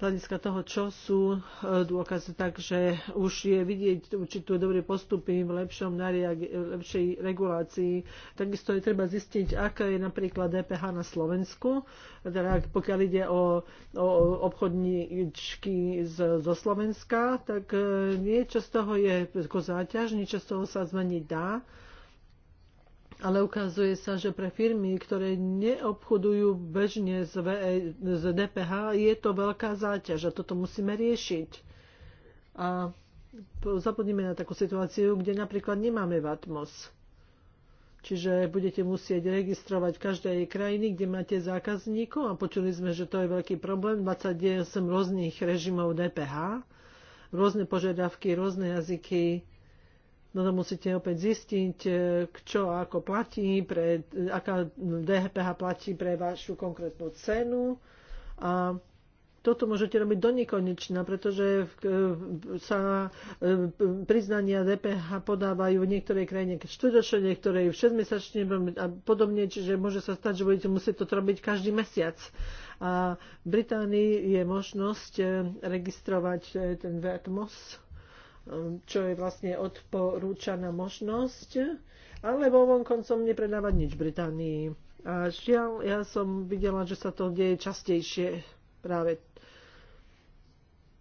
hľadiska toho, čo sú e, dôkazy. Takže už je vidieť určitú dobré postupy v lepšom nariag- lepšej regulácii. Takisto je treba zistiť, aká je napríklad DPH na Slovensku, teda pokiaľ ide o, o obchodníčky z, zo Slovenska, tak e, niečo z toho je ako záťaž, niečo z toho sa zmeniť dá ale ukazuje sa, že pre firmy, ktoré neobchodujú bežne z, VE, z DPH, je to veľká záťaž a toto musíme riešiť. A zapodníme na takú situáciu, kde napríklad nemáme VATMOS. Čiže budete musieť registrovať každej krajiny, kde máte zákazníkov a počuli sme, že to je veľký problém. 28 rôznych režimov DPH, rôzne požiadavky, rôzne jazyky, No to musíte opäť zistiť, čo e, ako platí, pre, e, aká DPH platí pre vašu konkrétnu cenu. A toto môžete robiť do nekonečna, pretože e, sa priznania DPH podávajú v niektorej krajine štvrťročne, niektorej v 6 a podobne, čiže môže sa stať, že budete musieť to robiť každý mesiac. A v Británii je možnosť registrovať ten VATMOS, čo je vlastne odporúčaná možnosť, alebo vonkoncom nepredávať nič Británii. A žiaľ, ja som videla, že sa to deje častejšie práve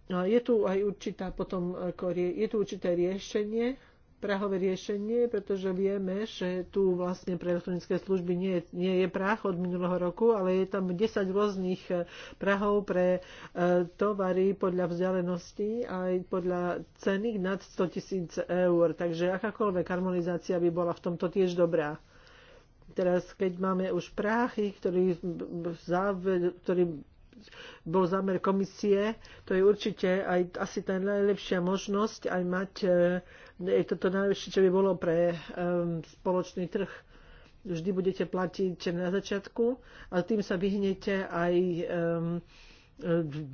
je tu aj určitá potom, je tu určité riešenie, prahové riešenie, pretože vieme, že tu vlastne pre elektronické služby nie, nie je prach od minulého roku, ale je tam 10 rôznych eh, prahov pre e, tovary podľa vzdialenosti aj podľa ceny nad 100 tisíc eur. Takže akákoľvek harmonizácia by bola v tomto tiež dobrá. Teraz, keď máme už práchy, ktorý, ktorý bol zámer komisie, to je určite aj asi tá najlepšia možnosť aj mať e, je to najvyššie, čo by bolo pre um, spoločný trh. Vždy budete platiť na začiatku, ale tým sa vyhnete aj um,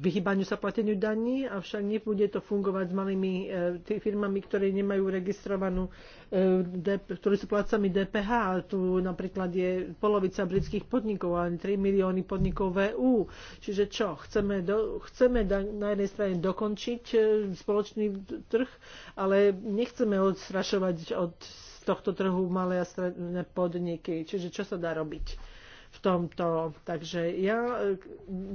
vyhýbaniu sa plateniu daní, avšak nebude to fungovať s malými e, tými firmami, ktoré nemajú registrovanú, e, ktoré sú plácami DPH. Tu napríklad je polovica britských podnikov, ale 3 milióny podnikov VÚ. E Čiže čo? Chceme, do, chceme na jednej strane dokončiť spoločný trh, ale nechceme odstrašovať od tohto trhu malé a stredné podniky. Čiže čo sa dá robiť? v tomto. Takže ja eh,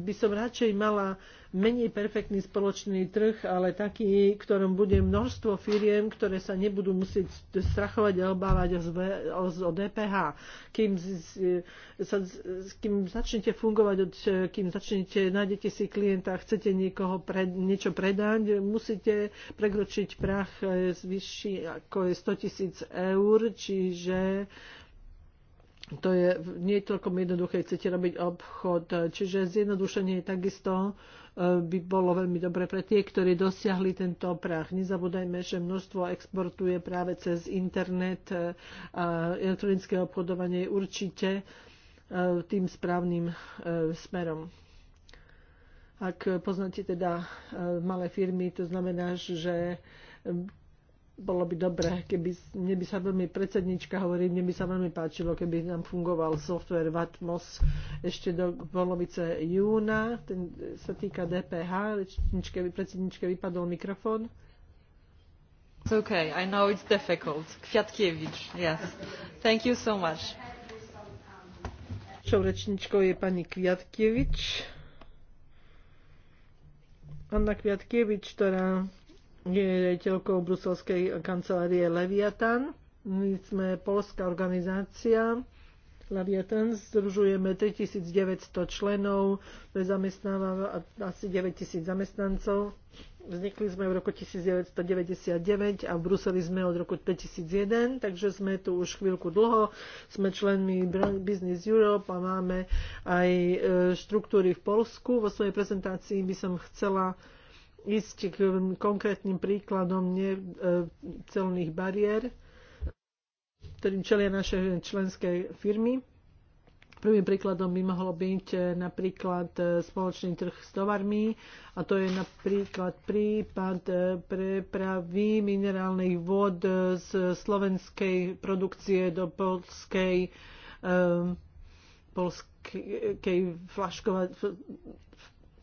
by som radšej mala menej perfektný spoločný trh, ale taký, ktorom bude množstvo firiem, ktoré sa nebudú musieť strachovať a obávať o, DPH. Kým, eh, sa, kým začnete fungovať, eh, kým začnete, nájdete si klienta, chcete niekoho pred, niečo predať, musíte prekročiť prach vyšší ako je 100 tisíc eur, čiže to je nie je toľkom jednoduché, chcete robiť obchod. Čiže zjednodušenie takisto e, by bolo veľmi dobre pre tie, ktorí dosiahli tento prach. Nezabúdajme, že množstvo exportuje práve cez internet e, a elektronické obchodovanie je určite e, tým správnym smerom. Ak poznáte teda malé firmy, to znamená, že bolo by dobré, keby, mne by sa veľmi predsednička hovorí, mne by sa veľmi páčilo, keby nám fungoval software Vatmos ešte do polovice júna, ten sa týka DPH, rečničke, predsedničke vypadol mikrofón. It's okay, I know it's difficult. Kviatkiewicz, yes. Thank you so much. Čo rečničkou je pani Kviatkiewicz. Anna Kviatkiewicz, ktorá riaditeľkou bruselskej kancelárie Leviatan. My sme polská organizácia, Leviatan združujeme 3900 členov, zamestnáva asi 9000 zamestnancov. Vznikli sme v roku 1999 a v Bruseli sme od roku 2001, takže sme tu už chvíľku dlho. Sme členmi Business Europe a máme aj e, štruktúry v Polsku. Vo svojej prezentácii by som chcela ísť k um, konkrétnym príkladom necelných e, bariér, ktorým čelia naše členské firmy. Prvým príkladom by mohlo byť e, napríklad e, spoločný trh s tovarmi a to je napríklad prípad prepravy minerálnych vod z slovenskej produkcie do polskej, polskej flaškova,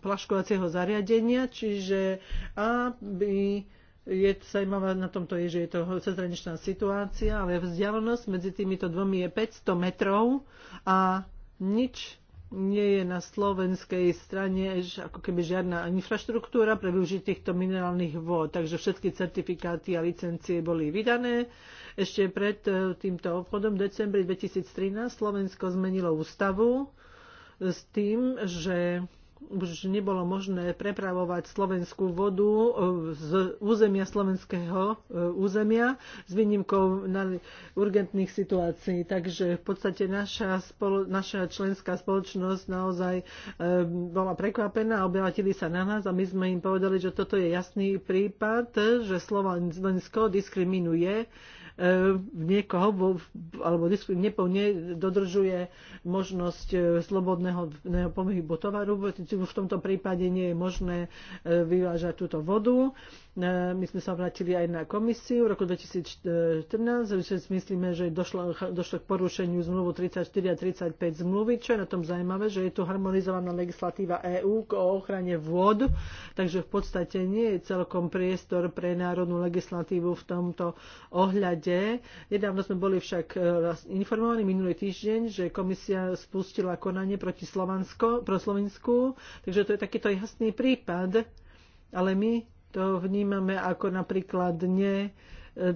plaškovacieho zariadenia, čiže aby je zaujímavá na tomto je, že je to cezhraničná situácia, ale vzdialenosť medzi týmito dvomi je 500 metrov a nič nie je na slovenskej strane ako keby žiadna infraštruktúra pre využitie týchto minerálnych vôd. Takže všetky certifikáty a licencie boli vydané. Ešte pred e, týmto obchodom v decembri 2013 Slovensko zmenilo ústavu s tým, že už nebolo možné prepravovať slovenskú vodu e, z územia slovenského e, územia s výnimkou na urgentných situácií. Takže v podstate naša, spolo, naša členská spoločnosť naozaj e, bola prekvapená, obyvatili sa na nás a my sme im povedali, že toto je jasný prípad, že Slovensko diskriminuje E, niekoho alebo nedodržuje možnosť e, slobodného pohybu tovaru, v tomto prípade nie je možné e, vyvážať túto vodu my sme sa vrátili aj na komisiu v roku 2014, že myslíme, že došlo, došlo k porušeniu zmluvu 34 a 35 zmluvy, čo je na tom zaujímavé, že je tu harmonizovaná legislatíva EÚ o ochrane vôd, takže v podstate nie je celkom priestor pre národnú legislatívu v tomto ohľade. Nedávno sme boli však e, informovaní minulý týždeň, že komisia spustila konanie proti Slovansko, pro Slovensku, takže to je takýto jasný prípad, ale my to vnímame ako napríklad ne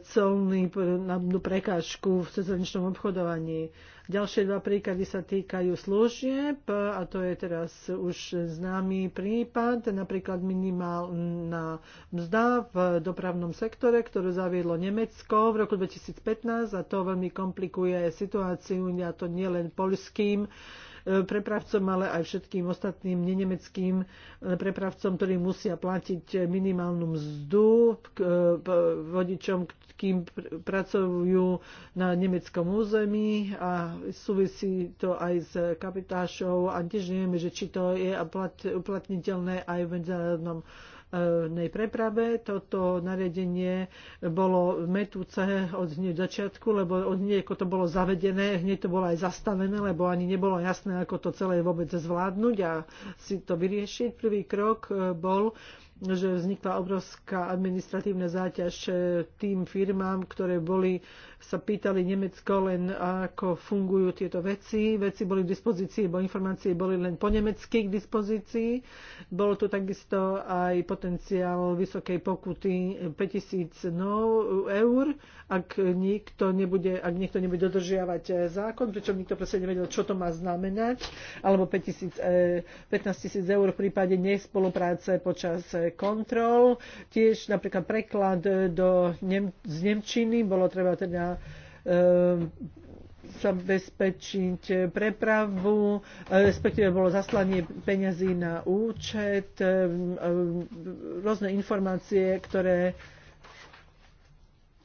colný no, prekážku v cezraničnom obchodovaní. Ďalšie dva príklady sa týkajú služieb a to je teraz už známy prípad, napríklad minimálna mzda v dopravnom sektore, ktorú zaviedlo Nemecko v roku 2015 a to veľmi komplikuje situáciu, ja to nielen poľským prepravcom, ale aj všetkým ostatným nenemeckým eh, prepravcom, ktorí musia platiť minimálnu mzdu k eh, vodičom, kým pracujú na nemeckom území a súvisí to aj s kapitášou a tiež nevieme, že či to je uplatniteľné aj v medzinárodnom E, preprave. Toto nariadenie bolo metúce od hneď začiatku, lebo od hneď ako to bolo zavedené, hneď to bolo aj zastavené, lebo ani nebolo jasné, ako to celé vôbec zvládnuť a si to vyriešiť. Prvý krok e, bol že vznikla obrovská administratívna záťaž e, tým firmám, ktoré boli sa pýtali Nemecko len, ako fungujú tieto veci. Veci boli k dispozícii, bo informácie boli len po nemecky k dispozícii. Bolo tu takisto aj potenciál vysokej pokuty 5000 eur, ak niekto nebude, ak niekto nebude dodržiavať eh, zákon, pričom nikto presne nevedel, čo to má znamenať, alebo 5000, 15 eh, tisíc eur v prípade nespolupráce počas eh, kontrol. Tiež napríklad preklad do, z Nemčiny bolo treba teda treba zabezpečiť prepravu, e, respektíve bolo zaslanie peňazí na účet, e, e, rôzne informácie, ktoré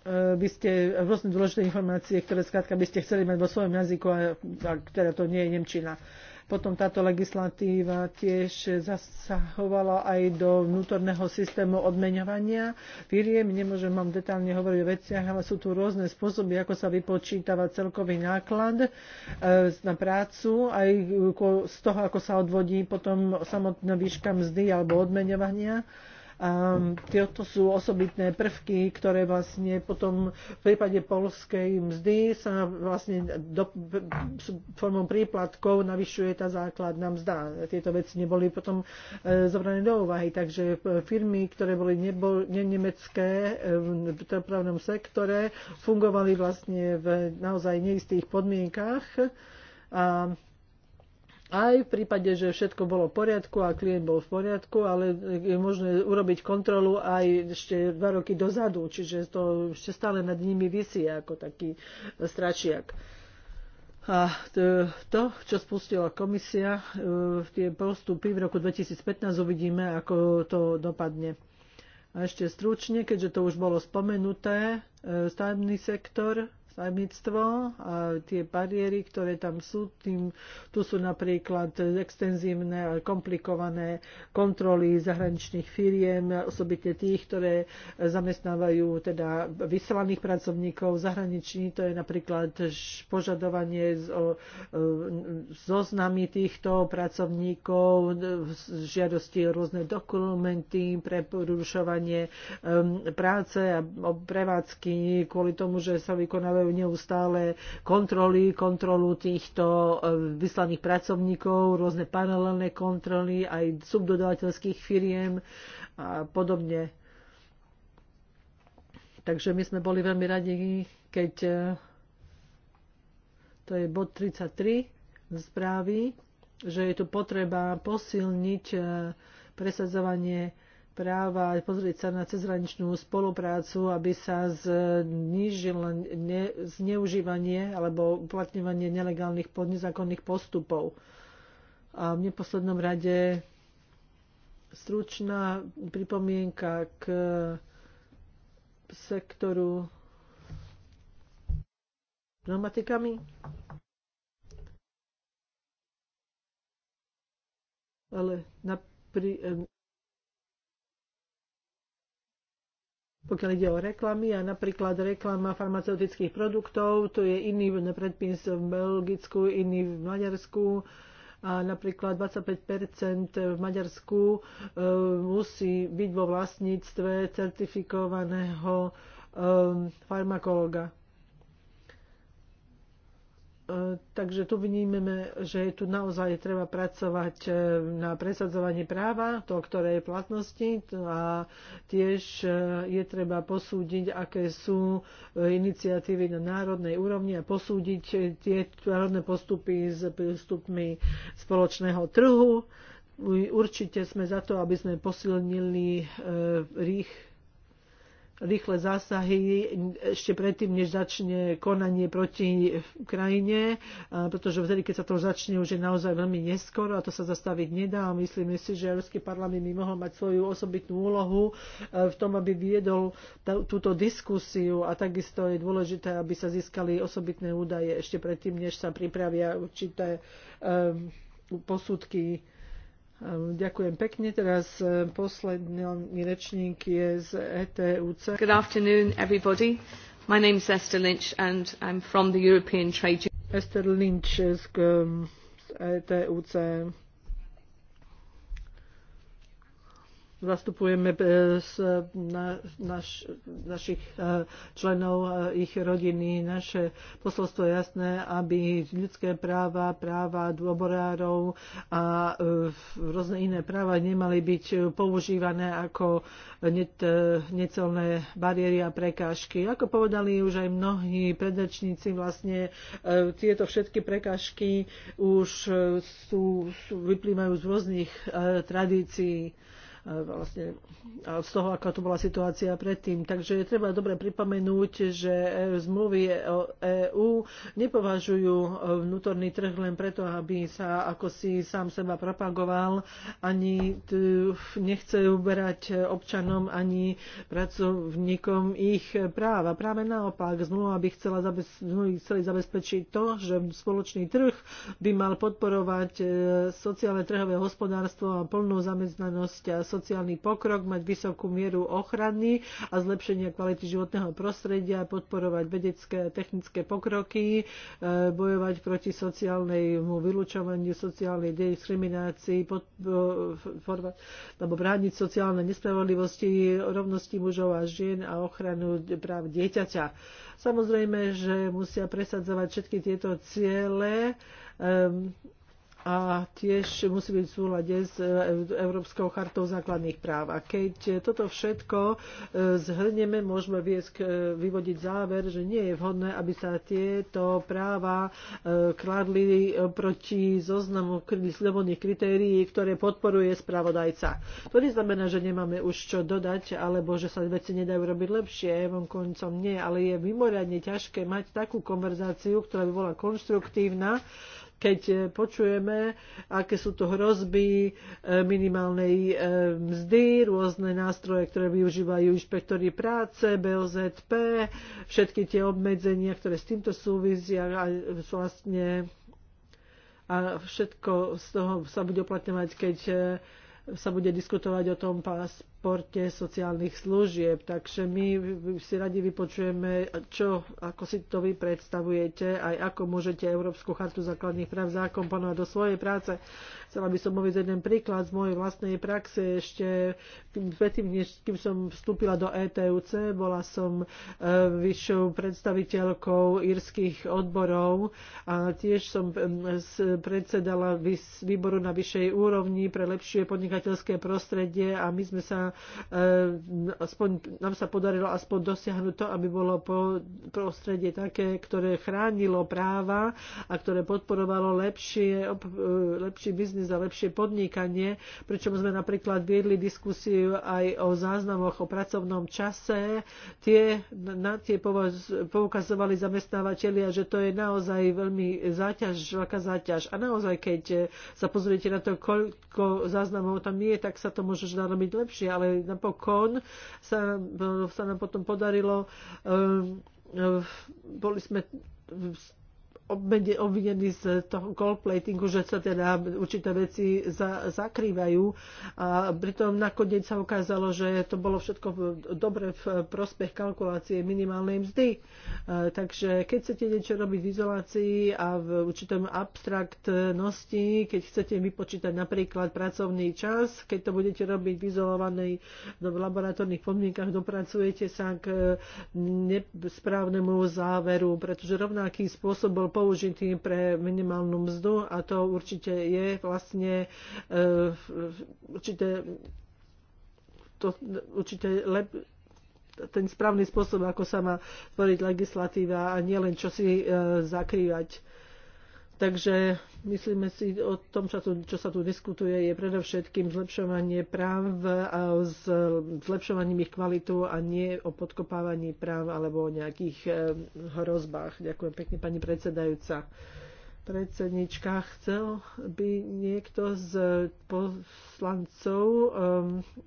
by ste, rôzne dôležité informácie, ktoré skrátka by ste chceli mať vo svojom jazyku, a, a teda to nie je Nemčina. Potom táto legislatíva tiež zasahovala aj do vnútorného systému odmeňovania firiem. Nemôžem vám detálne hovoriť o veciach, ale sú tu rôzne spôsoby, ako sa vypočítava celkový náklad e, na prácu, aj z toho, ako sa odvodí potom samotná výška mzdy alebo odmeňovania Ehm, tieto sú osobitné prvky, ktoré vlastne potom v prípade polskej mzdy sa vlastne do, formou príplatkov navyšuje tá základná mzda. Tieto veci neboli potom e, zobrané do úvahy, takže e, firmy, ktoré boli nebo, ne, nemecké e, v dopravnom sektore, fungovali vlastne v naozaj neistých podmienkách a aj v prípade, že všetko bolo v poriadku a klient bol v poriadku, ale je možné urobiť kontrolu aj ešte dva roky dozadu, čiže to ešte stále nad nimi vysí ako taký stračiak. A to, čo spustila komisia, e, tie postupy v roku 2015 uvidíme, ako to dopadne. A ešte stručne, keďže to už bolo spomenuté, e, stavebný sektor, stavebníctvo a tie bariéry, ktoré tam sú, tým, tu sú napríklad extenzívne a komplikované kontroly zahraničných firiem, osobitne tých, ktoré zamestnávajú teda vyslaných pracovníkov zahraniční, to je napríklad požadovanie e, zoznamy týchto pracovníkov, žiadosti o rôzne dokumenty, preporušovanie e, práce a prevádzky kvôli tomu, že sa vykonávajú prebiehajú neustále kontroly, kontrolu týchto e, vyslaných pracovníkov, rôzne paralelné kontroly aj subdodávateľských firiem a podobne. Takže my sme boli veľmi radi, keď e, to je bod 33 správy, že je tu potreba posilniť e, presadzovanie práva, pozrieť sa na cezhraničnú spoluprácu, aby sa znížilo ne, zneužívanie alebo uplatňovanie nelegálnych podnezákonných postupov. A v neposlednom rade stručná pripomienka k sektoru pneumatikami. Ale na, pri, pokiaľ ide o reklamy a napríklad reklama farmaceutických produktov, to je iný predpis v Belgicku, iný v Maďarsku a napríklad 25 v Maďarsku e, musí byť vo vlastníctve certifikovaného e, farmakologa. E, takže tu vnímeme, že je tu naozaj treba pracovať e, na presadzovanie práva, to, ktoré je platnosti a tiež e, je treba posúdiť, aké sú iniciatívy na národnej úrovni a posúdiť tie národné postupy s prístupmi spoločného trhu. Určite sme za to, aby sme posilnili rých rýchle zásahy ešte predtým, než začne konanie proti krajine, pretože vtedy, keď sa to začne, už je naozaj veľmi neskoro a to sa zastaviť nedá. Myslíme si, že Európsky parlament by mohol mať svoju osobitnú úlohu e, v tom, aby viedol túto diskusiu a takisto je dôležité, aby sa získali osobitné údaje ešte predtým, než sa pripravia určité um, posudky Ďakujem pekne. Teraz e, posledný rečník je z ETUC. Good afternoon, everybody. My name is Esther Lynch and I'm from the European Trade Union. Esther Lynch um, z ETUC. zastupujeme e, e, na, naš, našich e, členov, ich rodiny. Naše posolstvo je jasné, aby ľudské práva, práva dôborárov a rôzne iné práva nemali byť používané ako net, necelné bariéry a prekážky. Ako povedali už aj mnohí predrečníci, vlastne tieto všetky prekážky už sú, sú, vyplývajú z rôznych tradícií vlastne z toho, aká tu bola situácia predtým. Takže je treba dobre pripomenúť, že e zmluvy o EÚ nepovažujú e, vnútorný trh len preto, aby sa ako si sám seba propagoval, ani nechce uberať občanom ani pracovníkom ich práva. Práve naopak, zmluva by chcela chceli zabezpečiť to, že spoločný trh by mal podporovať e, sociálne trhové hospodárstvo a plnú zamestnanosť a sociálny pokrok, mať vysokú mieru ochrany a zlepšenia kvality životného prostredia, podporovať vedecké a technické pokroky, e, bojovať proti sociálnemu vylúčovaniu, sociálnej diskriminácii, e, alebo brániť sociálne nespravodlivosti, rovnosti mužov a žien a ochranu práv dieťaťa. Samozrejme, že musia presadzovať všetky tieto ciele um, a tiež musí byť v súlade s e, Európskou chartou základných práv. A keď toto všetko e, zhrnieme, môžeme viesť, e, vyvodiť záver, že nie je vhodné, aby sa tieto práva kladli proti zoznamu slobodných kritérií, ktoré podporuje spravodajca. To neznamená, že nemáme už čo dodať, alebo že sa veci nedajú robiť lepšie, von koncom nie, ale je mimoriadne ťažké mať takú konverzáciu, ktorá by bola konštruktívna, keď e, počujeme, aké sú to hrozby e, minimálnej e, mzdy, rôzne nástroje, ktoré využívajú inšpektory práce, BOZP, všetky tie obmedzenia, ktoré s týmto súvisia a vlastne a všetko z toho sa bude uplatňovať, keď sa bude diskutovať o tom pás porte sociálnych služieb. Takže my si radi vypočujeme, čo, ako si to vy predstavujete, aj ako môžete Európsku chartu základných práv zakomponovať do svojej práce. Chcela by som povedať jeden príklad z mojej vlastnej praxe. Ešte predtým, než kým som vstúpila do ETUC, bola som e, vyššou predstaviteľkou írskych odborov a tiež som e, predsedala výboru na vyššej úrovni pre lepšie podnikateľské prostredie a my sme sa E, aspoň, nám sa podarilo aspoň dosiahnuť to, aby bolo po, prostredie také, ktoré chránilo práva a ktoré podporovalo lepšie, e, lepší biznis a lepšie podnikanie, pričom sme napríklad viedli diskusiu aj o záznamoch o pracovnom čase. Tie, na tie poukazovali zamestnávateľia, že to je naozaj veľmi záťaž, veľká záťaž. A naozaj, keď sa pozriete na to, koľko záznamov tam je, tak sa to môže narobiť lepšie ale napokon sa, sa nám potom podarilo, eh, eh, boli sme obvinení z toho goldplatingu, že sa teda určité veci za, zakrývajú. A pritom nakoniec sa ukázalo, že to bolo všetko v, dobre v prospech kalkulácie minimálnej mzdy. A, takže keď chcete niečo robiť v izolácii a v určitom abstraktnosti, keď chcete vypočítať napríklad pracovný čas, keď to budete robiť v izolovanej no, v laboratórnych podmienkach, dopracujete sa k e, nesprávnemu záveru, pretože rovnaký spôsob bol použitý pre minimálnu mzdu a to určite je vlastne e, určite, to, určite lep, ten správny spôsob, ako sa má tvoriť legislatíva a nielen čo si e, zakrývať. Takže myslíme si o tom, čo, tu, čo sa tu diskutuje, je predovšetkým zlepšovanie práv a zlepšovaním ich kvalitu a nie o podkopávaní práv alebo o nejakých e, hrozbách. Ďakujem pekne, pani predsedajúca. Predsednička, chcel by niekto z poslancov um,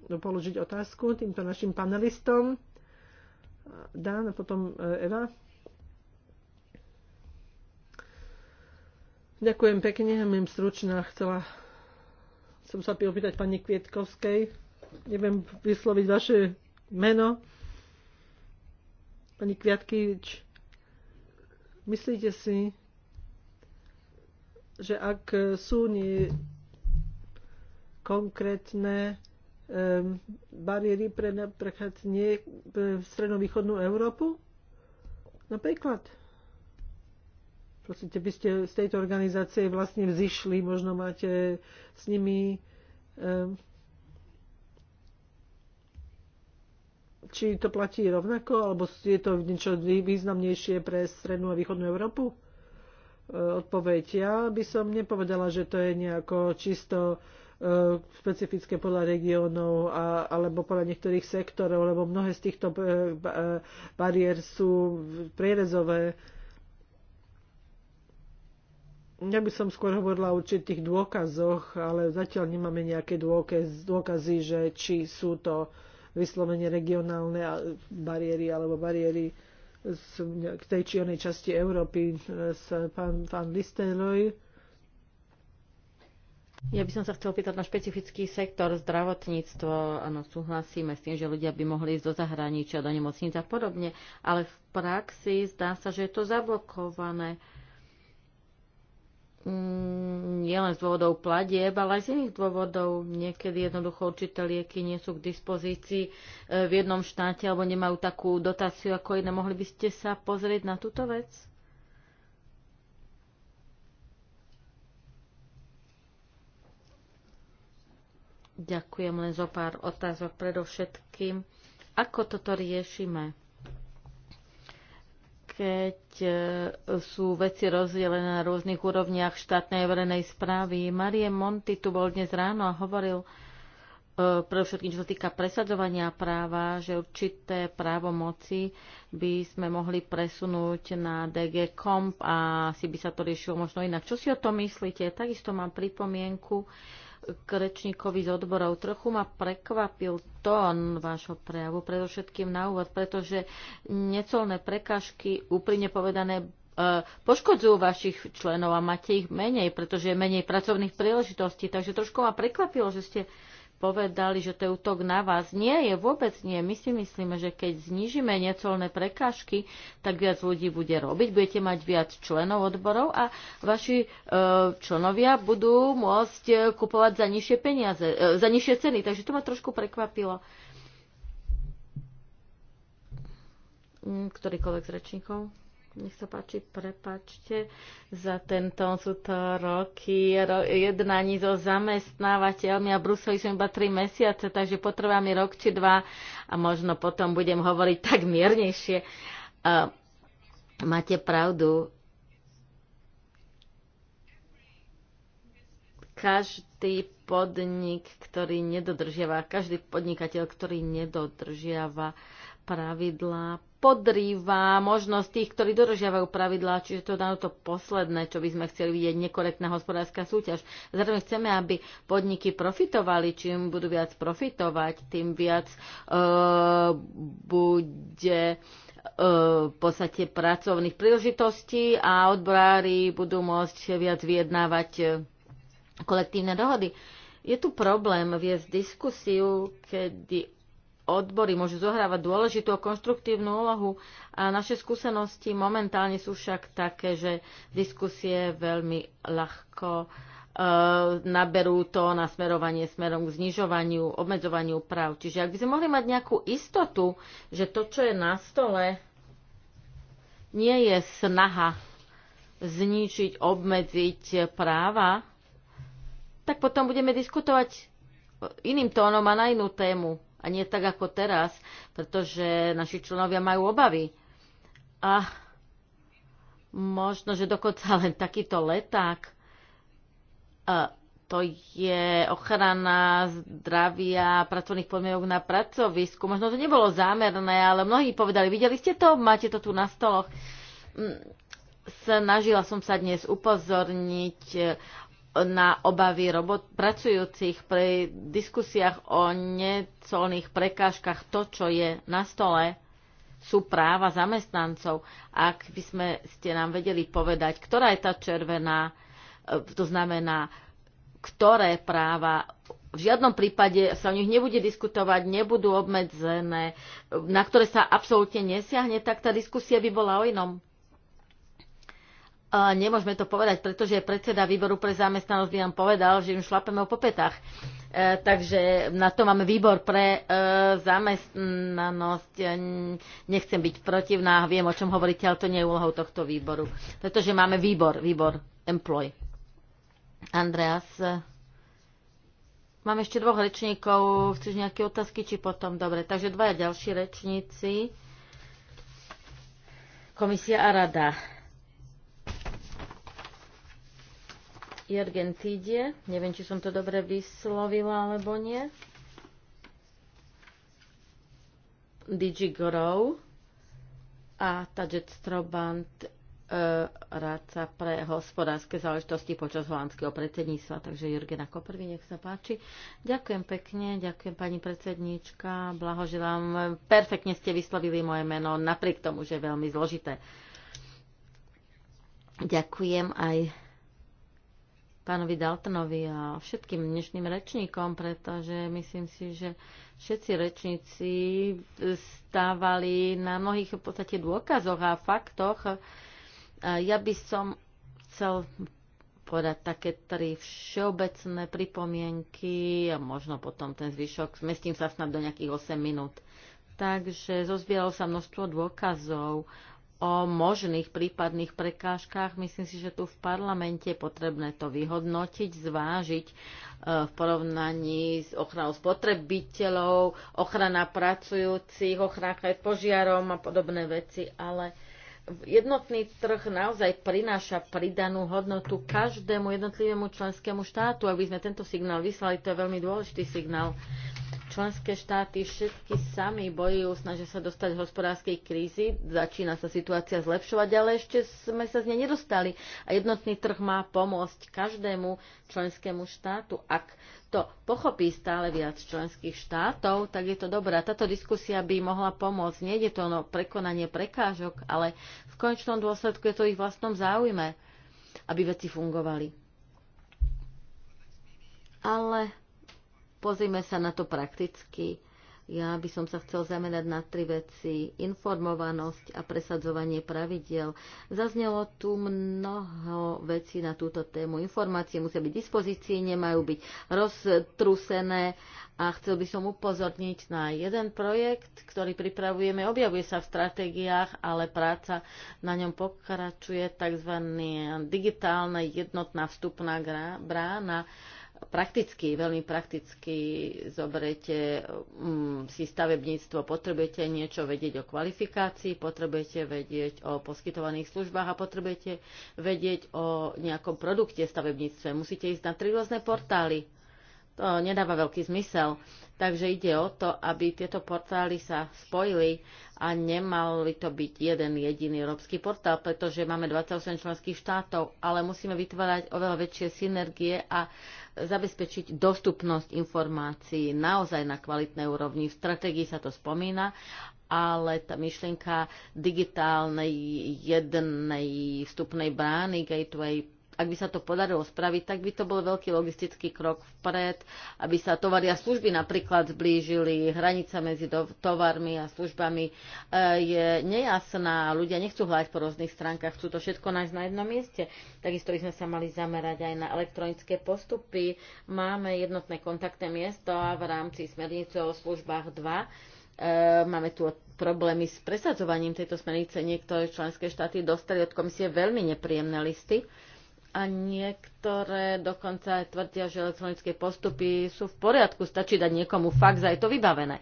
položiť otázku týmto našim panelistom? Dan a potom e, Eva. Ďakujem pekne, ja mám stručná. Chcela som sa opýtať pani Kvietkovskej. Neviem vysloviť vaše meno. Pani Kviatkivič, myslíte si, že ak sú nie konkrétne bariéry pre napríklad nie strednovýchodnú Európu? Napríklad. Proste by ste z tejto organizácie vlastne vzýšli, možno máte s nimi ehm, či to platí rovnako, alebo je to niečo významnejšie pre strednú a východnú Európu? E, odpoveď. Ja by som nepovedala, že to je nejako čisto e, špecifické podľa regiónov alebo podľa niektorých sektorov, lebo mnohé z týchto e, bariér sú prierezové. Ja by som skôr hovorila o určitých dôkazoch, ale zatiaľ nemáme nejaké dôkaz, dôkazy, že či sú to vyslovene regionálne bariéry alebo bariéry k tej či onej časti Európy. Pán, pán Listeroy. Ja by som sa chcel pýtať na špecifický sektor zdravotníctvo. Áno, súhlasíme s tým, že ľudia by mohli ísť do zahraničia, do nemocníc a podobne, ale v praxi zdá sa, že je to zablokované. Uh, Mm, len z dôvodov platieb, ale aj z iných dôvodov. Niekedy jednoducho určité lieky nie sú k dispozícii e, v jednom štáte alebo nemajú takú dotáciu ako iné. Mohli by ste sa pozrieť na túto vec? Ďakujem len zo pár otázok predovšetkým. Ako toto riešime? keď e, sú veci rozdelené na rôznych úrovniach štátnej a verejnej správy. Marie Monti tu bol dnes ráno a hovoril e, pre všetkým, čo sa týka presadzovania práva, že určité právomoci by sme mohli presunúť na DG Comp a si by sa to riešilo možno inak. Čo si o tom myslíte? Takisto mám pripomienku k rečníkovi z odborov. Trochu ma prekvapil tón vášho prejavu, predovšetkým na úvod, pretože necolné prekážky, úprimne povedané, e, poškodzujú vašich členov a máte ich menej, pretože je menej pracovných príležitostí. Takže trošku ma prekvapilo, že ste povedali, že to je útok na vás. Nie, je vôbec nie. My si myslíme, že keď znížime necolné prekážky, tak viac ľudí bude robiť, budete mať viac členov odborov a vaši e, členovia budú môcť e, kupovať za nižšie peniaze, e, za nižšie ceny. Takže to ma trošku prekvapilo. Mm, ktorýkoľvek z rečníkov? Nech sa páči, prepačte za tento, sú to roky ro, jednaní so zamestnávateľmi a Bruseli som iba tri mesiace, takže potrvá mi rok či dva a možno potom budem hovoriť tak miernejšie. A, máte pravdu. Každý podnik, ktorý nedodržiava, každý podnikateľ, ktorý nedodržiava pravidlá podrýva možnosť tých, ktorí dodržiavajú pravidlá, čiže to je to posledné, čo by sme chceli vidieť, nekorektná hospodárska súťaž. Zároveň chceme, aby podniky profitovali, čím budú viac profitovať, tým viac uh, bude e, v podstate pracovných príležitostí a odborári budú môcť viac vyjednávať e, kolektívne dohody. Je tu problém viesť diskusiu, kedy odbory môžu zohrávať dôležitú a konštruktívnu úlohu a naše skúsenosti momentálne sú však také, že diskusie veľmi ľahko e, naberú to na smerovanie smerom k znižovaniu, obmedzovaniu práv. Čiže ak by sme mohli mať nejakú istotu, že to, čo je na stole, nie je snaha zničiť, obmedziť práva, tak potom budeme diskutovať iným tónom a na inú tému a nie tak ako teraz, pretože naši členovia majú obavy. A možno, že dokonca len takýto leták, a to je ochrana zdravia pracovných podmienok na pracovisku. Možno to nebolo zámerné, ale mnohí povedali, videli ste to, máte to tu na stoloch mm, snažila som sa dnes upozorniť na obavy robot, pracujúcich pri diskusiách o necolných prekážkach to, čo je na stole, sú práva zamestnancov. Ak by sme ste nám vedeli povedať, ktorá je tá červená, e, to znamená, ktoré práva v žiadnom prípade sa o nich nebude diskutovať, nebudú obmedzené, e, na ktoré sa absolútne nesiahne, tak tá diskusia by bola o inom a nemôžeme to povedať, pretože predseda výboru pre zamestnanosť by nám povedal, že im šlapeme po petách. E, takže na to máme výbor pre e, zamestnanosť. E, nechcem byť protivná, viem, o čom hovoríte, ale to nie je úlohou tohto výboru. Pretože máme výbor, výbor Employ. Andreas, e, mám ešte dvoch rečníkov. Chceš nejaké otázky, či potom? Dobre, takže dvaja ďalší rečníci. Komisia a rada. Jergencídie. Neviem, či som to dobre vyslovila alebo nie. DigiGrow a Tadžet Strobant e, radca pre hospodárske záležitosti počas holandského predsedníctva. Takže Jurgen ako prvý, nech sa páči. Ďakujem pekne, ďakujem pani predsedníčka, blahoželám. Perfektne ste vyslovili moje meno, napriek tomu, že je veľmi zložité. Ďakujem aj pánovi Daltonovi a všetkým dnešným rečníkom, pretože myslím si, že všetci rečníci stávali na mnohých v podstate dôkazoch a faktoch. Ja by som chcel povedať také tri všeobecné pripomienky a možno potom ten zvyšok, zmestím sa snad do nejakých 8 minút. Takže zozbieralo sa množstvo dôkazov, o možných prípadných prekážkach. Myslím si, že tu v parlamente je potrebné to vyhodnotiť, zvážiť e, v porovnaní s ochranou spotrebiteľov, ochrana pracujúcich, ochrana pred požiarom a podobné veci, ale jednotný trh naozaj prináša pridanú hodnotu každému jednotlivému členskému štátu. Aby sme tento signál vyslali, to je veľmi dôležitý signál. Členské štáty všetky sami bojujú, snažia sa dostať z hospodárskej krízy, začína sa situácia zlepšovať, ale ešte sme sa z nej nedostali. A jednotný trh má pomôcť každému členskému štátu. Ak to pochopí stále viac členských štátov, tak je to dobré. Táto diskusia by mohla pomôcť. Nie je to ono prekonanie prekážok, ale v konečnom dôsledku je to ich vlastnom záujme, aby veci fungovali. Ale Pozrime sa na to prakticky. Ja by som sa chcel zamerať na tri veci. Informovanosť a presadzovanie pravidiel. Zaznelo tu mnoho vecí na túto tému. Informácie musia byť dispozícii, nemajú byť roztrusené. A chcel by som upozorniť na jeden projekt, ktorý pripravujeme. Objavuje sa v stratégiách, ale práca na ňom pokračuje. Tzv. digitálna jednotná vstupná brána prakticky, veľmi prakticky zoberete mm, si stavebníctvo, potrebujete niečo vedieť o kvalifikácii, potrebujete vedieť o poskytovaných službách a potrebujete vedieť o nejakom produkte stavebníctve. Musíte ísť na tri rôzne portály. To nedáva veľký zmysel. Takže ide o to, aby tieto portály sa spojili a nemali to byť jeden jediný európsky portál, pretože máme 28 členských štátov, ale musíme vytvárať oveľa väčšie synergie a zabezpečiť dostupnosť informácií naozaj na kvalitnej úrovni. V stratégii sa to spomína, ale tá myšlienka digitálnej jednej vstupnej brány, gateway ak by sa to podarilo spraviť, tak by to bol veľký logistický krok vpred, aby sa tovary a služby napríklad zblížili. Hranica medzi tovarmi a službami e, je nejasná. Ľudia nechcú hľadať po rôznych stránkach, chcú to všetko nájsť na jednom mieste. Takisto by sme sa mali zamerať aj na elektronické postupy. Máme jednotné kontaktné miesto a v rámci smernice o službách 2 e, máme tu problémy s presadzovaním tejto smernice. Niektoré členské štáty dostali od komisie veľmi nepríjemné listy. A niektoré dokonca aj tvrdia, že elektronické postupy sú v poriadku, stačí dať niekomu fax a je to vybavené.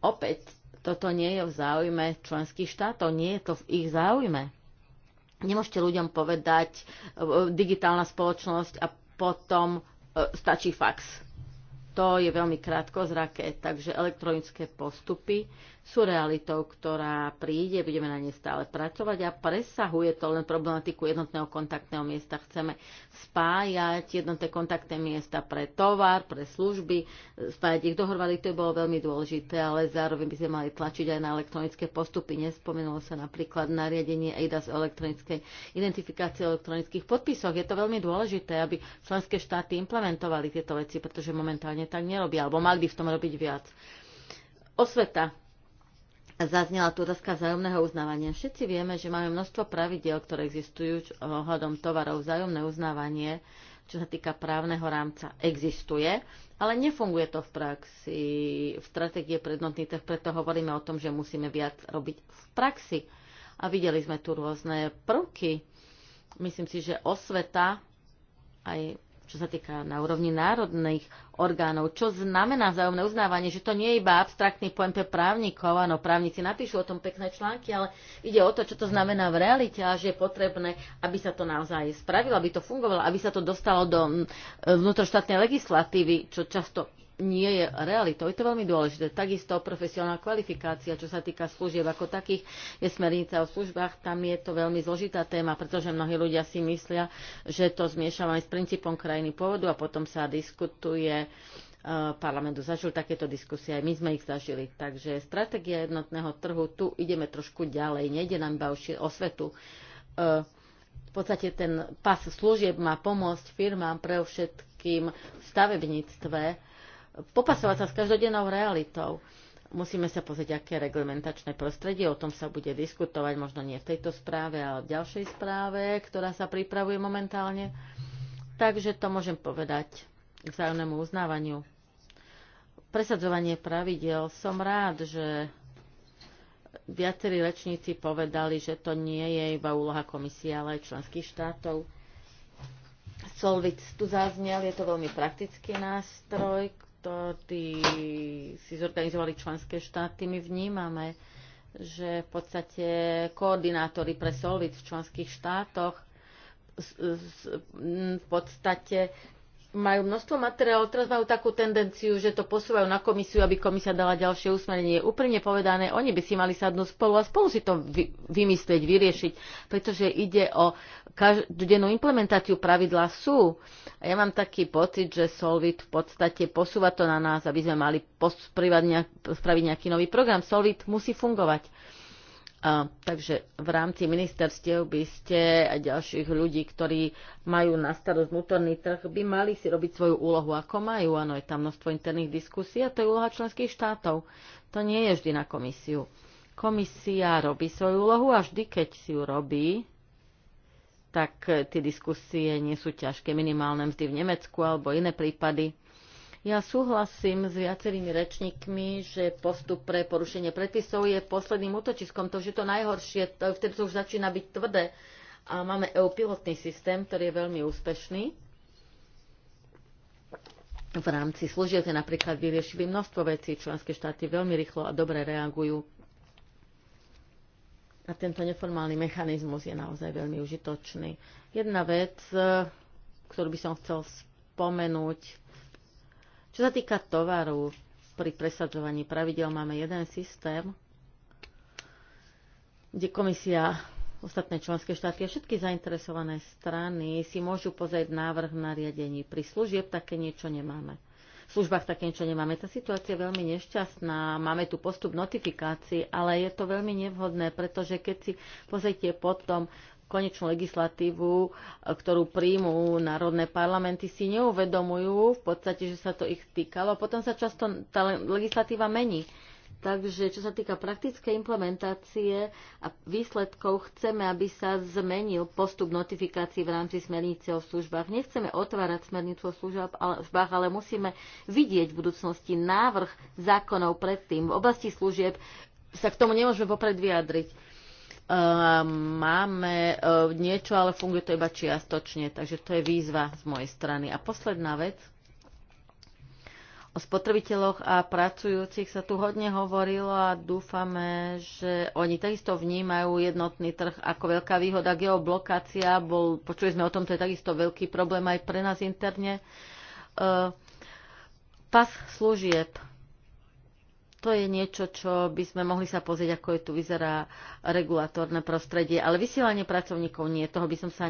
Opäť, toto nie je v záujme členských štátov, nie je to v ich záujme. Nemôžete ľuďom povedať e, digitálna spoločnosť a potom e, stačí fax. To je veľmi krátko zrake, takže elektronické postupy sú realitou, ktorá príde, budeme na nej stále pracovať a presahuje to len problematiku jednotného kontaktného miesta. Chceme spájať jednotné kontaktné miesta pre tovar, pre služby, spájať ich dohromady, to je bolo veľmi dôležité, ale zároveň by sme mali tlačiť aj na elektronické postupy. Nespomenulo sa napríklad nariadenie EIDAS z elektronickej identifikácie elektronických podpisoch. Je to veľmi dôležité, aby členské štáty implementovali tieto veci, pretože momentálne tak nerobia, alebo mali by v tom robiť viac. Osveta zaznela tu otázka vzájomného uznávania. Všetci vieme, že máme množstvo pravidiel, ktoré existujú ohľadom tovarov. Vzájomné uznávanie, čo sa týka právneho rámca, existuje, ale nefunguje to v praxi. V stratégie prednotný trh preto hovoríme o tom, že musíme viac robiť v praxi. A videli sme tu rôzne prvky. Myslím si, že osveta aj čo sa týka na úrovni národných orgánov. Čo znamená vzájomné uznávanie, že to nie je iba abstraktný pojem pre právnikov, áno, právnici napíšu o tom pekné články, ale ide o to, čo to znamená v realite a že je potrebné, aby sa to naozaj spravilo, aby to fungovalo, aby sa to dostalo do mm, vnútroštátnej legislatívy, čo často nie je realitou. Je to veľmi dôležité. Takisto profesionálna kvalifikácia, čo sa týka služieb ako takých, je smernica o službách. Tam je to veľmi zložitá téma, pretože mnohí ľudia si myslia, že to aj s princípom krajiny pôvodu a potom sa diskutuje e, parlamentu zažil takéto diskusie, aj my sme ich zažili. Takže stratégia jednotného trhu, tu ideme trošku ďalej, nejde nám iba o svetu. E, v podstate ten pas služieb má pomôcť firmám pre všetkým v stavebníctve, popasovať sa s každodennou realitou. Musíme sa pozrieť, aké je reglementačné prostredie, o tom sa bude diskutovať, možno nie v tejto správe, ale v ďalšej správe, ktorá sa pripravuje momentálne. Takže to môžem povedať k vzájomnému uznávaniu. Presadzovanie pravidel. Som rád, že viacerí rečníci povedali, že to nie je iba úloha komisie, ale aj členských štátov. Solvit tu zaznel, je to veľmi praktický nástroj, to tí si zorganizovali členské štáty, my vnímame, že v podstate koordinátori pre Solvit v členských štátoch v podstate majú množstvo materiálov, teraz majú takú tendenciu, že to posúvajú na komisiu, aby komisia dala ďalšie usmernenie. Úprimne povedané, oni by si mali sadnúť spolu a spolu si to vy, vymyslieť, vyriešiť, pretože ide o každodennú implementáciu pravidla sú. A ja mám taký pocit, že Solvit v podstate posúva to na nás, aby sme mali spraviť nejaký nový program. Solvit musí fungovať a, takže v rámci ministerstiev by ste a ďalších ľudí, ktorí majú na starost vnútorný trh, by mali si robiť svoju úlohu, ako majú. Áno, je tam množstvo interných diskusí a to je úloha členských štátov. To nie je vždy na komisiu. Komisia robí svoju úlohu a vždy, keď si ju robí, tak eh, tie diskusie nie sú ťažké. Minimálne mzdy v Nemecku alebo iné prípady ja súhlasím s viacerými rečníkmi, že postup pre porušenie predpisov je posledným útočiskom. To že to najhoršie, to, vtedy to už začína byť tvrdé. A máme EU pilotný systém, ktorý je veľmi úspešný v rámci služieb napríklad vyriešili množstvo vecí. Členské štáty veľmi rýchlo a dobre reagujú. A tento neformálny mechanizmus je naozaj veľmi užitočný. Jedna vec, eh, ktorú by som chcel spomenúť, čo sa týka tovaru, pri presadzovaní pravidel máme jeden systém, kde komisia, ostatné členské štáty a všetky zainteresované strany si môžu pozrieť návrh na riadení Pri služieb také niečo nemáme. V službách také niečo nemáme. Tá situácia je veľmi nešťastná. Máme tu postup notifikácií, ale je to veľmi nevhodné, pretože keď si pozrite potom konečnú legislatívu, e, ktorú príjmú národné parlamenty, si neuvedomujú v podstate, že sa to ich týkalo. A potom sa často tá legislatíva mení. Takže čo sa týka praktickej implementácie a výsledkov, chceme, aby sa zmenil postup notifikácií v rámci smernice o službách. Nechceme otvárať smernicu o službách, ale musíme vidieť v budúcnosti návrh zákonov predtým. V oblasti služieb sa k tomu nemôžeme vopred vyjadriť máme e, niečo, ale funguje to iba čiastočne, takže to je výzva z mojej strany. A posledná vec. O spotrebiteľoch a pracujúcich sa tu hodne hovorilo a dúfame, že oni takisto vnímajú jednotný trh ako veľká výhoda. Geoblokácia, bol, počuli sme o tom, to je takisto veľký problém aj pre nás interne. E, pas služieb to je niečo, čo by sme mohli sa pozrieť, ako je tu vyzerá regulatórne prostredie. Ale vysielanie pracovníkov nie, toho by som sa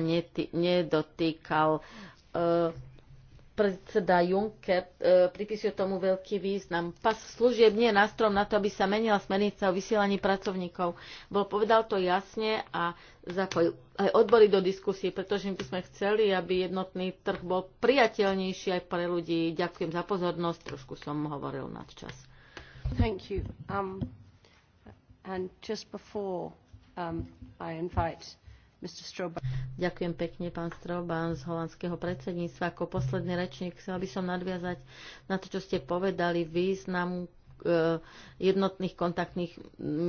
nedotýkal. E, predseda Juncker e, pripisuje tomu veľký význam. Pas služieb nie je nástrom na to, aby sa menila smernica o vysielaní pracovníkov. Bol povedal to jasne a zapojil aj odbory do diskusie, pretože my sme chceli, aby jednotný trh bol priateľnejší aj pre ľudí. Ďakujem za pozornosť, trošku som hovoril nad čas. Thank you. Um, and just before um, I invite Mr. Stroban. Ďakujem pekne, pán Stroban z holandského predsedníctva. Ako posledný rečník chcela by som nadviazať na to, čo ste povedali, význam E, jednotných kontaktných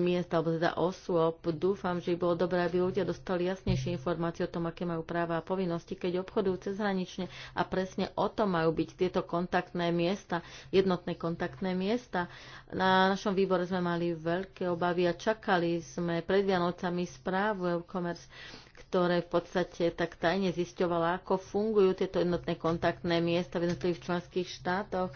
miest alebo teda osôb. Dúfam, že by bolo dobré, aby ľudia dostali jasnejšie informácie o tom, aké majú práva a povinnosti, keď obchodujú cezhranične a presne o tom majú byť tieto kontaktné miesta, jednotné kontaktné miesta. Na našom výbore sme mali veľké obavy a čakali sme pred Vianocami správu e-commerce ktoré v podstate tak tajne zisťovala, ako fungujú tieto jednotné kontaktné miesta v jednotlivých členských štátoch.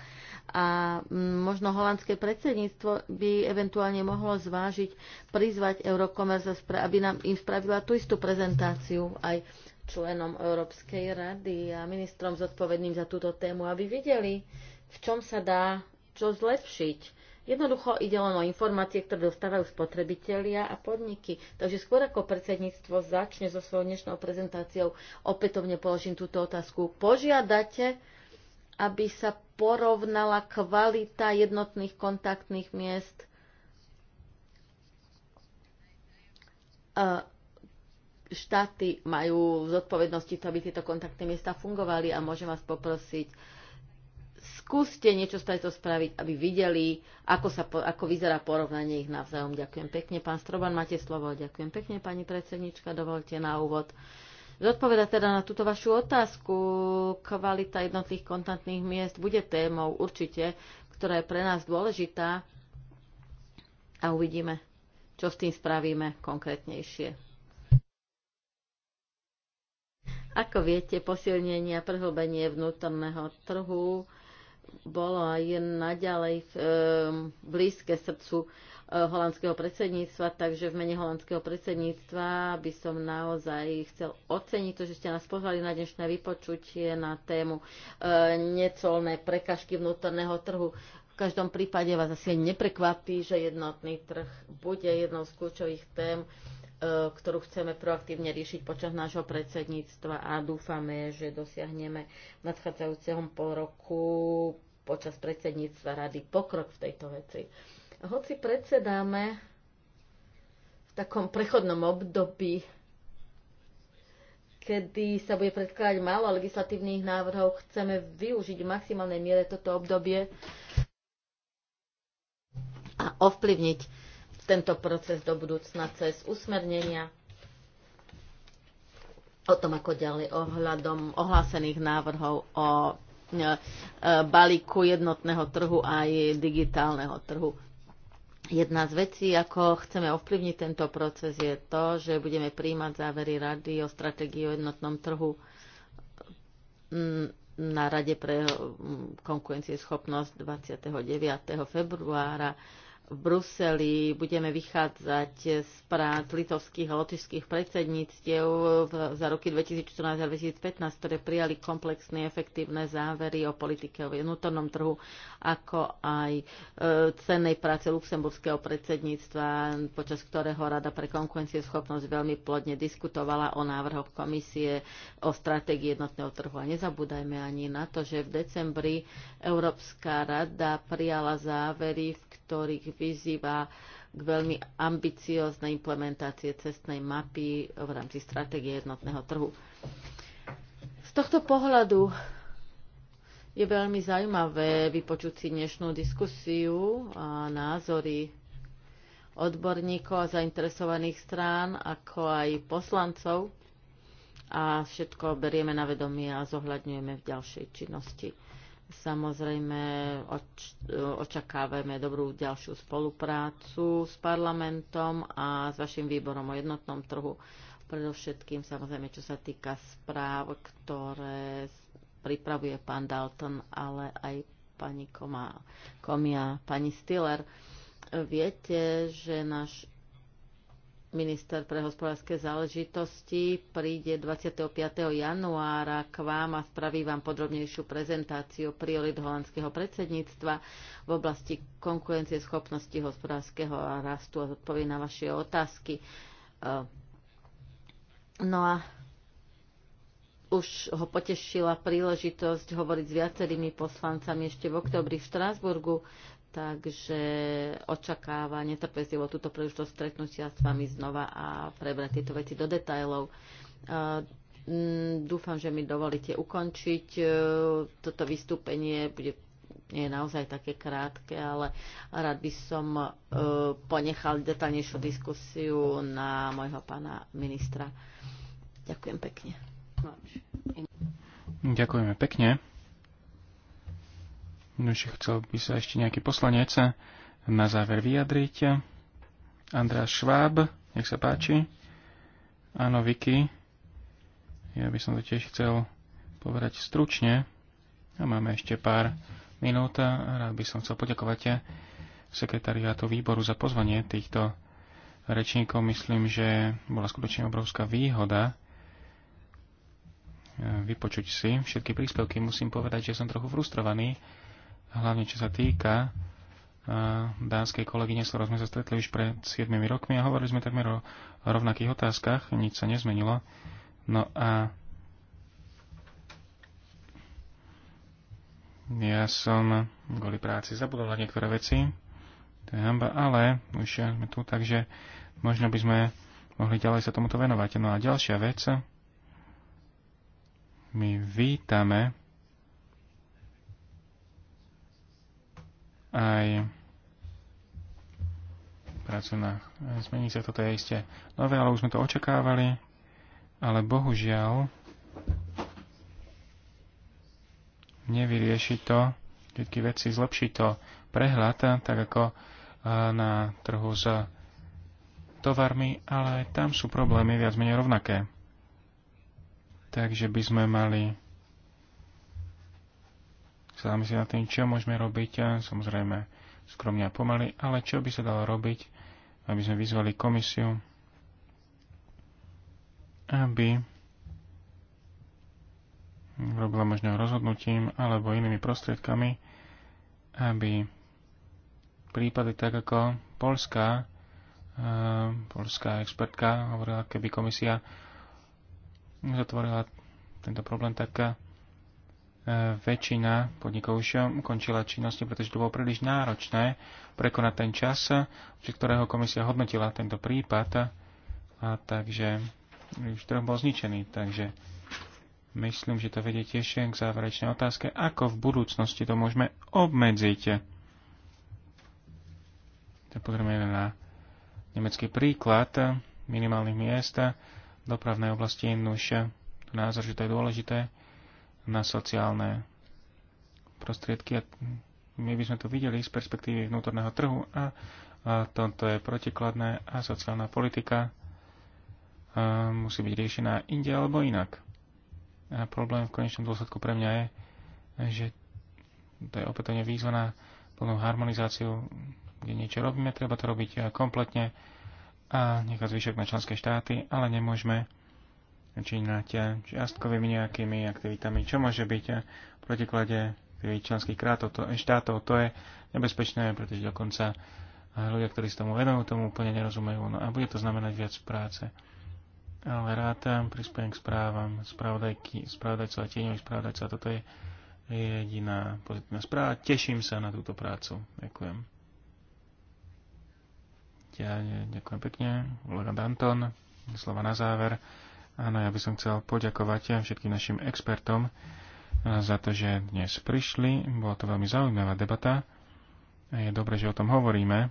A mm, možno holandské predsedníctvo by eventuálne mohlo zvážiť prizvať Eurocommerce, aby nám im spravila tú istú prezentáciu aj členom Európskej rady a ministrom zodpovedným za túto tému, aby videli, v čom sa dá čo zlepšiť Jednoducho ide len o informácie, ktoré dostávajú spotrebitelia a podniky. Takže skôr ako predsedníctvo začne so svojou dnešnou prezentáciou, opätovne položím túto otázku. Požiadate, aby sa porovnala kvalita jednotných kontaktných miest e, štáty majú v zodpovednosti to, aby tieto kontaktné miesta fungovali a môžem vás poprosiť skúste niečo z tejto spraviť, aby videli, ako, sa, ako vyzerá porovnanie ich navzájom. Ďakujem pekne. Pán Stroban, máte slovo. Ďakujem pekne, pani predsednička. Dovolte na úvod zodpovedať teda na túto vašu otázku. Kvalita jednotných kontantných miest bude témou určite, ktorá je pre nás dôležitá a uvidíme, čo s tým spravíme konkrétnejšie. Ako viete, posilnenie a prehlbenie vnútorného trhu bolo aj je naďalej blízke srdcu eh, holandského predsedníctva, takže v mene holandského predsedníctva by som naozaj chcel oceniť to, že ste nás pozvali na dnešné vypočutie na tému eh, necolné prekažky vnútorného trhu. V každom prípade vás asi neprekvapí, že jednotný trh bude jednou z kľúčových tém E, ktorú chceme proaktívne riešiť počas nášho predsedníctva a dúfame, že dosiahneme v nadchádzajúcom pol roku počas predsedníctva rady pokrok v tejto veci. Hoci predsedáme v takom prechodnom období, kedy sa bude predkladať málo legislatívnych návrhov, chceme využiť v maximálnej miere toto obdobie a ovplyvniť tento proces do budúcna cez usmernenia o tom, ako ďalej ohľadom ohlásených návrhov o e, e, balíku jednotného trhu a aj digitálneho trhu. Jedna z vecí, ako chceme ovplyvniť tento proces, je to, že budeme príjmať závery rady o stratégii o jednotnom trhu na Rade pre konkurencieschopnosť 29. februára v Bruseli budeme vychádzať z prác litovských a lotišských predsedníctiev za roky 2014 a 2015, ktoré prijali komplexné efektívne závery o politike o vnútornom trhu, ako aj e, cennej práce luxemburského predsedníctva, počas ktorého Rada pre konkurencieschopnosť veľmi plodne diskutovala o návrhoch komisie o stratégii jednotného trhu. A nezabúdajme ani na to, že v decembri Európska rada prijala závery v ktorých vyzýva k veľmi ambicioznej implementácie cestnej mapy v rámci stratégie jednotného trhu. Z tohto pohľadu je veľmi zaujímavé vypočuť si dnešnú diskusiu a názory odborníkov a zainteresovaných strán, ako aj poslancov a všetko berieme na vedomie a zohľadňujeme v ďalšej činnosti. Samozrejme, oč- očakávame dobrú ďalšiu spoluprácu s parlamentom a s vašim výborom o jednotnom trhu. Predovšetkým, samozrejme, čo sa týka správ, ktoré pripravuje pán Dalton, ale aj pani Koma, Komia, pani Stiller. Viete, že náš minister pre hospodárske záležitosti príde 25. januára k vám a spraví vám podrobnejšiu prezentáciu priorit holandského predsedníctva v oblasti konkurencie schopnosti hospodárskeho rastu a zodpovie na vaše otázky. Eh, no a už ho potešila príležitosť hovoriť s viacerými poslancami ešte v oktobri v Štrásburgu takže očakáva netrpezlivo túto príležitosť stretnutia s vami znova a prebrať tieto veci do detajlov. Mm, dúfam, že mi dovolíte ukončiť e, toto vystúpenie. Bude nie je naozaj také krátke, ale rád by som e, ponechal detaľnejšiu diskusiu na môjho pána ministra. Ďakujem pekne. Ďakujeme pekne. Nože, chcel by sa ešte nejaký poslanec na záver vyjadriť. Andrá Šváb, nech sa páči. Áno, Vicky. Ja by som to tiež chcel povedať stručne. A máme ešte pár minút. Rád by som chcel poďakovať sekretariátu výboru za pozvanie týchto rečníkov. Myslím, že bola skutočne obrovská výhoda vypočuť si všetky príspevky. Musím povedať, že som trochu frustrovaný, hlavne čo sa týka dánskej kolegyne, s ktorou sme sa stretli už pred 7 rokmi a hovorili sme takmer o rovnakých otázkach, nič sa nezmenilo. No a ja som kvôli práci zabudol na niektoré veci, to je hamba, ale už sme tu, takže možno by sme mohli ďalej sa tomuto venovať. No a ďalšia vec, my vítame aj prácu na zmení sa. Toto je isté nové, ale už sme to očakávali. Ale bohužiaľ nevyrieši to všetky veci, zlepší to prehľad, tak ako eh, na trhu s tovarmi, ale aj tam sú problémy viac menej rovnaké. Takže by sme mali sa zamyslieť nad tým, čo môžeme robiť, eh, samozrejme skromne a pomaly, ale čo by sa dalo robiť, aby sme vyzvali komisiu, aby robila možno rozhodnutím alebo inými prostriedkami, aby prípady tak ako Polská, e, eh, polská expertka hovorila, keby komisia zatvorila tento problém, tak eh, E, väčšina podnikov už um, ukončila činnosti, pretože to bolo príliš náročné prekonať ten čas, pri e, ktorého komisia hodnotila tento prípad, a takže už trh bol zničený. Takže myslím, že to vedie tiež k záverečnej otázke, ako v budúcnosti to môžeme obmedziť. To pozrieme na nemecký príklad minimálnych miest dopravnej oblasti. Nuž, názor, že to je dôležité na sociálne prostriedky a my by sme to videli z perspektívy vnútorného trhu a, a toto je protikladné a sociálna politika a musí byť riešená inde alebo inak. A problém v konečnom dôsledku pre mňa je, že to je opätovne výzva na plnú harmonizáciu, kde niečo robíme, treba to robiť kompletne a nechať zvyšok na členské štáty, ale nemôžeme začínate čiastkovými nejakými aktivitami, čo môže byť v protiklade členských krátov, to, štátov. To je nebezpečné, pretože dokonca ľudia, ktorí sa tomu venujú, tomu úplne nerozumejú. No a bude to znamenať viac práce. Ale rátam, prispiem k správam, spravodajky, spravodajcov a tieňových spravodajcov. Toto je jediná pozitívna správa. Teším sa na túto prácu. Ďakujem. ďakujem pekne. Kolega Danton, slova na záver. Áno, ja by som chcel poďakovať všetkým našim expertom eh, za to, že dnes prišli. Bola to veľmi zaujímavá debata. A je dobré, že o tom hovoríme,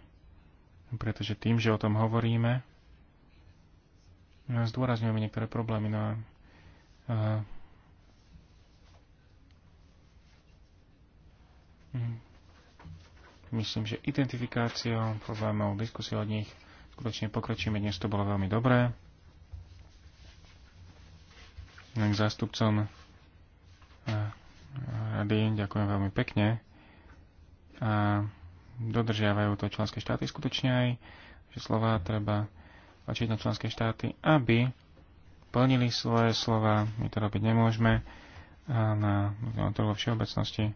pretože tým, že o tom hovoríme, eh, zdôrazňujeme niektoré problémy. No a, a, eh, mm, myslím, že identifikáciou problémov, diskusiou o nich skutočne pokročíme. Dnes to bolo veľmi dobré k zástupcom eh, rady. Ďakujem veľmi pekne. A dodržiavajú to členské štáty skutočne aj, že slova treba tlačiť na členské štáty, aby plnili svoje slova. My to robiť nemôžeme a na, to vo všeobecnosti.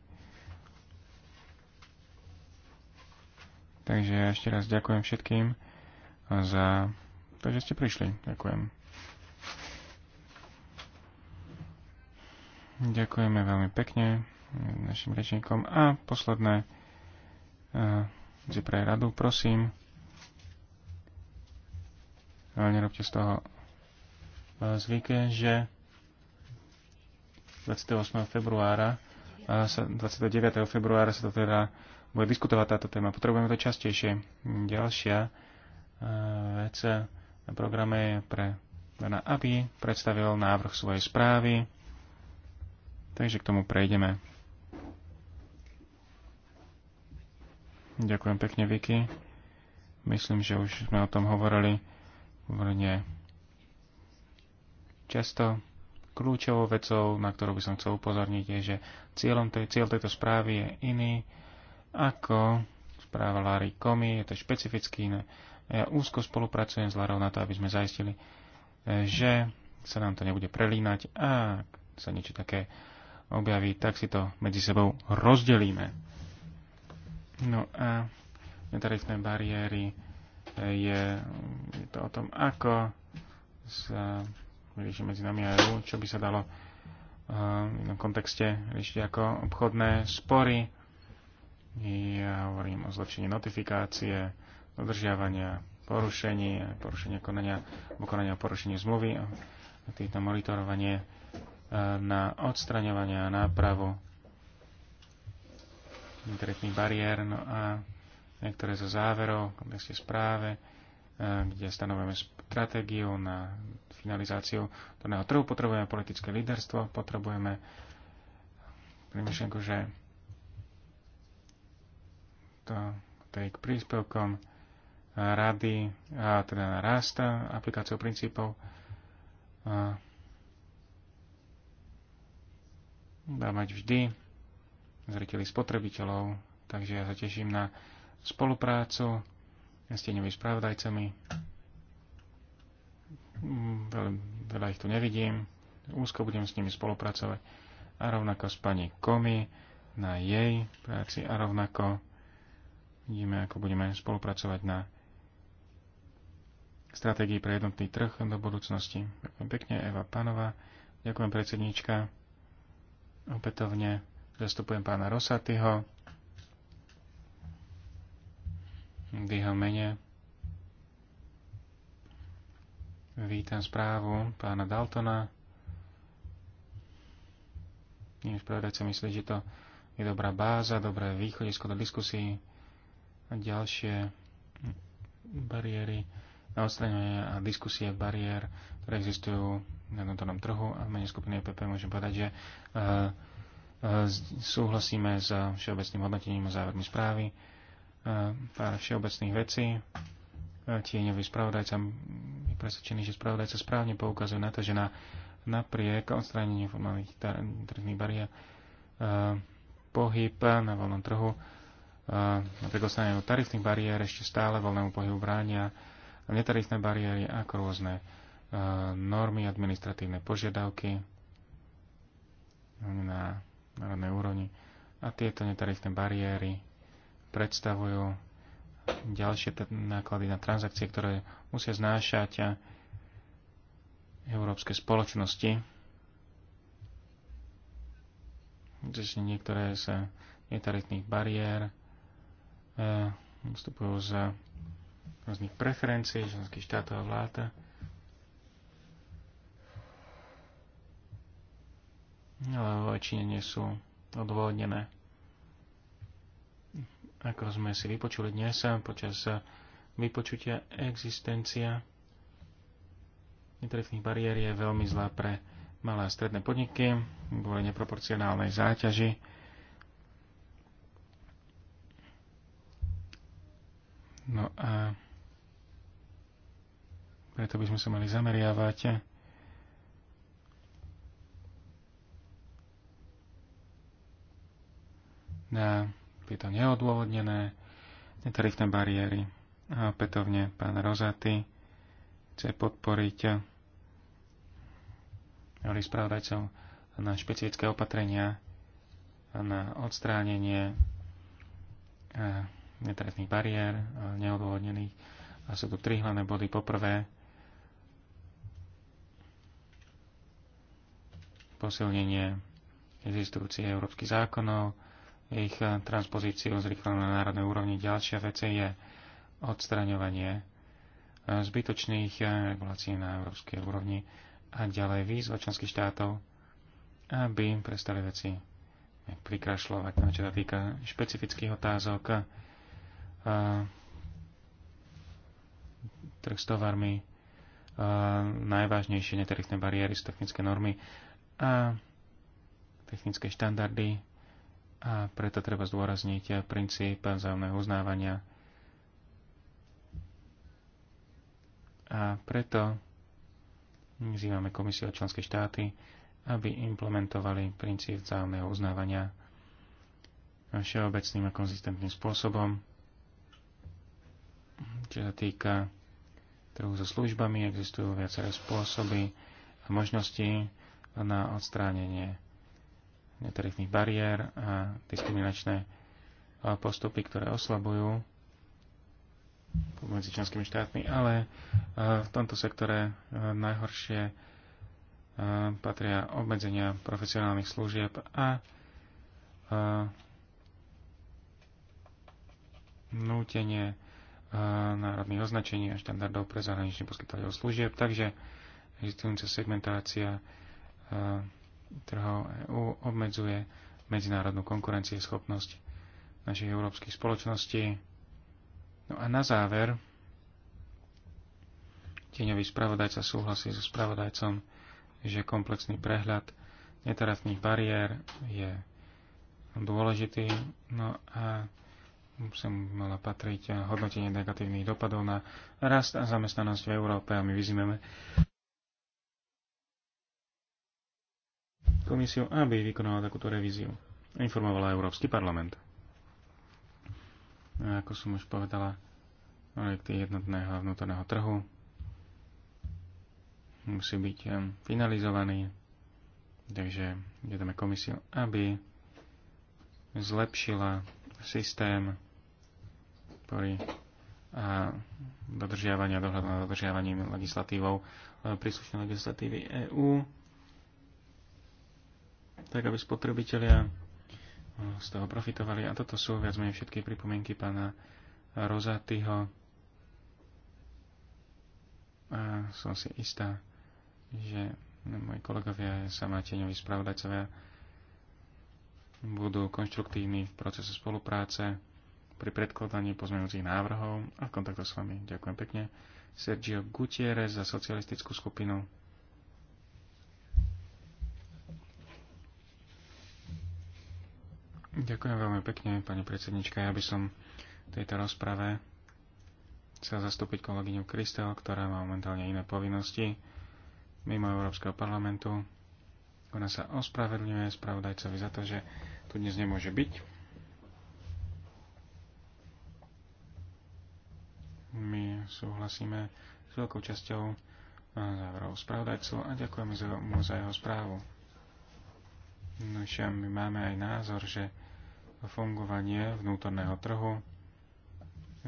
Takže ešte raz ďakujem všetkým za to, že ste prišli. Ďakujem. Ďakujeme veľmi pekne našim rečníkom. A posledné e, že pre radu, prosím. Nerobte z toho e, zvyk, že 28. februára, 29. E, februára sa to teda bude diskutovať táto téma. Potrebujeme to častejšie. Ďalšia vec na programe je pre Dana Aby predstavil návrh svojej správy Takže k tomu prejdeme. Ďakujem pekne, Vicky. Myslím, že už sme o tom hovorili úplne často. Kľúčovou vecou, na ktorú by som chcel upozorniť, je, že cieľom tej, cieľ tejto správy je iný ako správa Larry Komi, je to špecifický. Ne? Ja úzko spolupracujem s Larou na to, aby sme zaistili, že sa nám to nebude prelínať a sa niečo také objaví, tak si to medzi sebou rozdelíme. No a netarifné bariéry eh, je, je to o tom, ako sa vyrieši medzi nami a EU, čo by sa dalo eh, v inom kontexte riešiť ako obchodné spory. Ja hovorím o zlepšení notifikácie, dodržiavania porušení, porušenia konania, konania porušení zmluvy, a týchto monitorovanie na odstraňovanie a nápravu konkrétnych bariér. No a niektoré zo záverov v kontexte správe, e, kde stanovujeme stratégiu na finalizáciu daného trhu, potrebujeme politické líderstvo, potrebujeme pri myšlenku, že to, to je k príspevkom rady, a teda rasta aplikáciou princípov a dá mať vždy zreteli spotrebiteľov, takže ja sa teším na spoluprácu s tieňovými spravodajcami. Mm, veľa, veľa ich tu nevidím, úzko budem s nimi spolupracovať a rovnako s pani Komi na jej práci a rovnako vidíme, ako budeme spolupracovať na stratégii pre jednotný trh do budúcnosti. Ďakujem pekne, Eva Panova. Ďakujem predsedníčka. Opätovne zastupujem pána Rosatyho. V jeho mene vítam správu pána Daltona. Nie povedať sa myslí, že to je dobrá báza, dobré východisko do diskusí a ďalšie bariéry na odstraňovanie a diskusie bariér, ktoré existujú na vnútornom trhu a menej mene skupiny EPP môžem povedať, že e, e, súhlasíme s všeobecným hodnotením a závermi správy. E, pár všeobecných vecí. Tieňový spravodajca je presvedčený, že spravodajca správne poukazuje na to, že na, napriek odstráneniu formálnych trhných bariér pohyb na voľnom trhu napriek odstráneniu tarifných bariér ešte stále voľnému pohybu bránia netarifné bariéry ako rôzne normy, administratívne požiadavky na národnej úrovni a tieto netarifné bariéry predstavujú ďalšie náklady na transakcie, ktoré musia znášať európske spoločnosti. Čiže niektoré z netarifných bariér e, vstupujú z rôznych preferencií členských štátov a vláda. ale väčšine nie sú odvodnené. Ako sme si vypočuli dnes počas vypočutia existencia netrefných bariér je veľmi zlá pre malé a stredné podniky kvôli neproporcionálnej záťaži. No a preto by sme sa mali zameriavať na tieto neodôvodnené netarifné bariéry. A opätovne pán Rozaty chce podporiť hovorí spravodajcov na špecifické opatrenia na odstránenie netarifných bariér neodôvodnených. A sú tu tri hlavné body. Poprvé, posilnenie existujúcich európskych zákonov, ich eh, transpozíciu zrýchlenú na národnej úrovni. Ďalšia vec je odstraňovanie eh, zbytočných eh, regulácií na európskej úrovni a ďalej výzva členských štátov, aby prestali veci prikrašľovať, no, čo sa týka špecifických otázok, trh s tovarmi, najvážnejšie netarifné bariéry technické normy a technické štandardy, a preto treba zdôrazniť princíp vzájomného uznávania. A preto vyzývame komisiu a členské štáty, aby implementovali princíp vzájomného uznávania všeobecným a konzistentným spôsobom, čo sa týka trhu so službami, existujú viaceré spôsoby a možnosti na odstránenie netarifných bariér a diskriminačné postupy, ktoré oslabujú medzi členskými štátmi, ale v tomto sektore najhoršie patria obmedzenia profesionálnych služieb a nútenie národných označení a štandardov pre zahraničných poskytovateľov služieb, takže existujúca segmentácia trhov EÚ obmedzuje medzinárodnú konkurencieschopnosť našich európskych spoločností. No a na záver, tieňový spravodajca súhlasí so spravodajcom, že komplexný prehľad netarafných bariér je dôležitý. No a som mala patriť hodnotenie negatívnych dopadov na rast a zamestnanosť v Európe a my vyzývame komisiu, aby vykonala takúto revíziu. Informovala Európsky parlament. A ako som už povedala, projekty jednotného vnútorného trhu musí byť finalizovaný, takže vedeme komisiu, aby zlepšila systém ktorý a dodržiavania, dohľadu nad dodržiavaním legislatívou e, príslušnej legislatívy EÚ tak aby spotrebitelia eh, z toho profitovali. A toto sú viac menej všetky pripomienky pána Rozatyho. A som si istá, že moji kolegovia, sama tieňoví spravodajcovia, budú konštruktívni v procese spolupráce pri predkladaní pozmeňujúcich návrhov a v s vami. Ďakujem pekne. Sergio Gutierrez za socialistickú skupinu. Ďakujem veľmi pekne, pani predsednička. Ja by som v tejto rozprave chcel zastúpiť kolegyňu Kristel, ktorá má momentálne iné povinnosti mimo Európskeho parlamentu. Ona sa ospravedlňuje spravodajcovi za to, že tu dnes nemôže byť. My súhlasíme s veľkou časťou eh, záverov spravodajcu a ďakujeme mu za jeho správu. No my máme aj názor, že fungovanie vnútorného trhu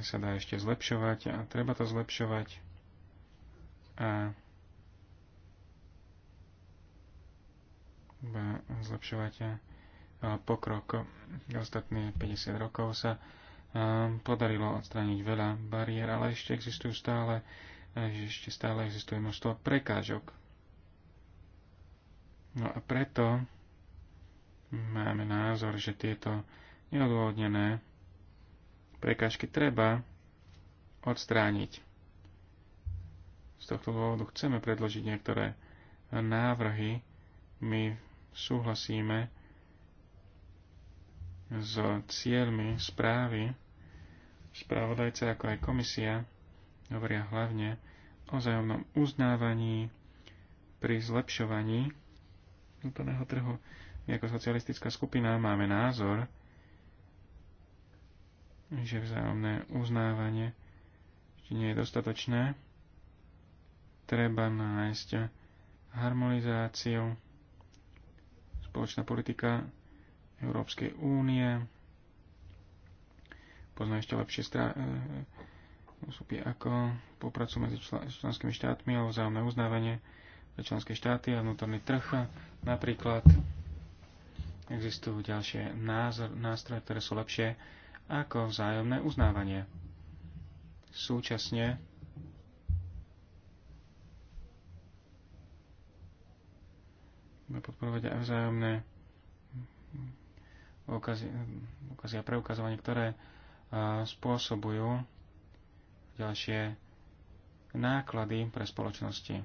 sa dá ešte zlepšovať a treba to zlepšovať. A zlepšovať pokrok. ostatné 50 rokov sa podarilo odstrániť veľa bariér, ale ešte existujú stále, ešte stále existuje množstvo prekážok. No a preto máme názor, že tieto neodôvodnené prekážky treba odstrániť. Z tohto dôvodu chceme predložiť niektoré návrhy. My súhlasíme s cieľmi správy. Spravodajca ako aj komisia hovoria hlavne o zájomnom uznávaní pri zlepšovaní vnútorného trhu. My ako socialistická skupina máme názor, že vzájomné uznávanie ešte nie je dostatočné. Treba nájsť harmonizáciu, spoločná politika Európskej únie, poznajú ešte lepšie e, e, úsupy ako popracu medzi členskými štátmi alebo vzájomné uznávanie pre členské štáty a vnútorný trh. Napríklad existujú ďalšie názor, nástroje, ktoré sú lepšie ako vzájomné uznávanie. Súčasne budeme podporovať aj vzájomné okazy, a preukazovanie, ktoré spôsobujú ďalšie náklady pre spoločnosti.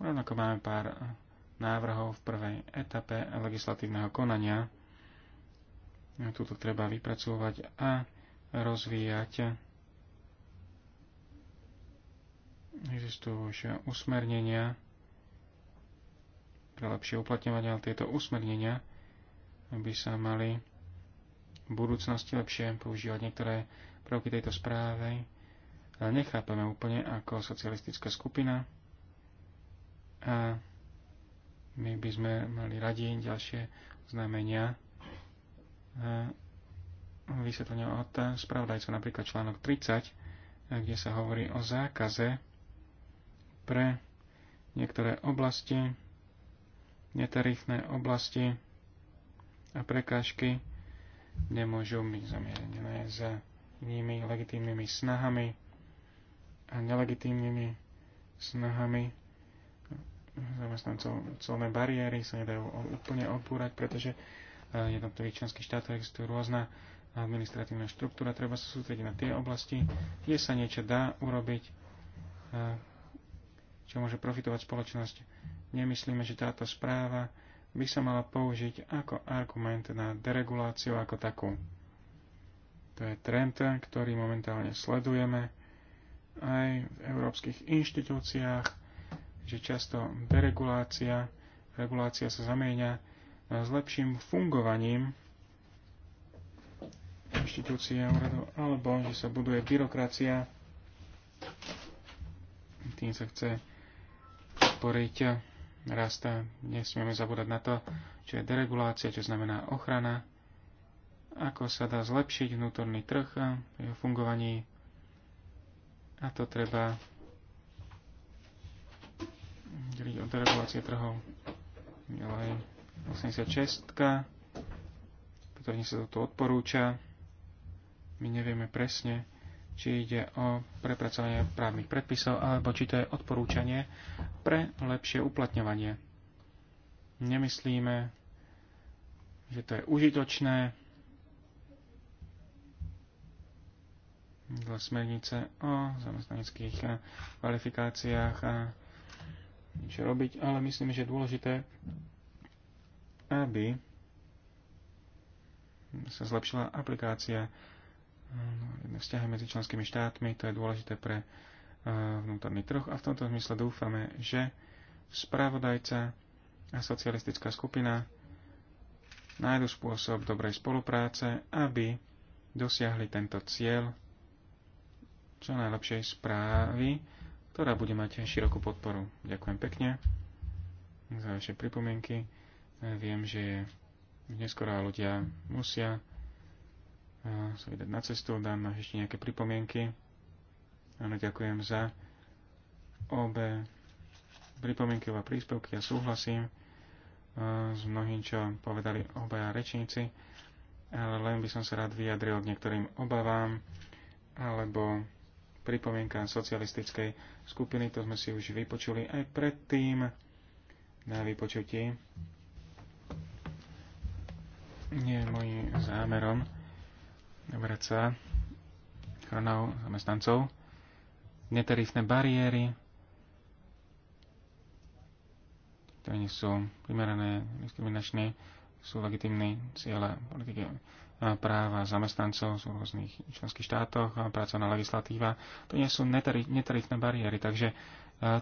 Rovnako máme pár návrhov v prvej etape legislatívneho konania, Tuto treba vypracovať a rozvíjať. Existujú už usmernenia pre lepšie uplatňovanie, ale tieto usmernenia by sa mali v budúcnosti lepšie používať niektoré prvky tejto správy. Ale nechápeme úplne ako socialistická skupina a my by sme mali radi ďalšie znamenia Eh, vysvetlenia od spravodajca, napríklad článok 30, eh, kde sa hovorí o zákaze pre niektoré oblasti, netarifné oblasti a prekážky nemôžu byť zamierené za inými legitímnymi snahami a nelegitímnymi snahami zamestnancov. Colné bariéry sa nedajú úplne opúrať, pretože jednotlivých členských štátov existujú rôzna administratívna štruktúra. Treba sa sústrediť na tie oblasti, kde sa niečo dá urobiť, e, čo môže profitovať spoločnosť. Nemyslíme, že táto správa by sa mala použiť ako argument na dereguláciu ako takú. To je trend, ktorý momentálne sledujeme aj v európskych inštitúciách, že často deregulácia, regulácia sa zamieňa s lepším fungovaním inštitúcie a úradov, alebo že sa buduje byrokracia, tým sa chce podporiť rasta. Nesmieme zabúdať na to, čo je deregulácia, čo znamená ochrana, ako sa dá zlepšiť vnútorný trh a jeho fungovaní. A to treba deliť od deregulácie trhov. Ďalej 86, pretože sa toto odporúča. My nevieme presne, či ide o prepracovanie právnych predpisov, alebo či to je odporúčanie pre lepšie uplatňovanie. Nemyslíme, že to je užitočné. Dle smernice o zamestnaneckých kvalifikáciách a niečo robiť, ale myslím, že je dôležité aby sa zlepšila aplikácia vzťahy medzi členskými štátmi. To je dôležité pre eh, vnútorný trh a v tomto zmysle dúfame, že spravodajca a socialistická skupina nájdu spôsob dobrej spolupráce, aby dosiahli tento cieľ čo najlepšej správy, ktorá bude mať širokú podporu. Ďakujem pekne za vaše pripomienky. Viem, že neskorá ľudia musia sa vydať na cestu. Dám na ešte nejaké pripomienky. Áno, ďakujem za obe pripomienky a príspevky. a súhlasím s mnohým, čo povedali obaja rečníci, ale len by som sa rád vyjadril k niektorým obavám alebo pripomienka socialistickej skupiny. To sme si už vypočuli aj predtým na vypočutí nie je môj zámerom dobrať sa chronou zamestnancov, netarifné bariéry, ktoré nie sú primerané, diskriminačné, sú legitimné ciele politiky práva zamestnancov sú rôznych členských štátoch, pracovná legislatíva. To nie sú netarifné bariéry, takže e,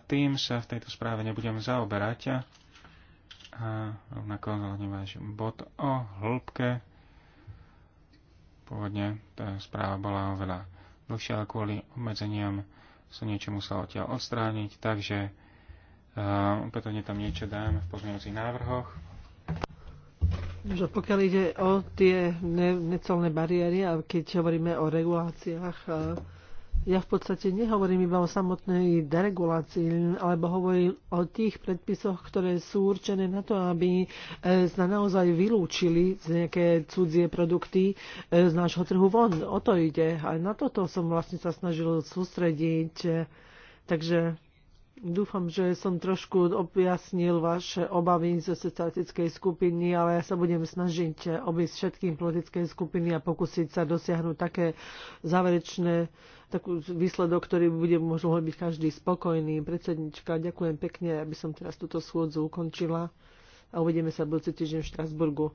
tým sa v tejto správe nebudem zaoberať a rovnako váš bod o hĺbke. Pôvodne tá správa bola oveľa dlhšia, ale kvôli obmedzeniam som niečo musel odtiaľ odstrániť, takže uh, opätovne tam niečo dám v pozmeňujúcich návrhoch. Že pokiaľ ide o tie ne- necolné bariéry, a keď hovoríme o reguláciách, uh, ja v podstate nehovorím iba o samotnej deregulácii, alebo hovorím o tých predpisoch, ktoré sú určené na to, aby sa e, naozaj vylúčili z nejaké cudzie produkty e, z nášho trhu von. O to ide. A na toto som vlastne sa snažil sústrediť. E, takže Dúfam, že som trošku objasnil vaše obavy zo socialistickej skupiny, ale ja sa budem snažiť obísť všetkým politickej skupiny a pokúsiť sa dosiahnuť také záverečné takú výsledok, ktorý bude možno byť každý spokojný. Predsednička, ďakujem pekne, aby som teraz túto schôdzu ukončila a uvidíme sa budúci týždeň v Štrasburgu.